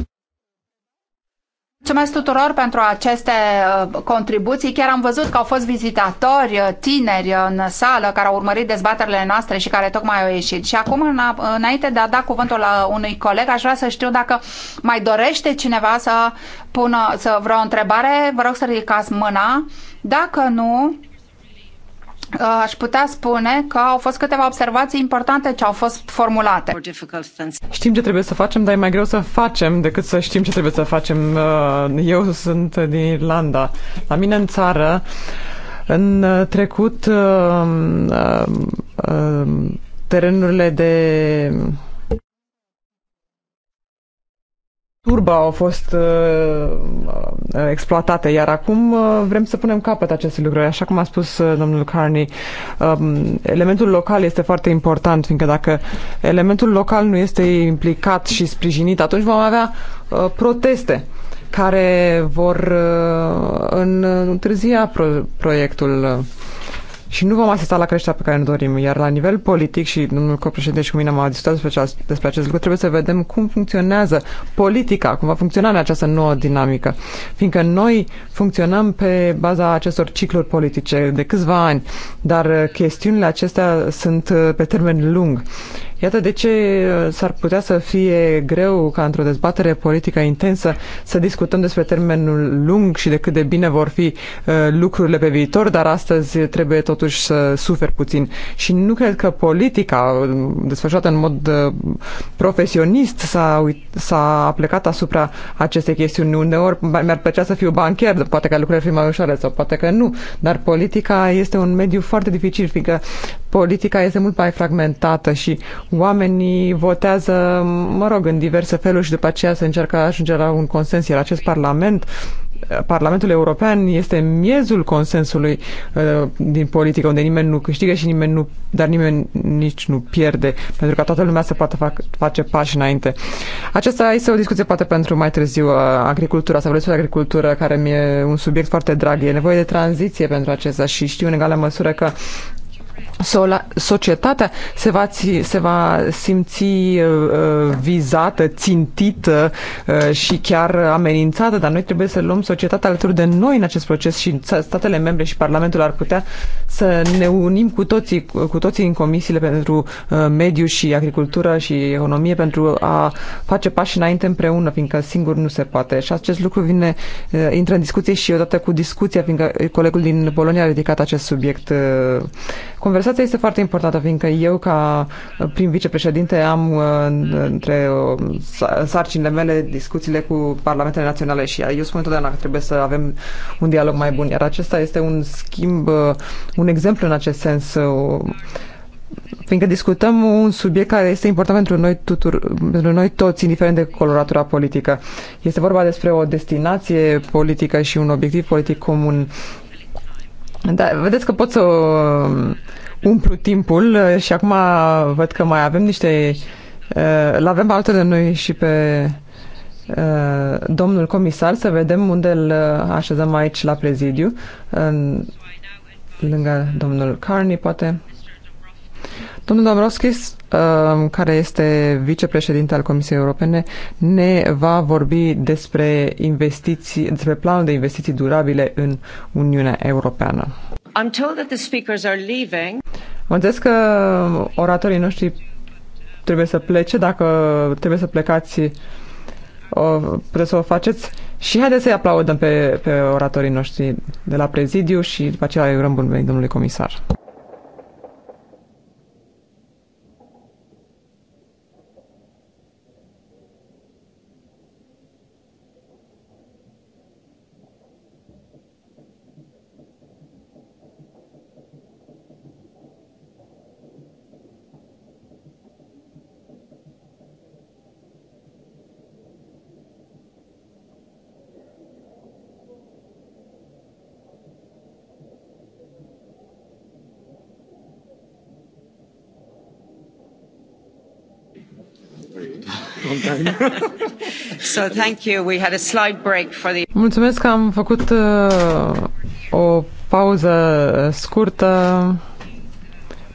Mulțumesc tuturor pentru aceste uh, contribuții. Chiar am văzut că au fost vizitatori uh, tineri uh, în sală care au urmărit dezbaterile noastre și care tocmai au ieșit. Și acum, înainte de a da cuvântul la unui coleg, aș vrea să știu dacă mai dorește cineva să pună să vreo întrebare. Vă rog să ridicați mâna. Dacă nu, Uh, aș putea spune că au fost câteva observații importante ce au fost formulate. Știm ce trebuie să facem, dar e mai greu să facem decât să știm ce trebuie să facem. Uh, eu sunt din Irlanda. La mine în țară, în uh, trecut, terenurile de turba au fost uh, uh, exploatate, iar acum uh, vrem să punem capăt acestui lucru. Așa cum a spus uh, domnul Carney, um, elementul local este foarte important, fiindcă dacă elementul local nu este implicat și sprijinit, atunci vom avea uh, proteste care vor uh, uh întârzia pro- proiectul. Uh, și nu vom asista la creșterea pe care ne dorim. Iar la nivel politic, și domnul copreședinte și cu mine am discutat despre, despre acest lucru, trebuie să vedem cum funcționează politica, cum va funcționa în această nouă dinamică. Fiindcă noi funcționăm pe baza acestor cicluri politice de câțiva ani, dar uh, chestiunile acestea sunt uh, pe termen lung. Iată de ce uh, s-ar putea să fie greu ca într-o dezbatere politică intensă să discutăm despre termenul lung și de cât de bine vor fi uh, lucrurile pe viitor, dar astăzi trebuie totuși să suferi puțin. Și nu cred că politica uh, desfășurată în mod uh, profesionist s-a, s plecat asupra acestei chestiuni. Uneori mi-ar plăcea să fiu bancher, poate că lucrurile ar fi mai ușoare sau poate că nu, dar politica este un mediu foarte dificil, fiindcă politica este mult mai fragmentată și oamenii votează, mă rog, în diverse feluri și după aceea se încearcă a ajunge la un consens, iar acest parlament Parlamentul European este miezul consensului uh, din politică, unde nimeni nu câștigă și nimeni nu, dar nimeni nici nu pierde, pentru ca toată lumea să poată fac, face pași înainte. Aceasta este o discuție poate pentru mai târziu, uh, agricultura, să vorbesc despre agricultură, care mi-e un subiect foarte drag. E nevoie de tranziție pentru acesta și știu în egală măsură că societatea se va, se va simți uh, uh, vizată, țintită uh, și chiar amenințată, dar noi trebuie să luăm societatea alături de noi în acest proces și statele membre și Parlamentul ar putea să ne unim cu toții, cu toții în comisiile pentru mediu și agricultură și economie pentru a face pași înainte împreună, fiindcă singur nu se poate. Și acest lucru vine, intră în discuție și odată cu discuția, fiindcă colegul din Polonia a ridicat acest subiect. Uh, Conversația este foarte importantă, fiindcă eu, ca uh, prim vicepreședinte, am uh, între uh, sarcinile mele discuțiile cu parlamentele naționale și eu spun întotdeauna că trebuie să avem un dialog mai bun, iar acesta este un schimb, un exemplu în acest sens fiindcă discutăm un subiect care este important pentru noi, tutur, pentru noi toți, indiferent de coloratura politică. Este vorba despre o destinație politică și un obiectiv politic comun. Da, vedeți că pot să umplu timpul uh, și acum văd că mai avem niște... Uh, îl avem alături de noi și pe uh, domnul comisar să vedem unde îl așezăm aici la prezidiu, în, lângă domnul Carney, poate. Domnul Dombrovskis, care este vicepreședinte al Comisiei Europene, ne va vorbi despre, investiții, despre planul de investiții durabile în Uniunea Europeană. I'm told that the speakers are leaving. Am înțeles că oratorii noștri trebuie să plece, dacă trebuie să plecați, o, trebuie să o faceți. Și haideți să-i aplaudăm pe, pe oratorii noștri de la prezidiu și după aceea îi urăm bun venit domnului comisar. (laughs) so thank you. We had a slight break for the... Mulțumesc că am făcut uh, o pauză uh, scurtă.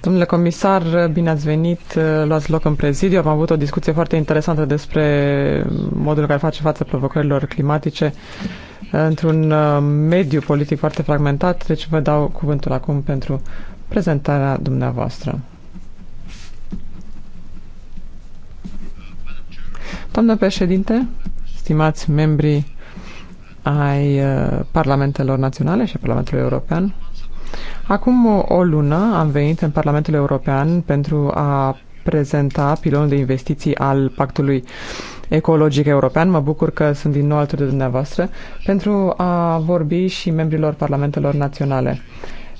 Domnule comisar, bine ați venit, uh, luați loc în prezidiu. Am avut o discuție foarte interesantă despre modul în care face față provocărilor climatice uh, într-un mediu politic foarte fragmentat, deci vă dau cuvântul acum pentru prezentarea dumneavoastră. Doamnă președinte, stimați membrii ai uh, Parlamentelor Naționale și Parlamentului European, acum o lună am venit în Parlamentul European pentru a prezenta pilonul de investiții al Pactului Ecologic European. Mă bucur că sunt din nou alături de dumneavoastră pentru a vorbi și membrilor Parlamentelor Naționale.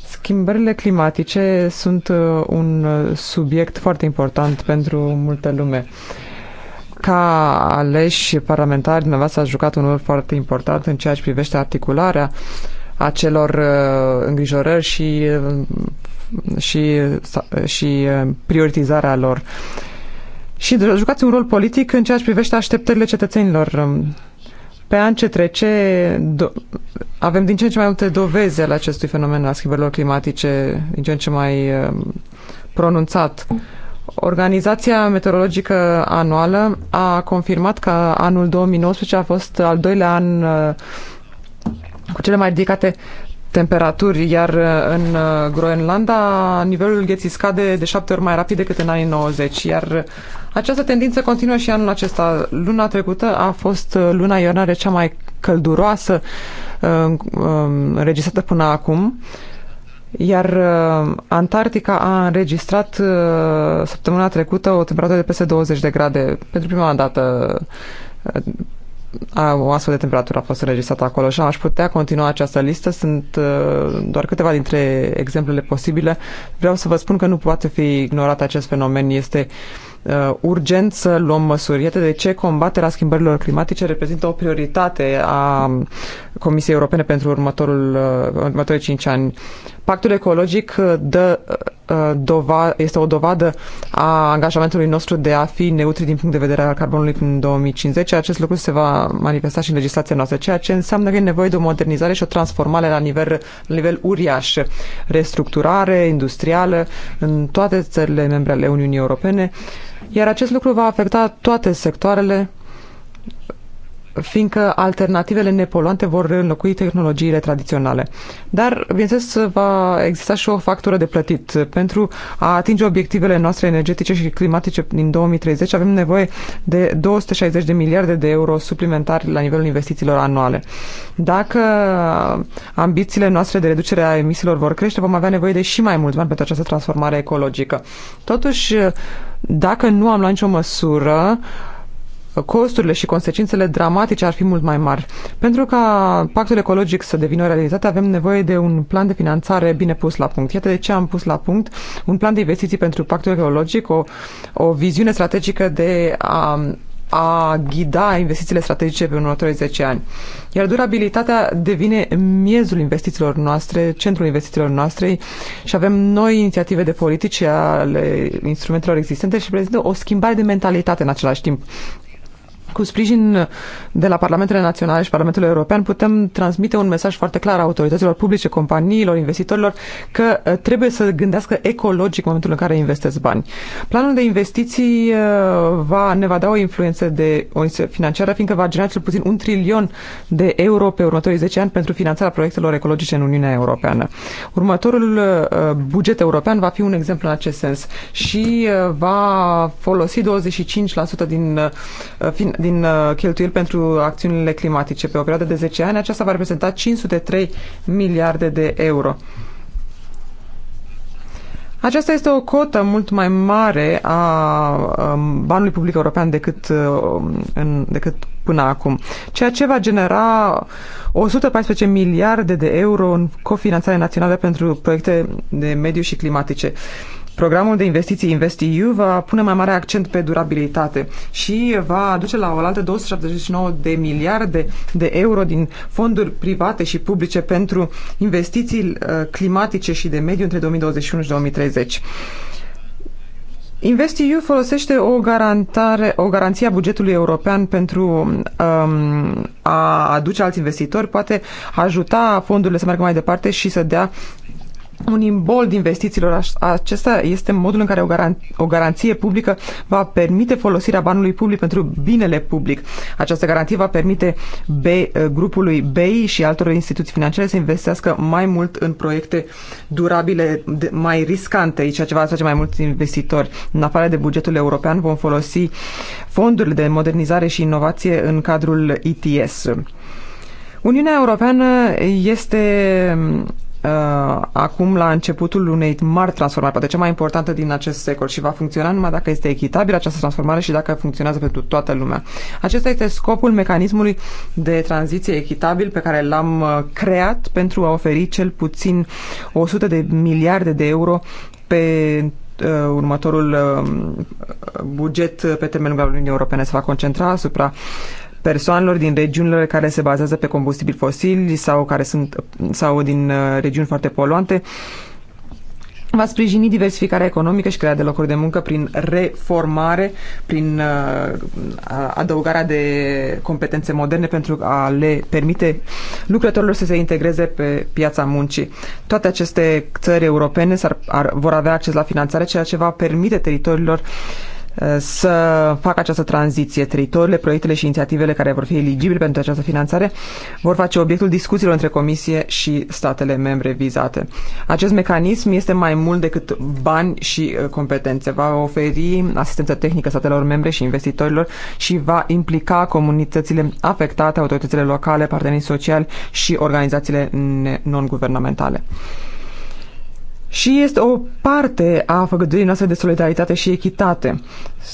Schimbările climatice sunt uh, un uh, subiect foarte important pentru multă lume ca aleși parlamentari, dumneavoastră ați jucat un rol foarte important în ceea ce privește articularea acelor uh, îngrijorări și, uh, și, uh, și prioritizarea lor. Și jucați un rol politic în ceea ce privește așteptările cetățenilor. Um, pe an ce trece, avem din ce în ce mai multe dovezi ale acestui fenomen al schimbărilor climatice, din ce în ce mai um, pronunțat. Uh, Organizația meteorologică anuală a confirmat că anul 2019 a fost al doilea an uh, cu cele mai ridicate temperaturi, iar uh, în uh, Groenlanda nivelul gheții scade de șapte ori mai rapid decât în anii 90, iar această tendință continuă și anul acesta. Luna trecută a fost luna ionare cea mai călduroasă înregistrată până acum iar uh, Antarctica a înregistrat uh, săptămâna trecută o temperatură de peste 20 de grade. Pentru prima dată uh, a, o astfel de temperatură a fost înregistrată acolo și aș putea continua această listă. Sunt uh, doar câteva dintre exemplele posibile. Vreau să vă spun că nu poate fi ignorat acest fenomen. Este uh, uh, urgent să luăm măsuri. Iată de ce combaterea schimbărilor climatice reprezintă o prioritate a Comisiei Europene pentru următorul, uh, următorii 5 ani. Pactul ecologic uh, dă Uh, dova- este o dovadă a angajamentului nostru de a fi neutri din punct de vedere al carbonului în 2050. Acest lucru se va manifesta și în legislația noastră, ceea ce înseamnă că e nevoie de o modernizare și o transformare la nivel, la nivel uriaș. Restructurare industrială în toate țările membre ale Uniunii Europene, iar acest lucru va afecta toate sectoarele fiindcă alternativele nepoluante vor înlocui tehnologiile tradiționale. Dar, bineînțeles, va exista și o factură de plătit. Pentru a atinge obiectivele noastre energetice și climatice din 2030 avem nevoie de 260 de miliarde de euro suplimentari la nivelul investițiilor anuale. Dacă ambițiile noastre de reducere a emisiilor vor crește, vom avea nevoie de și mai mulți bani pentru această transformare ecologică. Totuși, dacă nu am luat nicio măsură, costurile și consecințele dramatice ar fi mult mai mari. Pentru ca pactul ecologic să devină o realitate, avem nevoie de un plan de finanțare bine pus la punct. Iată de ce am pus la punct un plan de investiții pentru pactul ecologic, o, o viziune strategică de a a ghida investițiile strategice pe următorii 10 ani. Iar durabilitatea devine miezul investițiilor noastre, centrul investițiilor noastre și avem noi inițiative de politici ale instrumentelor existente și prezintă o schimbare de mentalitate în același timp cu sprijin de la Parlamentele Naționale și Parlamentul European putem transmite un mesaj foarte clar autorităților publice, companiilor, investitorilor că uh, trebuie să gândească ecologic momentul în care investesc bani. Planul de investiții uh, va, ne va da o influență de o financiară fiindcă va genera cel puțin un trilion de euro pe următorii 10 ani pentru finanțarea proiectelor ecologice în Uniunea Europeană. Următorul uh, buget european va fi un exemplu în acest sens și va folosi 25% din fin din uh, cheltuieli pentru acțiunile climatice. Pe o perioadă de 10 ani, aceasta va reprezenta 503 miliarde de euro. Aceasta este o cotă mult mai mare a um, banului public european decât, um, în, decât până acum, ceea ce va genera 114 miliarde de euro în cofinanțare națională pentru proiecte de mediu și climatice. Programul de investiții InvestEU va pune mai mare accent pe durabilitate și va aduce la oaltă 279 de miliarde de euro din fonduri private și publice pentru investiții uh, climatice și de mediu între 2021 și 2030. InvestEU folosește o garantare, o garanție a bugetului european pentru um, a aduce alți investitori, poate ajuta fondurile să meargă mai departe și să dea un imbold investițiilor. Acesta este modul în care o, garan- o garanție publică va permite folosirea banului public pentru binele public. Această garanție va permite B- eh, grupului BEI și altor instituții financiare să investească mai mult în proiecte durabile, mai riscante, ceea ce va face mai mulți investitori. În afară de bugetul european vom folosi fondurile de modernizare și inovație în cadrul ITS. Uniunea Europeană este uh, acum la începutul unei mari transformări, poate cea mai importantă din acest secol și va funcționa numai dacă este echitabilă această transformare și dacă funcționează pentru toată lumea. Acesta este scopul mecanismului de tranziție echitabil pe care l-am uh, creat pentru a oferi cel puțin 100 de miliarde de euro pe uh, următorul uh, buget pe termen lung al Uniunii Europene se va concentra asupra persoanelor din regiunile care se bazează pe combustibili fosili sau care sunt sau din uh, regiuni foarte poluante va sprijini diversificarea economică și crearea de locuri de muncă prin reformare, prin uh, adăugarea de competențe moderne pentru a le permite lucrătorilor să se integreze pe piața muncii. Toate aceste țări europene ar, vor avea acces la finanțare, ceea ce va permite teritoriilor uh, să facă această tranziție. Teritoriile, proiectele și inițiativele care vor fi eligibile pentru această finanțare vor face obiectul discuțiilor între Comisie și statele membre vizate. Acest mecanism este mai mult decât bani și uh, competențe. Va oferi asistență tehnică statelor membre și investitorilor și va implica comunitățile afectate, autoritățile locale, partenerii sociali și organizațiile non-guvernamentale și este o parte a făgăduirii noastre de solidaritate și echitate.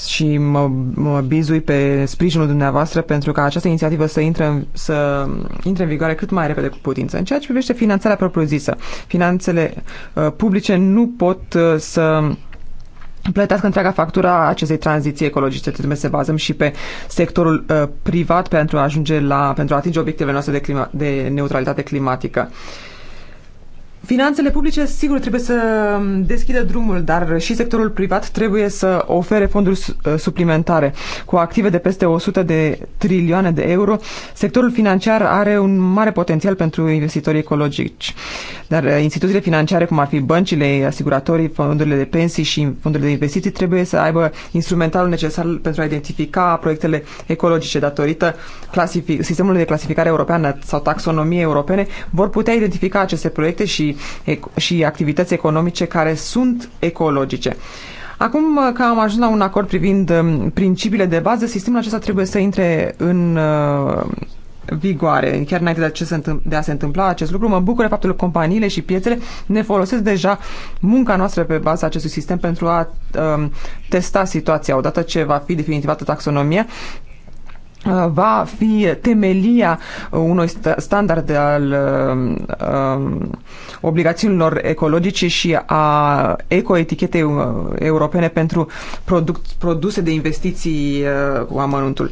Și mă, mă bizui pe sprijinul dumneavoastră pentru ca această inițiativă să intre, în, să intre în vigoare cât mai repede cu putință. În ceea ce privește finanțarea propriu-zisă, finanțele uh, publice nu pot uh, să plătească întreaga factura acestei tranziții ecologice. Trebuie să bazăm și pe sectorul uh, privat pentru a ajunge la, pentru a atinge obiectivele noastre de, clima, de neutralitate climatică. Uh, Finanțele publice, sigur, trebuie să um, deschidă drumul, dar și sectorul privat trebuie să ofere fonduri uh, suplimentare. Cu active de peste 100 de trilioane de euro, sectorul financiar are un mare potențial pentru investitorii ecologici. Dar uh, instituțiile financiare, cum ar fi băncile, asiguratorii, fondurile de pensii și fondurile de investiții, trebuie să aibă instrumentalul necesar pentru a identifica proiectele ecologice datorită sistemului de clasificare europeană sau taxonomie europene, vor putea identifica aceste proiecte și și, activități economice care sunt ecologice. Acum că am ajuns la un acord privind um, principiile de bază, sistemul acesta trebuie să intre în uh, vigoare. Chiar înainte de, ce se de a se întâmpla acest lucru, mă bucură faptul că companiile și piețele ne folosesc deja munca noastră pe baza acestui sistem pentru a uh, testa situația. Odată ce va fi definitivată taxonomia, va fi temelia unui standard al um, obligațiunilor ecologice și a ecoetichetei uh, europene pentru produse de investiții uh, cu amănuntul.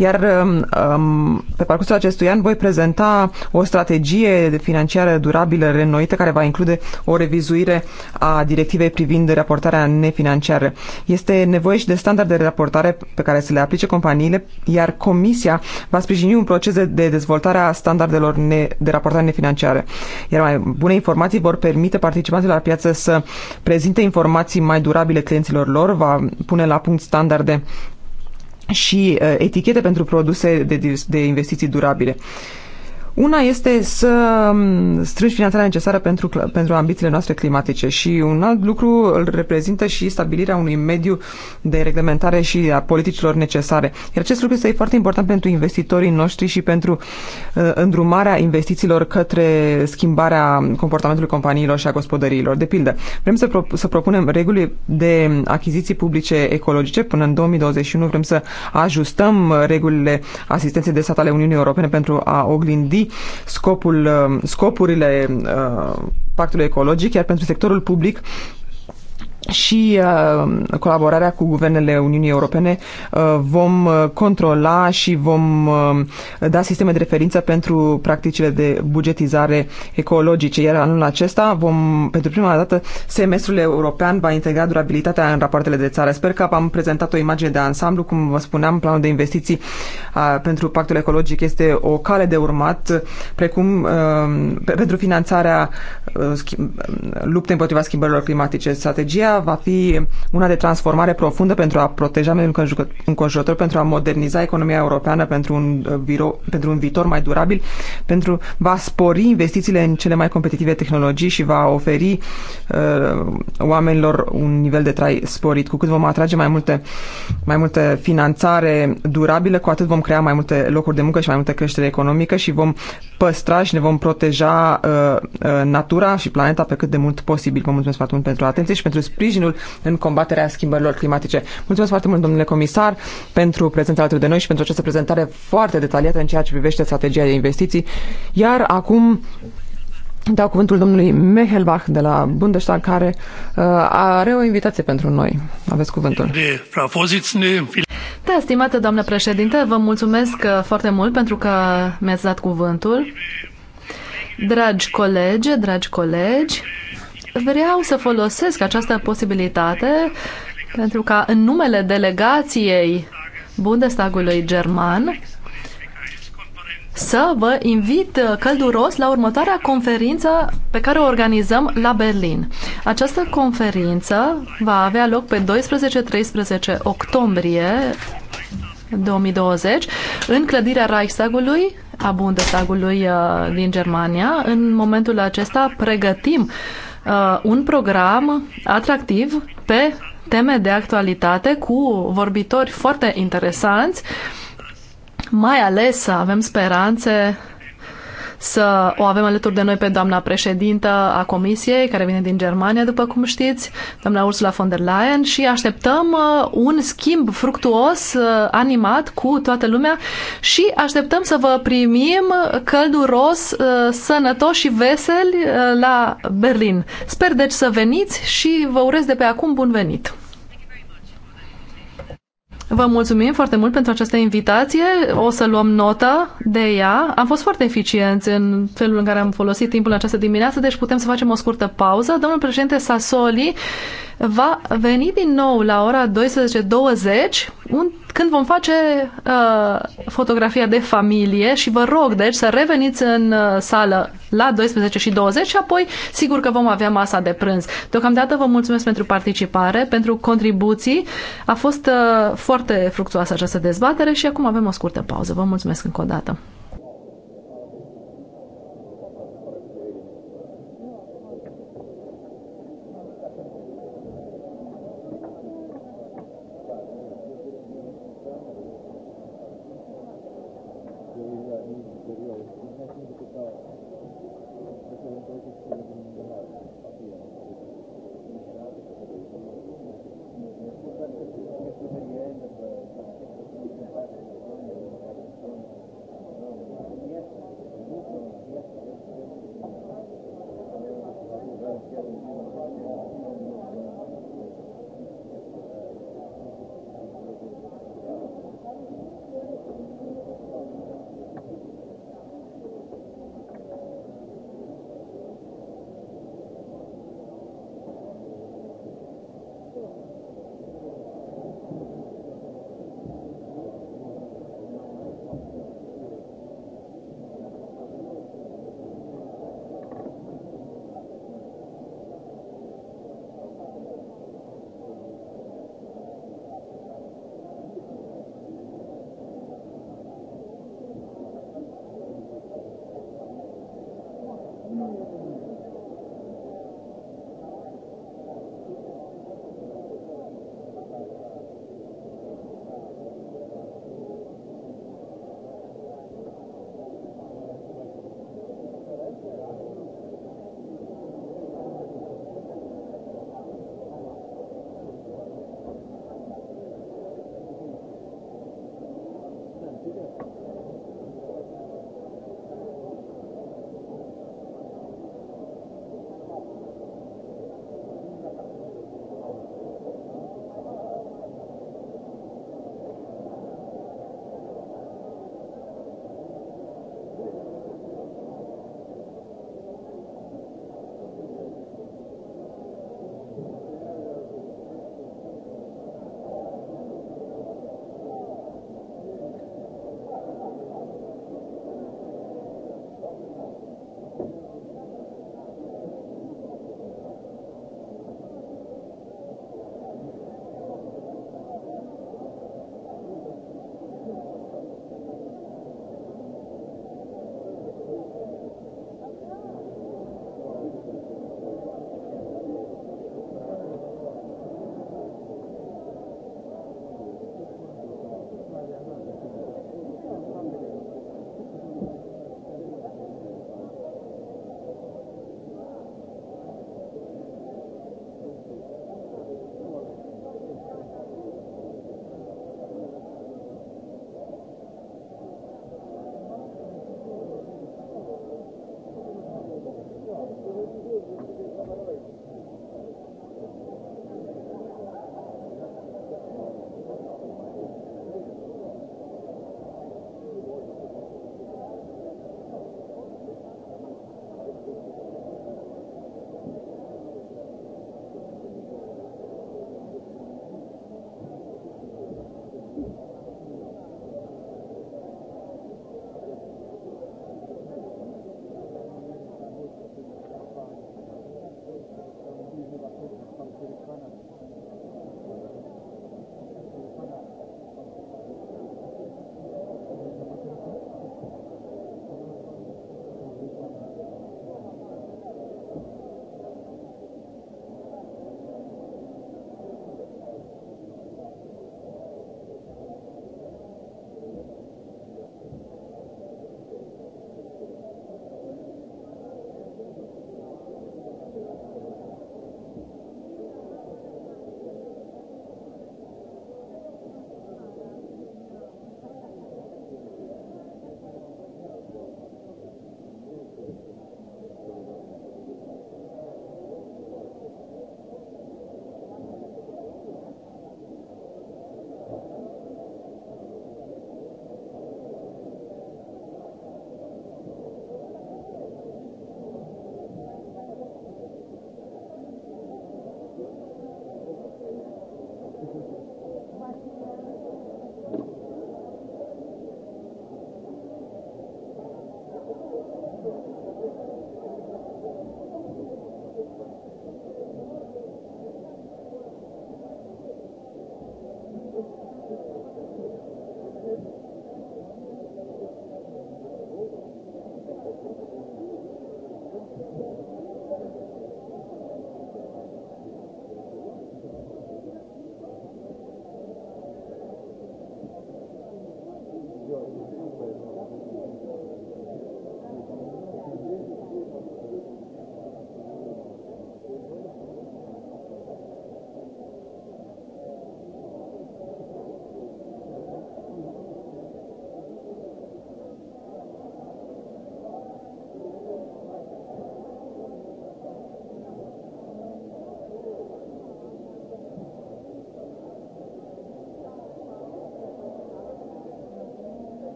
Iar um, um, pe parcursul acestui an voi prezenta o strategie financiară durabilă renoită care va include o revizuire a directivei privind raportarea nefinanciară. Este nevoie și de standarde de raportare pe care să le aplice companiile, iar Comisia va sprijini un proces de dezvoltare a standardelor ne, de raportare nefinanciară. Iar mai bune informații vor permite participanților la piață să prezinte informații mai durabile clienților lor, va pune la punct standarde și uh, etichete pentru produse de, de investiții durabile. Una este să um, strângi finanțarea necesară pentru, pentru ambițiile noastre climatice și un alt lucru îl reprezintă și stabilirea unui mediu de reglementare și a politicilor necesare. Iar acest lucru este foarte important pentru investitorii noștri și pentru uh, îndrumarea investițiilor către schimbarea comportamentului companiilor și a gospodăriilor. De pildă, vrem să, pro- să propunem reguli de achiziții publice ecologice. Până în 2021 vrem să ajustăm uh, regulile asistenței de stat ale Uniunii Europene pentru a oglindi scopul, uh, scopurile uh, pactului ecologic, iar pentru sectorul public și uh, colaborarea cu guvernele Uniunii Europene uh, vom uh, controla și vom uh, da sisteme de referință pentru practicile de bugetizare ecologice. Iar anul acesta vom, pentru prima dată, semestrul european va integra durabilitatea în rapoartele de țară. Sper că am prezentat o imagine de ansamblu. Cum vă spuneam, planul de investiții uh, pentru pactul ecologic este o cale de urmat, precum uh, pe, pentru finanțarea uh, luptei împotriva schimbărilor climatice. Strategia va fi una de transformare profundă pentru a proteja mediul înconjurător, pentru a moderniza economia europeană pentru un, uh, viro, pentru un viitor mai durabil, pentru va spori investițiile în cele mai competitive tehnologii și va oferi uh, oamenilor un nivel de trai sporit. Cu cât vom atrage mai multe, mai multe finanțare durabilă, cu atât vom crea mai multe locuri de muncă și mai multă creștere economică și vom păstra și ne vom proteja uh, uh, natura și planeta pe cât de mult posibil. Vă mulțumesc foarte mult pentru atenție și pentru sprijinul în combaterea schimbărilor climatice. Mulțumesc foarte mult, domnule comisar, pentru prezența alături de noi și pentru această prezentare foarte detaliată în ceea ce privește strategia de investiții. Iar acum dau cuvântul domnului Mehelbach de la Bundestag, care uh, are o invitație pentru noi. Aveți cuvântul. Da, stimată doamnă președinte, vă mulțumesc uh, foarte mult pentru că mi-ați dat cuvântul. Dragi colegi, dragi colegi, vreau să folosesc această posibilitate pentru ca în numele delegației Bundestagului german să vă invit călduros la următoarea conferință pe care o organizăm la Berlin. Această conferință va avea loc pe 12-13 octombrie 2020 în clădirea Reichstagului, a Bundestagului uh, din Germania. În momentul acesta pregătim uh, uh, un program atractiv pe teme de actualitate cu vorbitori foarte interesanți mai ales avem speranțe să o avem alături de noi pe doamna președintă a Comisiei, care vine din Germania, după cum știți, doamna Ursula von der Leyen și așteptăm uh, un schimb fructuos, uh, animat cu toată lumea și așteptăm să vă primim călduros, uh, sănătos și veseli la Berlin. Sper deci să veniți și vă urez de pe acum bun venit! Vă mulțumim foarte mult pentru această invitație. O să luăm notă de ea. Am fost foarte eficienți în felul în care am folosit timpul în această dimineață, deci putem să facem o scurtă pauză. Domnul președinte Sassoli va veni din nou la ora 12.20, când vom face uh, fotografia de familie și vă rog, deci, să reveniți în uh, sală la 12.20 și și apoi, sigur că vom avea masa de prânz. Deocamdată vă mulțumesc pentru participare, pentru contribuții. A fost uh, foarte fructuoasă această dezbatere și acum avem o scurtă pauză. Vă mulțumesc încă o dată.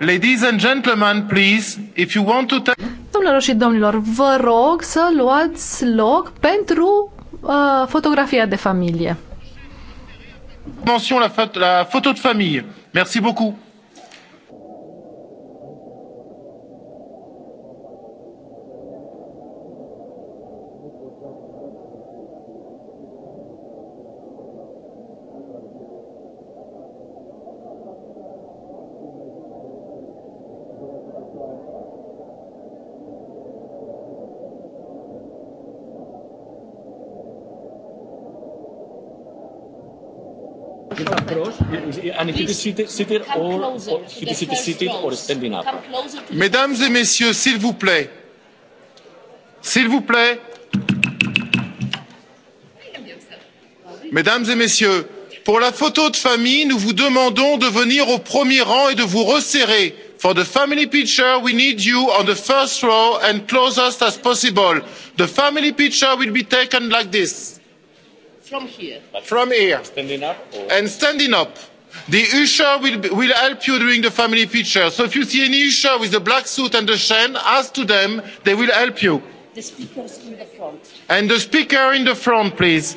Ladies and gentlemen, please, if you want to... Domnilor și domnilor, vă rog să luați loc pentru uh, fotografia de familie. Mention la, la foto de familie. Merci beaucoup. can he be seated, seated or, or he be seated, seated or standing up? Mesdames et messieurs, s'il vous plaît, s'il vous plaît, mesdames et messieurs, pour la photo de famille, nous vous demandons de venir au premier rang et de vous resserrer. For the family picture, we need you on the first row and closest as possible. The family picture will be taken like this. From here. From here. Standing up. Or... And standing up the usher will, will help you during the family picture so if you see any usher with the black suit and the chain ask to them they will help you the in the front and the speaker in the front please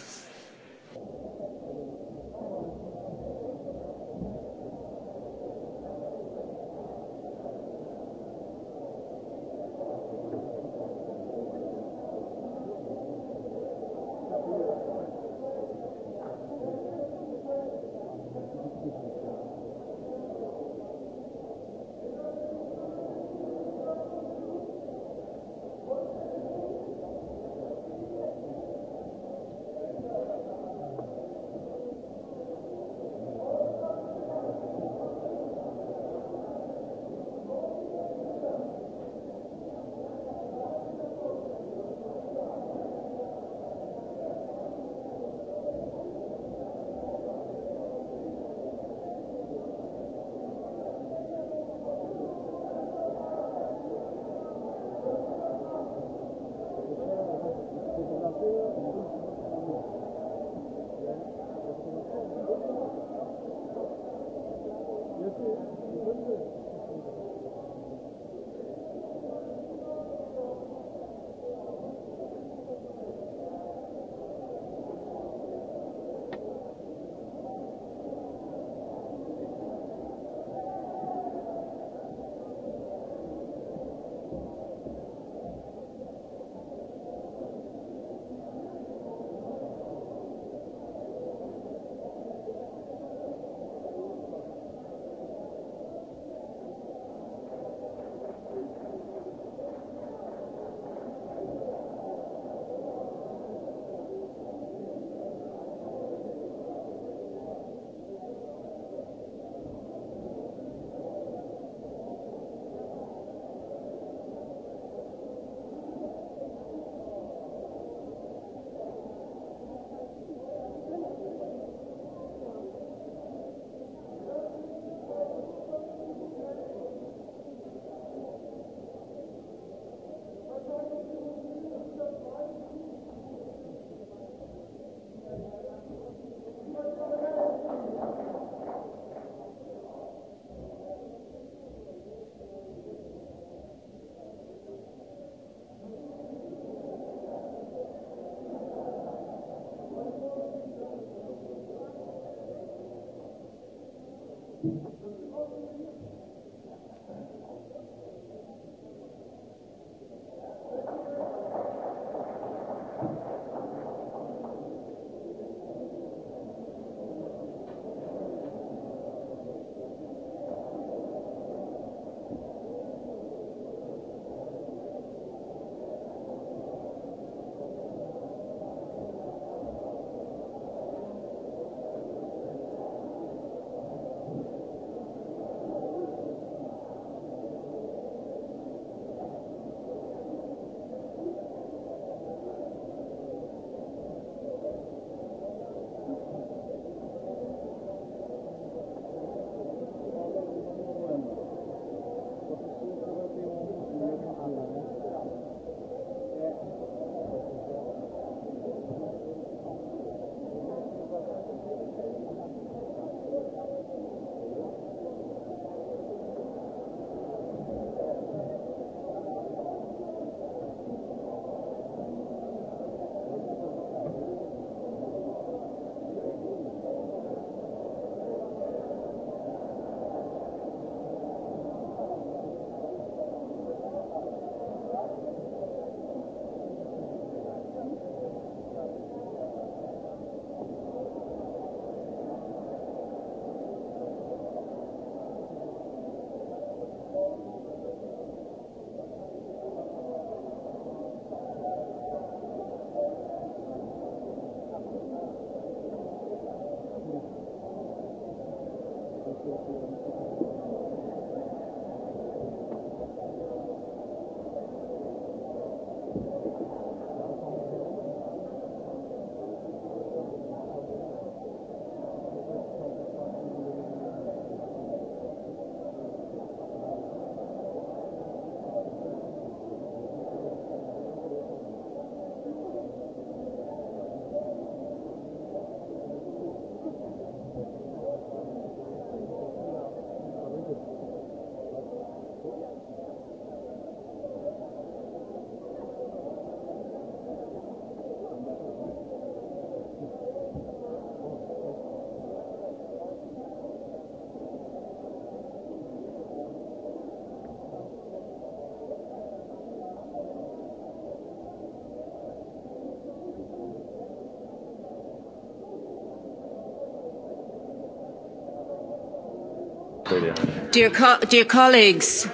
Dear, co dear colleagues,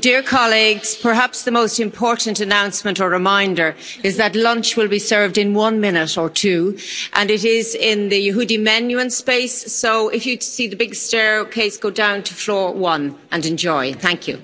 dear colleagues, perhaps the most important announcement or reminder is that lunch will be served in one minute or two, and it is in the Yehudi Menuhin space. So if you see the big staircase, go down to floor one and enjoy. Thank you.